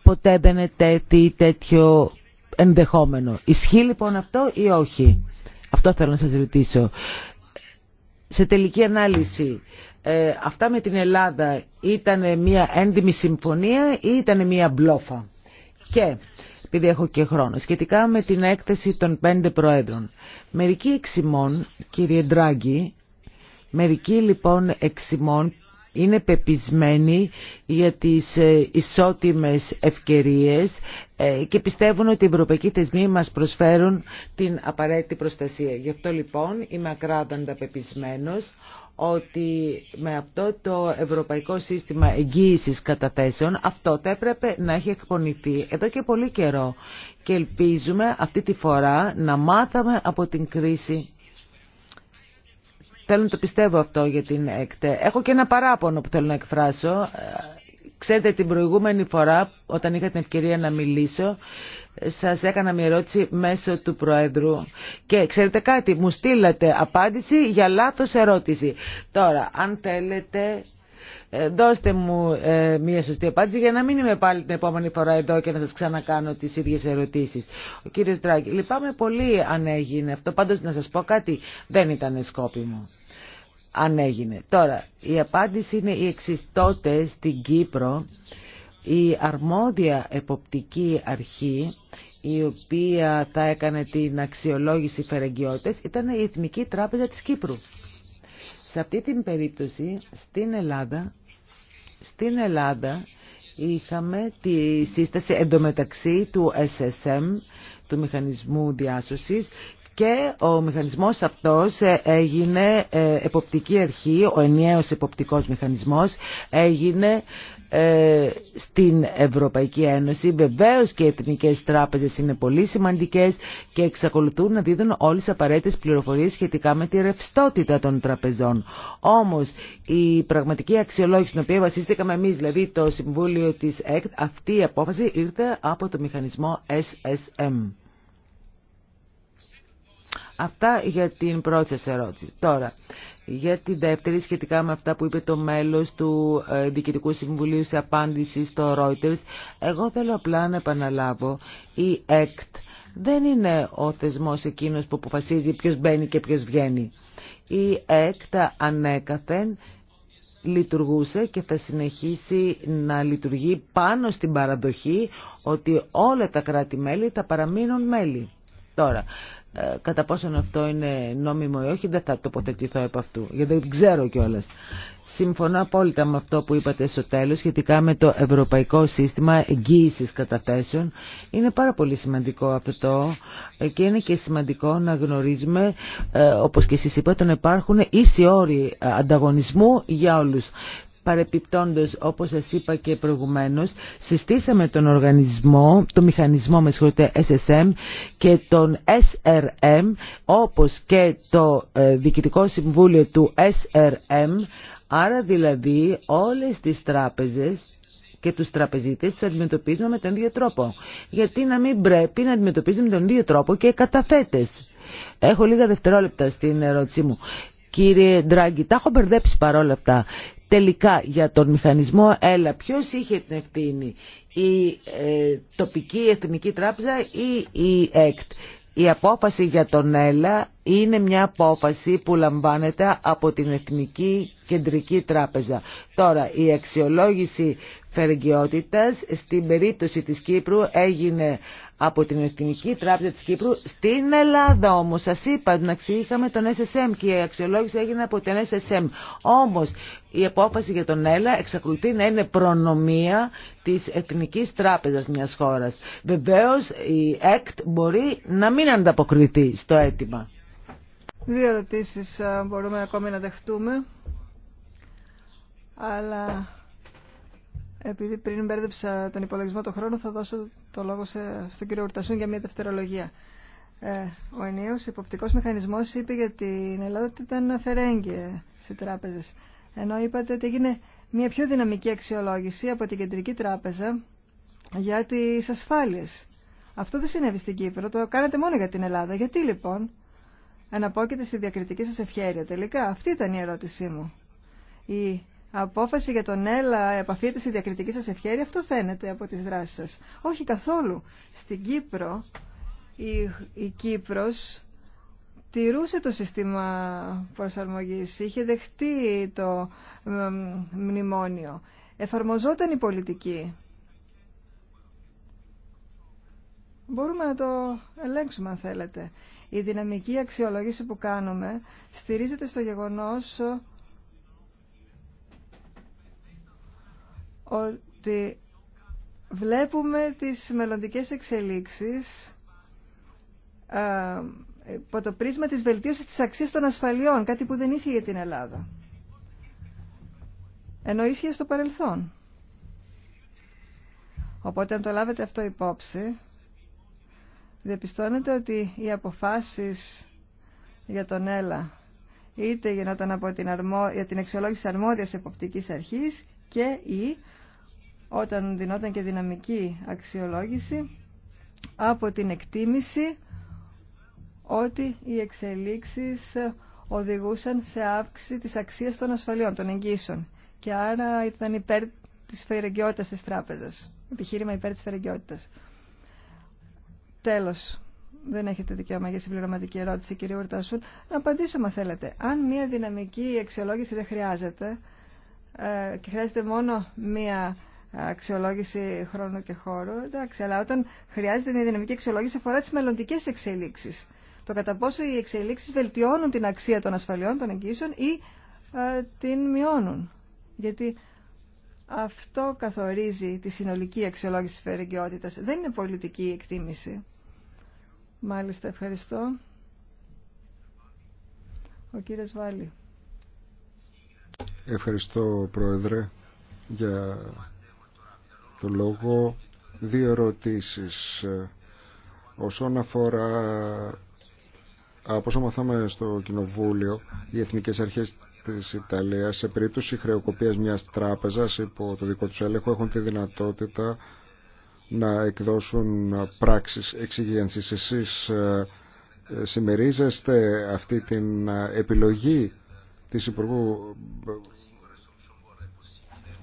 ποτέ δεν τέτοιο ενδεχόμενο. Ισχύει λοιπόν αυτό ή όχι. Αυτό θέλω να σας ρωτήσω. Σε τελική ανάλυση, ε, αυτά με την Ελλάδα ήταν μια έντιμη συμφωνία ή ήταν μια μπλόφα. Και, επειδή έχω και χρόνο, σχετικά με την έκθεση των πέντε προέδρων. Μερικοί εξημών, κύριε Ντράγκη, μερικοί λοιπόν εξημών είναι πεπισμένοι για τις ε, ισότιμες ευκαιρίες ε, και πιστεύουν ότι οι ευρωπαϊκοί θεσμοί μας προσφέρουν την απαραίτητη προστασία. Γι' αυτό λοιπόν είμαι ακράδαντα πεπισμένος ότι με αυτό το ευρωπαϊκό σύστημα εγγύησης καταθέσεων αυτό θα έπρεπε να έχει εκπονηθεί εδώ και πολύ καιρό και ελπίζουμε αυτή τη φορά να μάθαμε από την κρίση Θέλω να το πιστεύω αυτό για την ΕΚΤΕ. Έχω και ένα παράπονο που θέλω να εκφράσω. Ξέρετε την προηγούμενη φορά όταν είχα την ευκαιρία να μιλήσω σας έκανα μια ερώτηση μέσω του Προέδρου και ξέρετε κάτι μου στείλατε απάντηση για λάθος ερώτηση. Τώρα αν θέλετε ε, δώστε μου ε, μια σωστή απάντηση για να μην είμαι πάλι την επόμενη φορά εδώ και να σας ξανακάνω τις ίδιες ερωτήσεις. Ο κύριος Τράγκη, λυπάμαι πολύ αν έγινε αυτό. Πάντως να σας πω κάτι, δεν ήταν σκόπιμο αν έγινε. Τώρα, η απάντηση είναι η εξής. Τότε στην Κύπρο η αρμόδια εποπτική αρχή η οποία θα έκανε την αξιολόγηση φερεγγιότητας ήταν η Εθνική Τράπεζα της Κύπρου. Σε αυτή την περίπτωση στην Ελλάδα, στην Ελλάδα είχαμε τη σύσταση εντωμεταξύ του SSM, του Μηχανισμού Διάσωσης, και ο μηχανισμός αυτός έγινε ε, εποπτική αρχή, ο ενιαίος εποπτικός μηχανισμός έγινε ε, στην Ευρωπαϊκή Ένωση. Βεβαίως και οι εθνικές τράπεζες είναι πολύ σημαντικές και εξακολουθούν να δίδουν όλες τις απαραίτητες πληροφορίες σχετικά με τη ρευστότητα των τραπεζών. Όμως η πραγματική αξιολόγηση στην οποία βασίστηκαμε εμείς, δηλαδή το Συμβούλιο της ΕΚΤ, αυτή η απόφαση ήρθε από το μηχανισμό SSM. Αυτά για την πρώτη σας ερώτηση. Τώρα, για την δεύτερη σχετικά με αυτά που είπε το μέλος του ε, Διοικητικού Συμβουλίου σε απάντηση στο Reuters, εγώ θέλω απλά να επαναλάβω η ΕΚΤ δεν είναι ο θεσμός εκείνος που αποφασίζει ποιος μπαίνει και ποιος βγαίνει. Η ΕΚΤ ανέκαθεν λειτουργούσε και θα συνεχίσει να λειτουργεί πάνω στην παραδοχή ότι όλα τα κράτη-μέλη θα παραμείνουν μέλη. Τώρα, ε, κατά πόσον αυτό είναι νόμιμο ή όχι, δεν θα τοποθετηθώ επ' αυτού, γιατί δεν ξέρω κιόλα. Συμφωνώ απόλυτα με αυτό που είπατε στο τέλος σχετικά με το Ευρωπαϊκό Σύστημα Εγγύησης Καταθέσεων. Είναι πάρα πολύ σημαντικό αυτό ε, και είναι και σημαντικό να γνωρίζουμε, ε, όπως και εσείς είπατε, να υπάρχουν ίσοι όροι ανταγωνισμού για όλους. Παρεπιπτόντως, όπως σας είπα και προηγουμένως, συστήσαμε τον οργανισμό, το μηχανισμό με συγχωρείτε SSM και τον SRM, όπως και το ε, Διοικητικό Συμβούλιο του SRM, άρα δηλαδή όλες τις τράπεζες και τους τραπεζίτες τους αντιμετωπίζουμε με τον ίδιο τρόπο. Γιατί να μην πρέπει να αντιμετωπίζουμε με τον ίδιο τρόπο και καταθέτες. Έχω λίγα δευτερόλεπτα στην ερώτησή μου κύριε Ντράγκη. Τα έχω μπερδέψει παρόλα αυτά. Τελικά για τον μηχανισμό έλα ποιο είχε την ευθύνη, η ε, τοπική εθνική τράπεζα ή η ΕΚΤ. Η απόφαση για τον ΕΛΑ είναι μια απόφαση που λαμβάνεται από την Εθνική Κεντρική Τράπεζα. Τώρα, η αξιολόγηση φεργιότητας στην περίπτωση της Κύπρου έγινε από την Εθνική Τράπεζα της Κύπρου στην Ελλάδα όμως. Σας είπα να ξύχαμε τον SSM και η αξιολόγηση έγινε από τον SSM. Όμως η απόφαση για τον ΕΛΑ εξακολουθεί να είναι προνομία της Εθνικής Τράπεζας μιας χώρας. Βεβαίως η ΕΚΤ μπορεί να μην ανταποκριθεί στο αίτημα. Δύο ερωτήσει. Ε, μπορούμε ακόμη να δεχτούμε. Αλλά επειδή πριν μπέρδεψα τον υπολογισμό του χρόνου, θα δώσω το λόγο σε, στον κύριο Ουρτασούν για μια δευτερολογία. Ε, ο ενίο υποπτικό μηχανισμό είπε για την Ελλάδα ότι ήταν αφαιρέγγυε σε τράπεζες. Ενώ είπατε ότι έγινε μια πιο δυναμική αξιολόγηση από την Κεντρική Τράπεζα για τι ασφάλειε. Αυτό δεν συνέβη στην Κύπρο, το κάνατε μόνο για την Ελλάδα. Γιατί λοιπόν αναπόκειται στη διακριτική σα ευχαίρεια τελικά. Αυτή ήταν η ερώτησή μου. Η απόφαση για τον ΕΛΑ επαφείται στη διακριτική σας ευχαίρεια, αυτό φαίνεται από τις δράσεις σας. Όχι καθόλου. Στην Κύπρο, η, η Κύπρος τηρούσε το σύστημα προσαρμογής, είχε δεχτεί το μνημόνιο, εφαρμοζόταν η πολιτική. Μπορούμε να το ελέγξουμε αν θέλετε. Η δυναμική αξιολόγηση που κάνουμε στηρίζεται στο γεγονός ότι βλέπουμε τις μελλοντικές εξελίξεις υπό το πρίσμα της βελτίωσης της αξίας των ασφαλιών, κάτι που δεν ίσχυε για την Ελλάδα. Ενώ ίσχυε στο παρελθόν. Οπότε αν το λάβετε αυτό υπόψη, διαπιστώνετε ότι οι αποφάσεις για τον ΕΛΑ είτε γινόταν από την, αρμό... για την εξολόγηση αρμόδιας εποπτικής αρχής και ή όταν δινόταν και δυναμική αξιολόγηση από την εκτίμηση ότι οι εξελίξεις οδηγούσαν σε αύξηση της αξίας των ασφαλιών, των εγγύσεων και άρα ήταν υπέρ της φερεγγιότητας της τράπεζας. Επιχείρημα υπέρ της φερεγγιότητας. Τέλος, δεν έχετε δικαίωμα για συμπληρωματική ερώτηση, κύριε Ουρτασούν. Να απαντήσω, μα θέλετε. Αν μια δυναμική αξιολόγηση δεν χρειάζεται, ε, και χρειάζεται μόνο μία αξιολόγηση χρόνου και χώρου. Εντάξει, αλλά όταν χρειάζεται μια δυναμική αξιολόγηση αφορά τι μελλοντικέ εξελίξει. Το κατά πόσο οι εξελίξεις βελτιώνουν την αξία των ασφαλιών, των εγγύσεων ή ε, την μειώνουν. Γιατί αυτό καθορίζει τη συνολική αξιολόγηση της Δεν είναι πολιτική εκτίμηση. Μάλιστα, ευχαριστώ. Ο κύριος Βάλλη. Ευχαριστώ Πρόεδρε για το λόγο. Δύο ερωτήσει. Όσον αφορά από όσο μαθάμε στο Κοινοβούλιο, οι Εθνικές Αρχές της Ιταλίας σε περίπτωση χρεοκοπίας μιας τράπεζας υπό το δικό τους έλεγχο έχουν τη δυνατότητα να εκδώσουν πράξεις εξυγένσης. Εσείς ε, συμμερίζεστε αυτή την ε, επιλογή της Υπουργού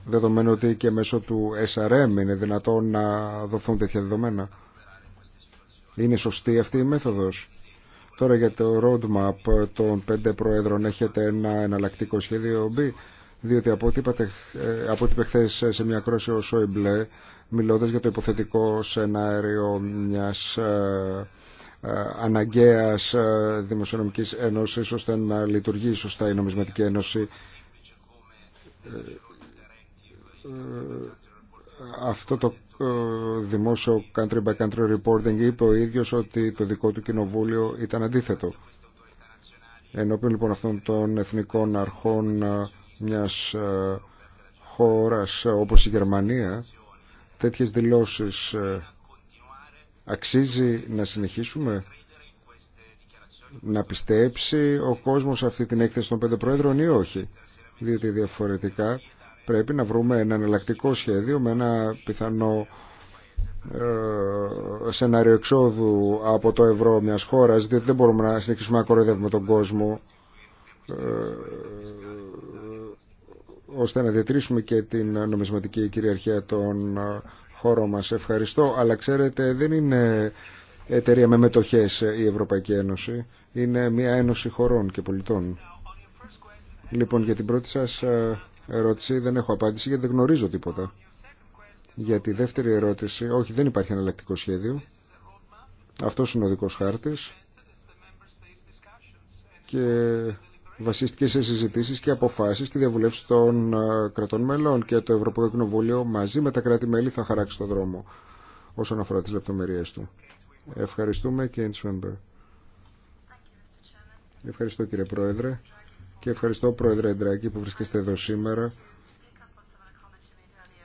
δεδομένου ότι και μέσω του SRM είναι δυνατόν να δοθούν τέτοια δεδομένα. Είναι σωστή αυτή η μέθοδος. Τώρα για το roadmap των πέντε προέδρων έχετε ένα εναλλακτικό σχέδιο B, διότι από ό,τι είπα ε, χθε σε μια κρόση ο Σόιμπλε, μιλώντας για το υποθετικό σενάριο μιας ε, ε, αναγκαίας ε, δημοσιονομικής ένωσης ώστε να λειτουργεί σωστά η νομισματική ένωση. Ε, αυτό το δημόσιο country by country reporting είπε ο ίδιος ότι το δικό του κοινοβούλιο ήταν αντίθετο. Ενώπιον λοιπόν αυτών των εθνικών αρχών μιας χώρας όπως η Γερμανία τέτοιες δηλώσεις Αξίζει να συνεχίσουμε να πιστέψει ο κόσμος αυτή την έκθεση των πέντε πρόεδρων ή όχι. Διότι διαφορετικά πρέπει να βρούμε ένα εναλλακτικό σχέδιο με ένα πιθανό ε, σενάριο εξόδου από το ευρώ μιας χώρας διότι δεν μπορούμε να συνεχίσουμε να κοροϊδεύουμε τον κόσμο ε, ώστε να διατηρήσουμε και την νομισματική κυριαρχία των χώρο μας. Ευχαριστώ, αλλά ξέρετε δεν είναι εταιρεία με μετοχές η Ευρωπαϊκή Ένωση. Είναι μια ένωση χωρών και πολιτών. Λοιπόν, για την πρώτη σας ε, ερώτηση δεν έχω απάντηση γιατί δεν γνωρίζω τίποτα. Για τη δεύτερη ερώτηση, όχι δεν υπάρχει εναλλακτικό σχέδιο. Αυτός είναι ο δικός χάρτης. Και βασίστηκε σε συζητήσεις και αποφάσεις και διαβουλεύσεις των ε, κρατών μελών και το Ευρωπαϊκό Κοινοβούλιο μαζί με τα κράτη-μέλη θα χαράξει το δρόμο όσον αφορά τις λεπτομέρειες του. Ευχαριστούμε και Σουέμπερ. Ευχαριστώ κύριε Πρόεδρε και ευχαριστώ Πρόεδρε Εντράκη που βρίσκεστε εδώ σήμερα.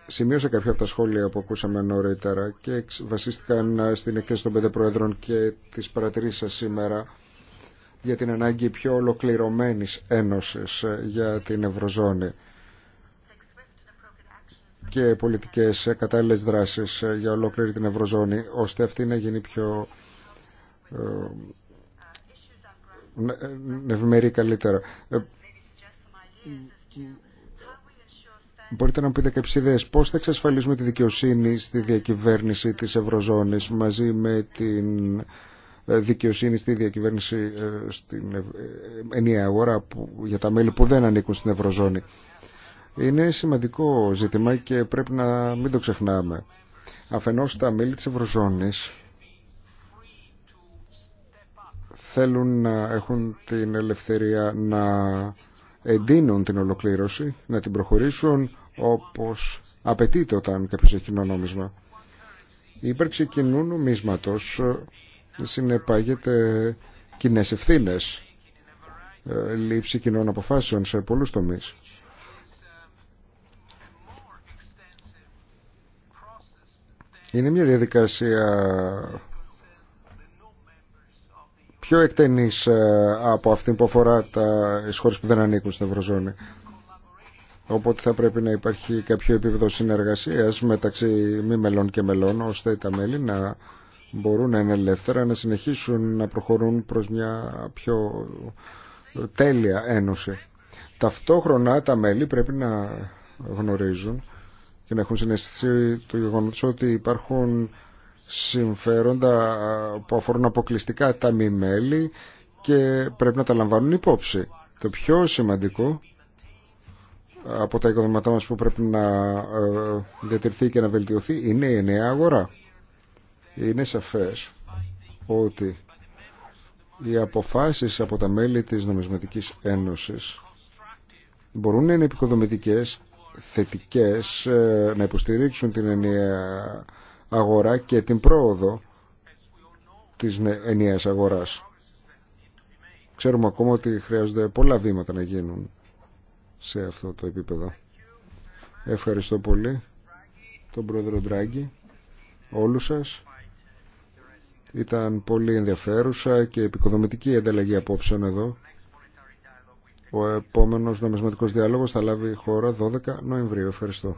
Σημείωσα κάποια από τα σχόλια που ακούσαμε νωρίτερα και βασίστηκαν ε, στην εκθέση των πέντε Πρόεδρων και τις παρατηρήσεις σας σήμερα για την ανάγκη πιο ολοκληρωμένης ένωσης ε, για την Ευρωζώνη και πολιτικές ε, κατάλληλες δράσεις ε, για ολόκληρη την Ευρωζώνη ώστε αυτή να γίνει πιο νευμερή καλύτερα. Μπορείτε να μου πείτε κάποιες ιδέες πώς θα εξασφαλίσουμε τη δικαιοσύνη στη διακυβέρνηση της Ευρωζώνης μαζί με την δικαιοσύνη στη διακυβέρνηση ε, στην ε, ενιαία αγορά που, για τα μέλη που δεν ανήκουν στην Ευρωζώνη. Είναι σημαντικό ζήτημα και πρέπει να μην το ξεχνάμε. Αφενός τα μέλη της Ευρωζώνης θέλουν να έχουν την ελευθερία να εντείνουν την ολοκλήρωση, να την προχωρήσουν όπως απαιτείται όταν κάποιος έχει κοινό νόμισμα. Η ύπαρξη κοινού νομίσματος συνεπάγεται κοινέ ευθύνε, ε, λήψη κοινών αποφάσεων σε πολλούς τομείς. Είναι μια διαδικασία πιο εκτενής ε, από αυτή που αφορά τα χώρες που δεν ανήκουν στην Ευρωζώνη. Οπότε θα πρέπει να υπάρχει κάποιο επίπεδο συνεργασίας μεταξύ μη μελών και μελών, ώστε τα μέλη να μπορούν να είναι ελεύθερα να συνεχίσουν να προχωρούν προς μια πιο τέλεια ένωση. Ταυτόχρονα τα μέλη πρέπει να γνωρίζουν και να έχουν συναισθηθεί το γεγονός ότι υπάρχουν συμφέροντα που αφορούν αποκλειστικά τα μη μέλη και πρέπει να τα λαμβάνουν υπόψη. Το πιο σημαντικό από τα οικοδοματά μας που πρέπει να ε, διατηρηθεί και να βελτιωθεί είναι η νέα αγορά. Είναι σαφές ότι οι αποφάσεις από τα μέλη της Νομισματικής Ένωσης μπορούν να είναι επικοδομητικές, θετικές, ε, να υποστηρίξουν την ενιαία αγορά και την πρόοδο της ενιαίας αγοράς. Ξέρουμε ακόμα ότι χρειάζονται πολλά βήματα να γίνουν σε αυτό το επίπεδο. Ευχαριστώ πολύ τον πρόεδρο Ντράγκη, όλους σας. Ήταν πολύ ενδιαφέρουσα και επικοδομητική η ανταλλαγή απόψεων εδώ. Ο επόμενος νομισματικός διάλογος θα λάβει χώρα 12 Νοεμβρίου. Ευχαριστώ.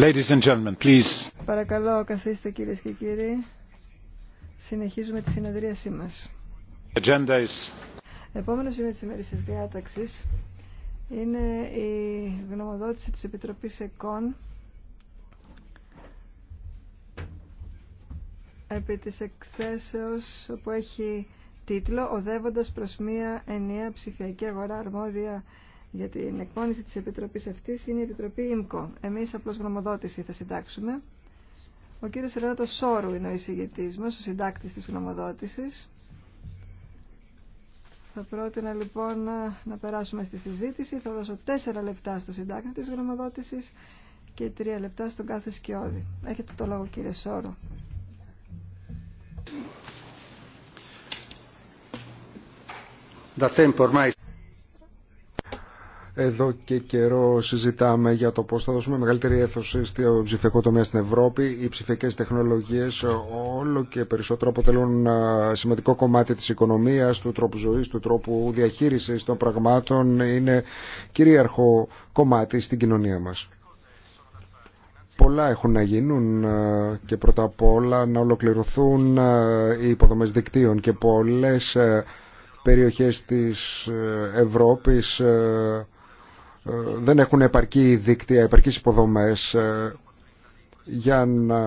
Ladies and gentlemen, Παρακαλώ, καθίστε κύριε και κύριοι. Συνεχίζουμε τη συνεδρίασή μας. is... Επόμενο σημείο τη διάταξη είναι η γνωμοδότηση της Επιτροπή ΕΚΟΝ επί τη εκθέσεως που έχει τίτλο Οδεύοντα προ μία ενιαία ψηφιακή αγορά αρμόδια για την εκπόνηση της Επιτροπής αυτής είναι η Επιτροπή ΙΜΚΟ. Εμείς απλώς γνωμοδότηση θα συντάξουμε. Ο κύριος Ρένατος Σόρου είναι ο εισηγητής μας, ο συντάκτης της γνωμοδότησης. Θα πρότεινα λοιπόν να, να περάσουμε στη συζήτηση. Θα δώσω τέσσερα λεπτά στο συντάκτη της γνωμοδότησης και τρία λεπτά στον κάθε σκιώδη. Έχετε το λόγο κύριε Σόρο. Εδώ και καιρό συζητάμε για το πώς θα δώσουμε μεγαλύτερη έθωση στο ψηφιακό τομέα στην Ευρώπη. Οι ψηφιακές τεχνολογίες όλο και περισσότερο αποτελούν σημαντικό κομμάτι της οικονομίας, του τρόπου ζωής, του τρόπου διαχείρισης των πραγμάτων. Είναι κυρίαρχο κομμάτι στην κοινωνία μας. Πολλά έχουν να γίνουν και πρώτα απ' όλα να ολοκληρωθούν οι υποδομές δικτύων και πολλές ε, περιοχές της ε, Ευρώπης ε, ε, δεν έχουν επαρκή δίκτυα, επαρκείς υποδομές ε, για να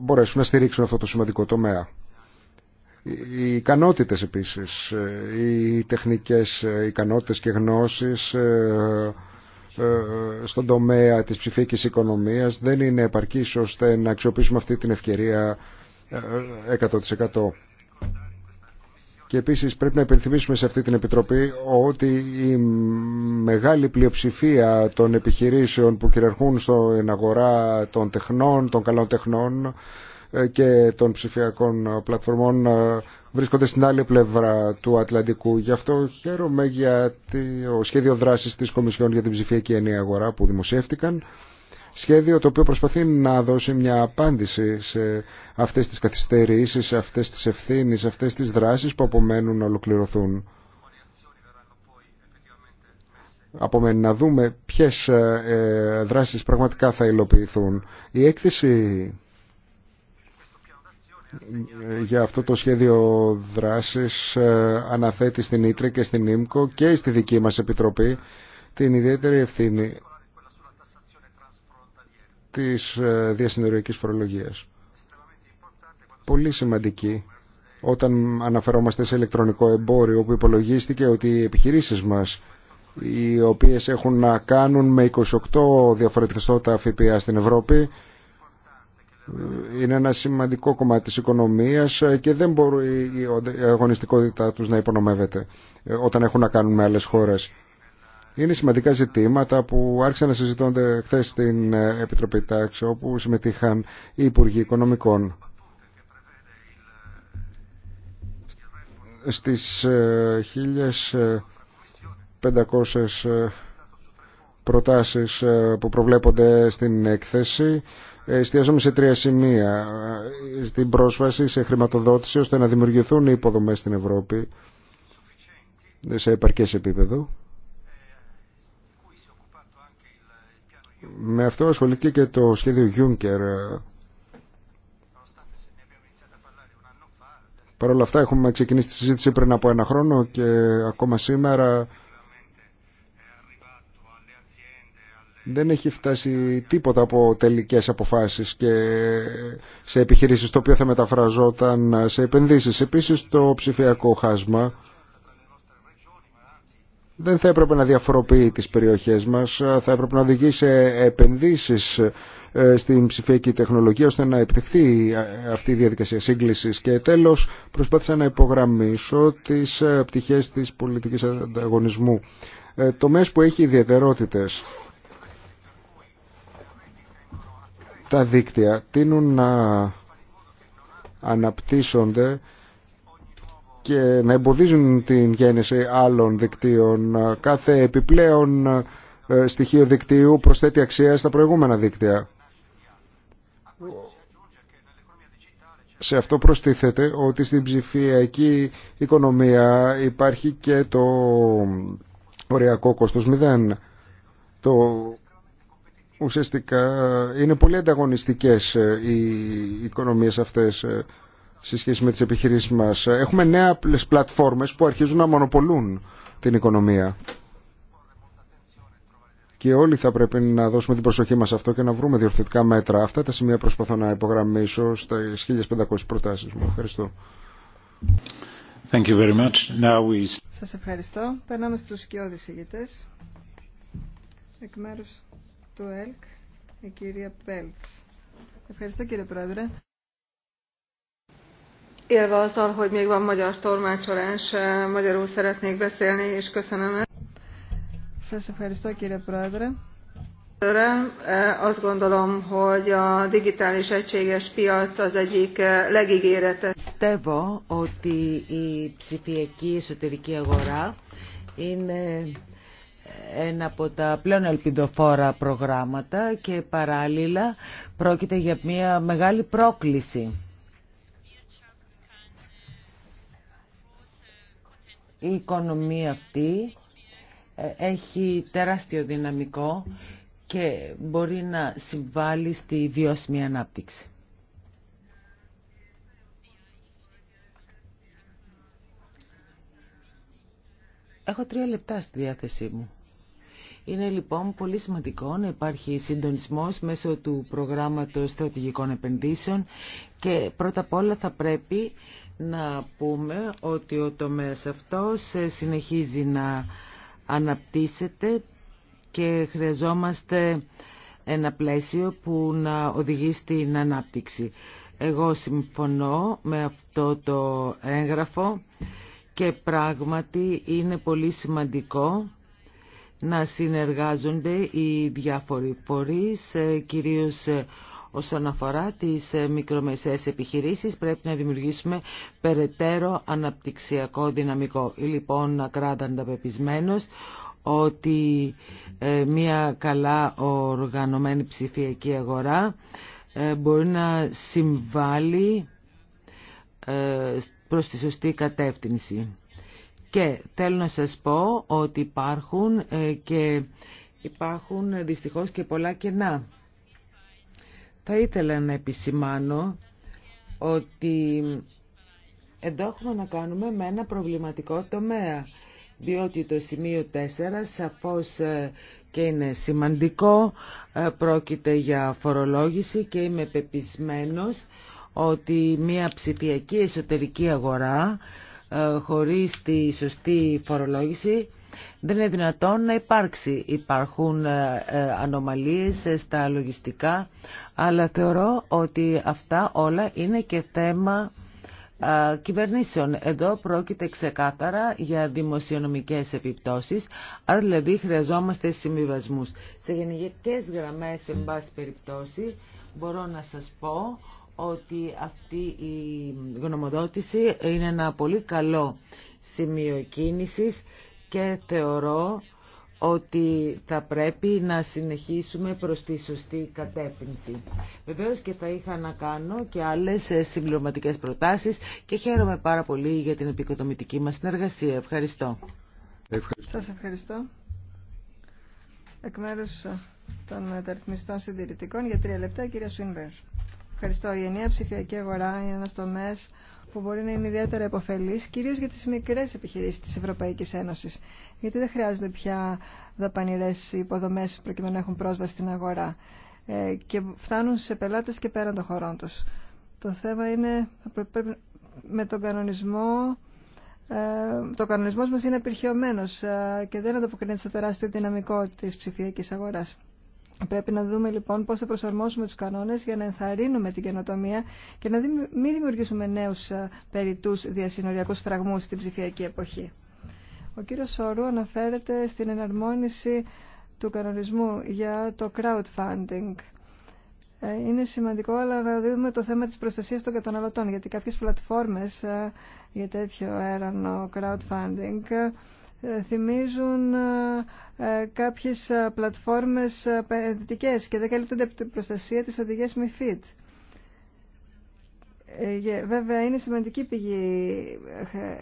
μπορέσουν να στηρίξουν αυτό το σημαντικό τομέα. Οι ικανότητες επίσης, ε, οι τεχνικές ικανότητες και γνώσεις στον τομέα της ψηφιακής οικονομίας δεν είναι επαρκή ώστε να αξιοποιήσουμε αυτή την ευκαιρία 100%. Και επίσης πρέπει να υπενθυμίσουμε σε αυτή την Επιτροπή ότι η μεγάλη πλειοψηφία των επιχειρήσεων που κυριαρχούν στην αγορά των τεχνών, των καλών τεχνών ε, και των ψηφιακών ε, πλατφορμών ε, βρίσκονται στην άλλη πλευρά του Ατλαντικού. Γι' αυτό χαίρομαι για το σχέδιο δράσης της Κομισιόν για την ψηφιακή ενιαία αγορά που δημοσιεύτηκαν σχέδιο το οποίο προσπαθεί να δώσει μια απάντηση σε αυτές τις καθυστερήσεις, σε αυτές τις ευθύνες, σε αυτές τις δράσεις που απομένουν να ολοκληρωθούν. Απομένει να δούμε ποιες ε, ε, δράσεις πραγματικά θα υλοποιηθούν. Η έκθεση για αυτό το σχέδιο δράσης ε, αναθέτει στην Ήτρε και στην Ίμκο και στη δική μας Επιτροπή την ιδιαίτερη ευθύνη της ε, διασυνοριακής φορολογίας. Πολύ σημαντική όταν αναφερόμαστε σε ηλεκτρονικό εμπόριο που υπολογίστηκε ότι οι επιχειρήσεις μας οι οποίες έχουν να κάνουν με 28 διαφορετικότητα ΦΠΑ στην Ευρώπη ε, είναι ένα σημαντικό κομμάτι της οικονομίας ε, και δεν μπορεί η αγωνιστικότητά τους να υπονομεύεται όταν έχουν να κάνουν με άλλες χώρες. Είναι σημαντικά ζητήματα που άρχισαν να συζητώνται χθε στην ε, Επιτροπή Τάξη, όπου συμμετείχαν οι Υπουργοί Οικονομικών. Στις 1.500 ε, ε, προτάσεις που προβλέπονται στην έκθεση, εστιάζομαι σε τρία σημεία. Στην πρόσβαση σε χρηματοδότηση, ώστε να δημιουργηθούν οι υποδομές στην Ευρώπη σε επαρκές επίπεδο. με αυτό ασχολήθηκε και το σχέδιο Juncker. Παρ' όλα αυτά έχουμε ξεκινήσει τη συζήτηση πριν από ένα χρόνο και ακόμα σήμερα δεν έχει φτάσει τίποτα από τελικές αποφάσεις και σε επιχειρήσεις το οποίο θα μεταφραζόταν σε επενδύσεις. Επίσης το ψηφιακό χάσμα δεν θα έπρεπε να διαφοροποιεί τις περιοχές μας, θα έπρεπε να οδηγεί σε επενδύσεις ε, στην ψηφιακή τεχνολογία ώστε να επιτευχθεί ε, αυτή η διαδικασία σύγκλησης. Και τέλος προσπάθησα να υπογραμμίσω τις ε, πτυχές της πολιτικής ανταγωνισμού. Τομές που έχει ιδιαιτερότητες. Τα δίκτυα τείνουν να αναπτύσσονται και να εμποδίζουν την γέννηση άλλων δικτύων. Κάθε επιπλέον ε, στοιχείο δικτύου προσθέτει αξία στα προηγούμενα δίκτυα. Σε αυτό προστίθεται ότι στην ψηφιακή οικονομία υπάρχει και το οριακό κόστος μηδέν. Το ουσιαστικά είναι πολύ ανταγωνιστικές ε, οι οικονομίες αυτές ε, σε σχέση με τις επιχειρήσεις μας. Έχουμε νέα πλατφόρμες που αρχίζουν να μονοπολούν την οικονομία. Και όλοι θα πρέπει να δώσουμε την προσοχή μας αυτό και να βρούμε διορθωτικά μέτρα. Αυτά τα σημεία προσπαθώ να υπογραμμίσω στις 1500 προτάσεις μου. Ευχαριστώ. Thank Σας ευχαριστώ. Περνάμε στους σκιώδεις ηγητές. Εκ μέρους του ΕΛΚ, η κυρία Πέλτς. Ευχαριστώ κύριε Πρόεδρε. Élve azzal, hogy még van magyar tolmácsolás, magyarul szeretnék beszélni, és köszönöm ezt. ευχαριστώ Azt gondolom, hogy a digitális egységes piac az egyik legígéretes. Πιστεύω ότι η ψηφιακή εσωτερική αγορά είναι ένα από τα πλέον ελπιδοφόρα προγράμματα και παράλληλα πρόκειται για μια μεγάλη πρόκληση Η οικονομία αυτή ε, έχει τεράστιο δυναμικό και μπορεί να συμβάλλει στη βιώσιμη ανάπτυξη. Έχω τρία λεπτά στη διάθεσή μου. Είναι λοιπόν πολύ σημαντικό να υπάρχει συντονισμός μέσω του προγράμματος στρατηγικών επενδύσεων και πρώτα απ' όλα θα πρέπει να πούμε ότι ο τομέας αυτός ε, συνεχίζει να αναπτύσσεται και χρειαζόμαστε ένα πλαίσιο που να οδηγεί στην ανάπτυξη. Εγώ συμφωνώ με αυτό το έγγραφο και πράγματι είναι πολύ σημαντικό να συνεργάζονται οι διάφοροι φορείς, ε, κυρίως ε, Όσον αφορά τις ε, μικρομεσαίες επιχειρήσεις πρέπει να δημιουργήσουμε περαιτέρω αναπτυξιακό δυναμικό. Λοιπόν, ακράταντα πεπισμένος ότι ε, μια καλά οργανωμένη ψηφιακή αγορά ε, μπορεί να συμβάλλει προς τη σωστή κατεύθυνση. Και θέλω να σας πω ότι υπάρχουν και υπάρχουν δυστυχώς και πολλά κενά θα ήθελα να επισημάνω ότι εδώ έχουμε να κάνουμε με ένα προβληματικό τομέα, διότι το σημείο 4 σαφώς ε, και είναι σημαντικό, ε, πρόκειται για φορολόγηση και είμαι πεπισμένος ότι μια ψηφιακή εσωτερική αγορά ε, χωρίς τη σωστή φορολόγηση δεν είναι δυνατόν να υπάρξει. Υπάρχουν ε, ε, ανομαλίες ε, στα λογιστικά, αλλά θεωρώ ότι αυτά όλα είναι και θέμα κυβερνήσεων. Εδώ πρόκειται ξεκάθαρα για δημοσιονομικές επιπτώσεις, άρα δηλαδή χρειαζόμαστε συμβιβασμούς. Σε γενικές γραμμές, εν πάση περιπτώσει, μπορώ να σας πω ότι αυτή η γνωμοδότηση είναι ένα πολύ καλό σημείο κίνησης και θεωρώ ότι θα πρέπει να συνεχίσουμε προς τη σωστή κατεύθυνση. Βεβαίως και θα είχα να κάνω και άλλες συμπληρωματικές προτάσεις και χαίρομαι πάρα πολύ για την επικοδομητική μας συνεργασία. Ευχαριστώ. ευχαριστώ. Σας ευχαριστώ. Εκ μέρους των μεταρρυθμιστών συντηρητικών για τρία λεπτά, κυρία Σουίνβερ. Ευχαριστώ. Η ενιαία ψηφιακή αγορά είναι ένα τομέα που μπορεί να είναι ιδιαίτερα επωφελής, κυρίω για τις μικρές επιχειρήσεις της Ευρωπαϊκής Ένωσης, γιατί δεν χρειάζονται πια δαπανηρέ υποδομές προκειμένου να έχουν πρόσβαση στην αγορά ε, και φτάνουν σε πελάτες και πέραν των χωρών του. Το θέμα είναι με τον κανονισμό ε, το κανονισμό μας είναι ε, και δεν ανταποκρίνεται στο τεράστιο δυναμικό τη ψηφιακή αγορά. Πρέπει να δούμε λοιπόν πώς θα προσαρμόσουμε τους κανόνες για να ενθαρρύνουμε την καινοτομία και να μην δημιουργήσουμε νέους ε, περιττούς διασυνοριακούς φραγμούς στην ψηφιακή εποχή. Ο κύριος Σόρου αναφέρεται στην εναρμόνιση του κανονισμού για το crowdfunding. Ε, είναι σημαντικό, αλλά να δούμε το θέμα της προστασίας των καταναλωτών, γιατί κάποιες πλατφόρμες ε, για τέτοιο έρανο crowdfunding ε, θυμίζουν ε, ε, κάποιες πλατφόρμες επενδυτικές και δεν καλύπτονται από την προστασία της οδηγίας MIFID. Βέβαια είναι σημαντική πηγή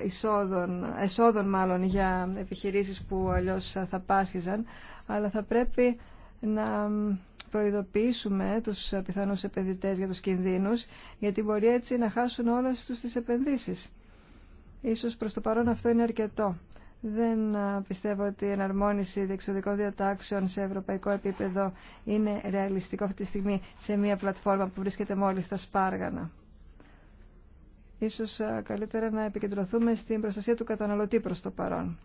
εισόδων, εσόδων μάλλον για επιχειρήσεις που αλλιώς θα πάσχιζαν, αλλά θα πρέπει να προειδοποιήσουμε τους πιθανούς επενδυτές για τους κινδύνους, γιατί μπορεί έτσι να χάσουν όλες τους τις επενδύσεις. Ίσως προς το παρόν αυτό είναι αρκετό. Δεν πιστεύω ότι η εναρμόνιση διεξοδικών διατάξεων σε ευρωπαϊκό επίπεδο είναι ρεαλιστικό αυτή τη στιγμή σε μια πλατφόρμα που βρίσκεται μόλις στα Σπάργανα. Ίσως καλύτερα να επικεντρωθούμε στην προστασία του καταναλωτή προς το παρόν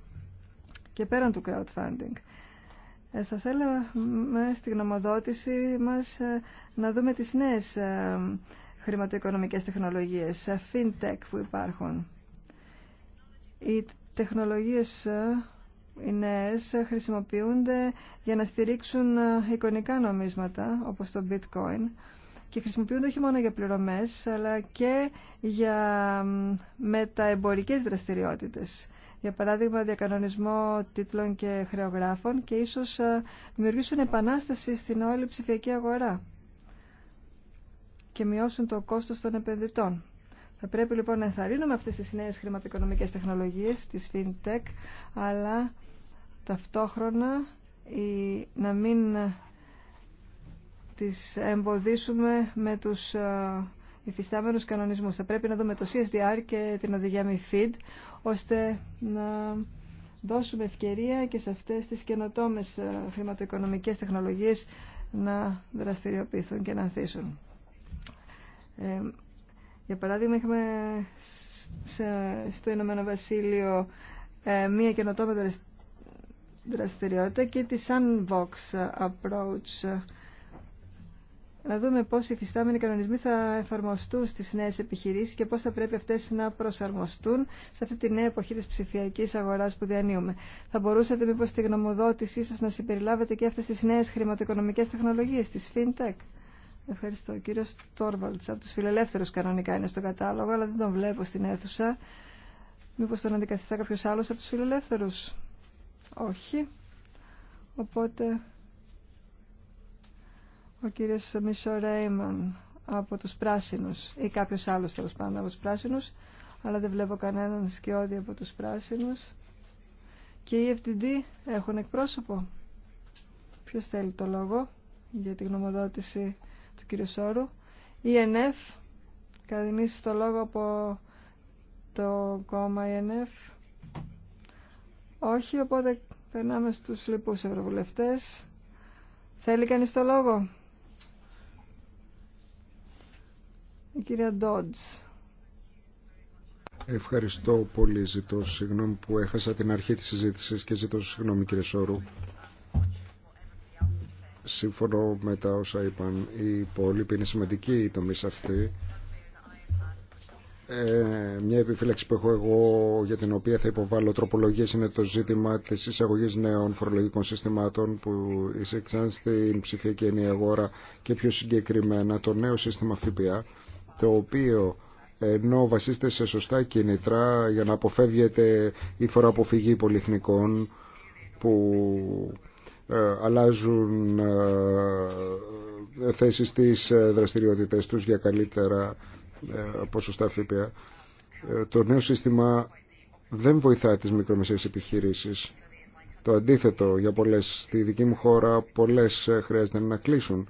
και πέραν του crowdfunding. Ε, θα θέλαμε στη γνωμοδότηση μας να δούμε τις νέες χρηματοοικονομικές τεχνολογίες, fintech που υπάρχουν. Η τεχνολογίες ε, οι νέες χρησιμοποιούνται για να στηρίξουν ε, εικονικά νομίσματα όπως το bitcoin και χρησιμοποιούνται όχι μόνο για πληρωμές αλλά και για μεταεμπορικές δραστηριότητες. Για παράδειγμα διακανονισμό τίτλων και χρεογράφων και ίσως ε, δημιουργήσουν επανάσταση στην όλη ψηφιακή αγορά και μειώσουν το κόστος των επενδυτών. Θα πρέπει λοιπόν να ενθαρρύνουμε αυτές τις νέες χρηματοοικονομικές τεχνολογίες, τις FinTech, αλλά ταυτόχρονα η, να μην τις εμποδίσουμε με τους ε, υφιστάμενους κανονισμούς. Θα πρέπει να δούμε το CSDR και την οδηγία MIFID, ώστε να δώσουμε ευκαιρία και σε αυτές τις καινοτόμες ε, χρηματοοικονομικές τεχνολογίες να δραστηριοποιηθούν και να ανθίσουν. Ε, για παράδειγμα, είχαμε στο Ηνωμένο Βασίλειο ε, μία καινοτόμη δραστηριότητα και τη Sunbox Approach. Να δούμε πώς οι φυστάμενοι κανονισμοί θα εφαρμοστούν στις νέες επιχειρήσεις και πώς θα πρέπει αυτές να προσαρμοστούν σε αυτή τη νέα εποχή της ψηφιακής αγοράς που διανύουμε. Θα μπορούσατε μήπως στη γνωμοδότησή σας να συμπεριλάβετε και αυτές τις νέες χρηματοοικονομικές τεχνολογίες, τις FinTech. Ευχαριστώ. Ο κύριος Τόρβαλτς από τους φιλελεύθερους κανονικά είναι στο κατάλογο, αλλά δεν τον βλέπω στην αίθουσα. Μήπως τον αντικαθιστά κάποιος άλλος από τους φιλελεύθερους. Όχι. Οπότε ο κύριος Μίσο Ρέιμαν από τους πράσινους ή κάποιος άλλος τέλο πάντων από τους πράσινους αλλά δεν βλέπω κανέναν σκιώδη από τους πράσινους και οι FTD έχουν εκπρόσωπο ποιος θέλει το λόγο για τη γνωμοδότηση του κύριου Σόρου. Η ΕΝΕΦ, καδινήσει το λόγο από το κόμμα ΕΝΕΦ. Όχι, οπότε περνάμε στους λοιπούς ευρωβουλευτές. Θέλει κανείς το λόγο. Η κυρία Ντότζ. Ευχαριστώ πολύ. Ζητώ συγγνώμη που έχασα την αρχή της συζήτησης και ζητώ συγγνώμη κύριε Σόρου. Σύμφωνο με τα όσα είπαν οι υπόλοιποι, είναι σημαντική η τομή σε αυτή. Ε, μια επιφύλαξη που έχω εγώ για την οποία θα υποβάλω τροπολογίες είναι το ζήτημα της εισαγωγής νέων φορολογικών συστημάτων που εισήξαν στην ψηφιακή η αγορά και πιο συγκεκριμένα το νέο σύστημα ΦΠΑ το οποίο ενώ βασίζεται σε σωστά κίνητρα για να αποφεύγεται η φορά αποφυγή πολυεθνικών που ε, αλλάζουν ε, θέσεις στις ε, δραστηριότητες τους για καλύτερα ποσοστά ΦΠΑ. Το νέο σύστημα δεν βοηθά τις μικρομεσαίες επιχειρήσεις. Το αντίθετο, για πολλές στη δική μου χώρα, πολλές χρειάζεται να κλείσουν.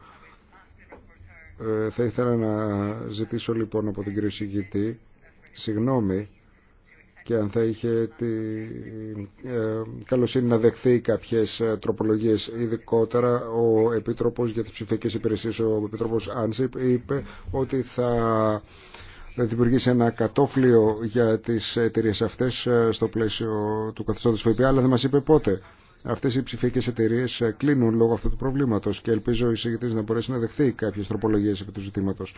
Θα ήθελα να ζητήσω λοιπόν από τον κύριο Συγητή συγγνώμη και αν θα είχε την ε, καλοσύνη να δεχθεί κάποιες ε, τροπολογίες. Ειδικότερα ο Επίτροπος για τις ψηφιακές υπηρεσίες, ο Επίτροπος Άνσιπ, είπε ότι θα δημιουργήσει ένα κατόφλιο για τις εταιρείε αυτές ε, στο πλαίσιο του καθεστώτος ΦΠΑ, αλλά δεν μας είπε πότε. Αυτές οι ψηφιακές εταιρείε κλείνουν λόγω αυτού του προβλήματος και ελπίζω ο εισηγητής να μπορέσει να δεχθεί κάποιες τροπολογίες επί του ζητήματος.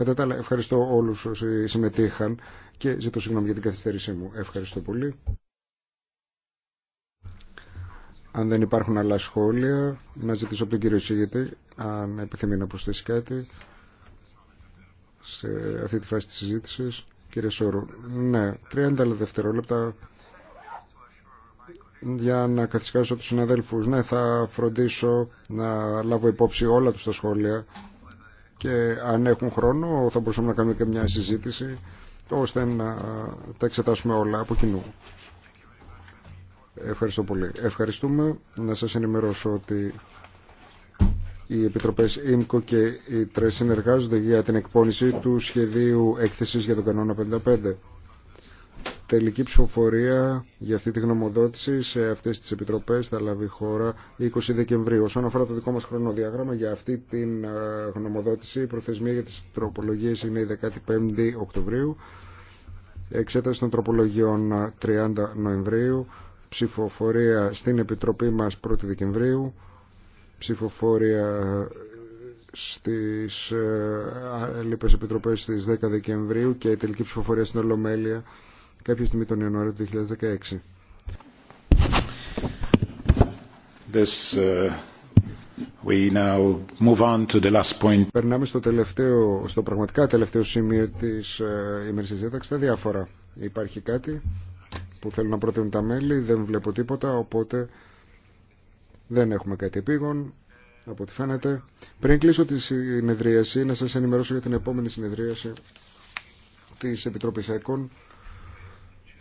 Κατά τα άλλα, ευχαριστώ όλους όσοι συμμετείχαν και ζητώ συγγνώμη για την καθυστέρησή μου. Ευχαριστώ πολύ. Αν δεν υπάρχουν άλλα σχόλια, να ζητήσω από τον κύριο Σίγητη, αν επιθυμεί να προσθέσει κάτι σε αυτή τη φάση της συζήτησης. Κύριε Σόρου, ναι, 30 δευτερόλεπτα για να καθισκάσω τους συναδέλφους. Ναι, θα φροντίσω να λάβω υπόψη όλα τους τα σχόλια και αν έχουν χρόνο θα μπορούσαμε να κάνουμε και μια συζήτηση ώστε να τα εξετάσουμε όλα από κοινού. Ευχαριστώ πολύ. Ευχαριστούμε. Να σας ενημερώσω ότι οι επιτροπές ΙΜΚΟ και οι ΤΡΕΣ συνεργάζονται για την εκπόνηση του σχεδίου έκθεσης για τον κανόνα 55. Τελική ψηφοφορία για αυτή τη γνωμοδότηση σε αυτές τις επιτροπές θα λάβει η χώρα 20 Δεκεμβρίου. Όσον αφορά το δικό μας χρονοδιάγραμμα για αυτή τη ε, γνωμοδότηση, η προθεσμία για τις τροπολογίες είναι η 15η Οκτωβρίου, εξέταση των τροπολογιών 30 ε, Νοεμβρίου, ψηφοφορία στην Επιτροπή μας 1η Δεκεμβρίου, ψηφοφορία ε, στις ε, λοιπές επιτροπές στις 10 Δεκεμβρίου και τελική ψηφοφορία στην Ολομέλεια κάποια στιγμή τον Ιανουάριο του 2016. Uh, Περνάμε στο, τελευταίο, στο πραγματικά τελευταίο σημείο της uh, ε, τη διάταξης, τα διάφορα. Υπάρχει κάτι που θέλουν να προτείνουν τα μέλη, δεν βλέπω τίποτα, οπότε δεν έχουμε κάτι επίγον, από ό,τι φαίνεται. Πριν κλείσω τη συνεδρίαση, να σας ενημερώσω για την επόμενη συνεδρίαση της Επιτροπής ΕΚΟΝ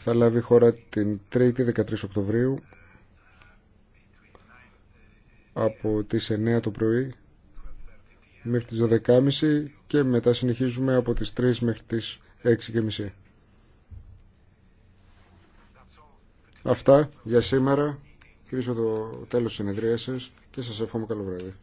θα λάβει χώρα την 3η 13 Οκτωβρίου από τις 9 το πρωί μέχρι τις 12.30 και μετά συνεχίζουμε από τις 3 μέχρι τις 6.30. Αυτά για σήμερα. Κρίσω το τέλος της συνεδρίασης και σας εύχομαι καλό βράδυ.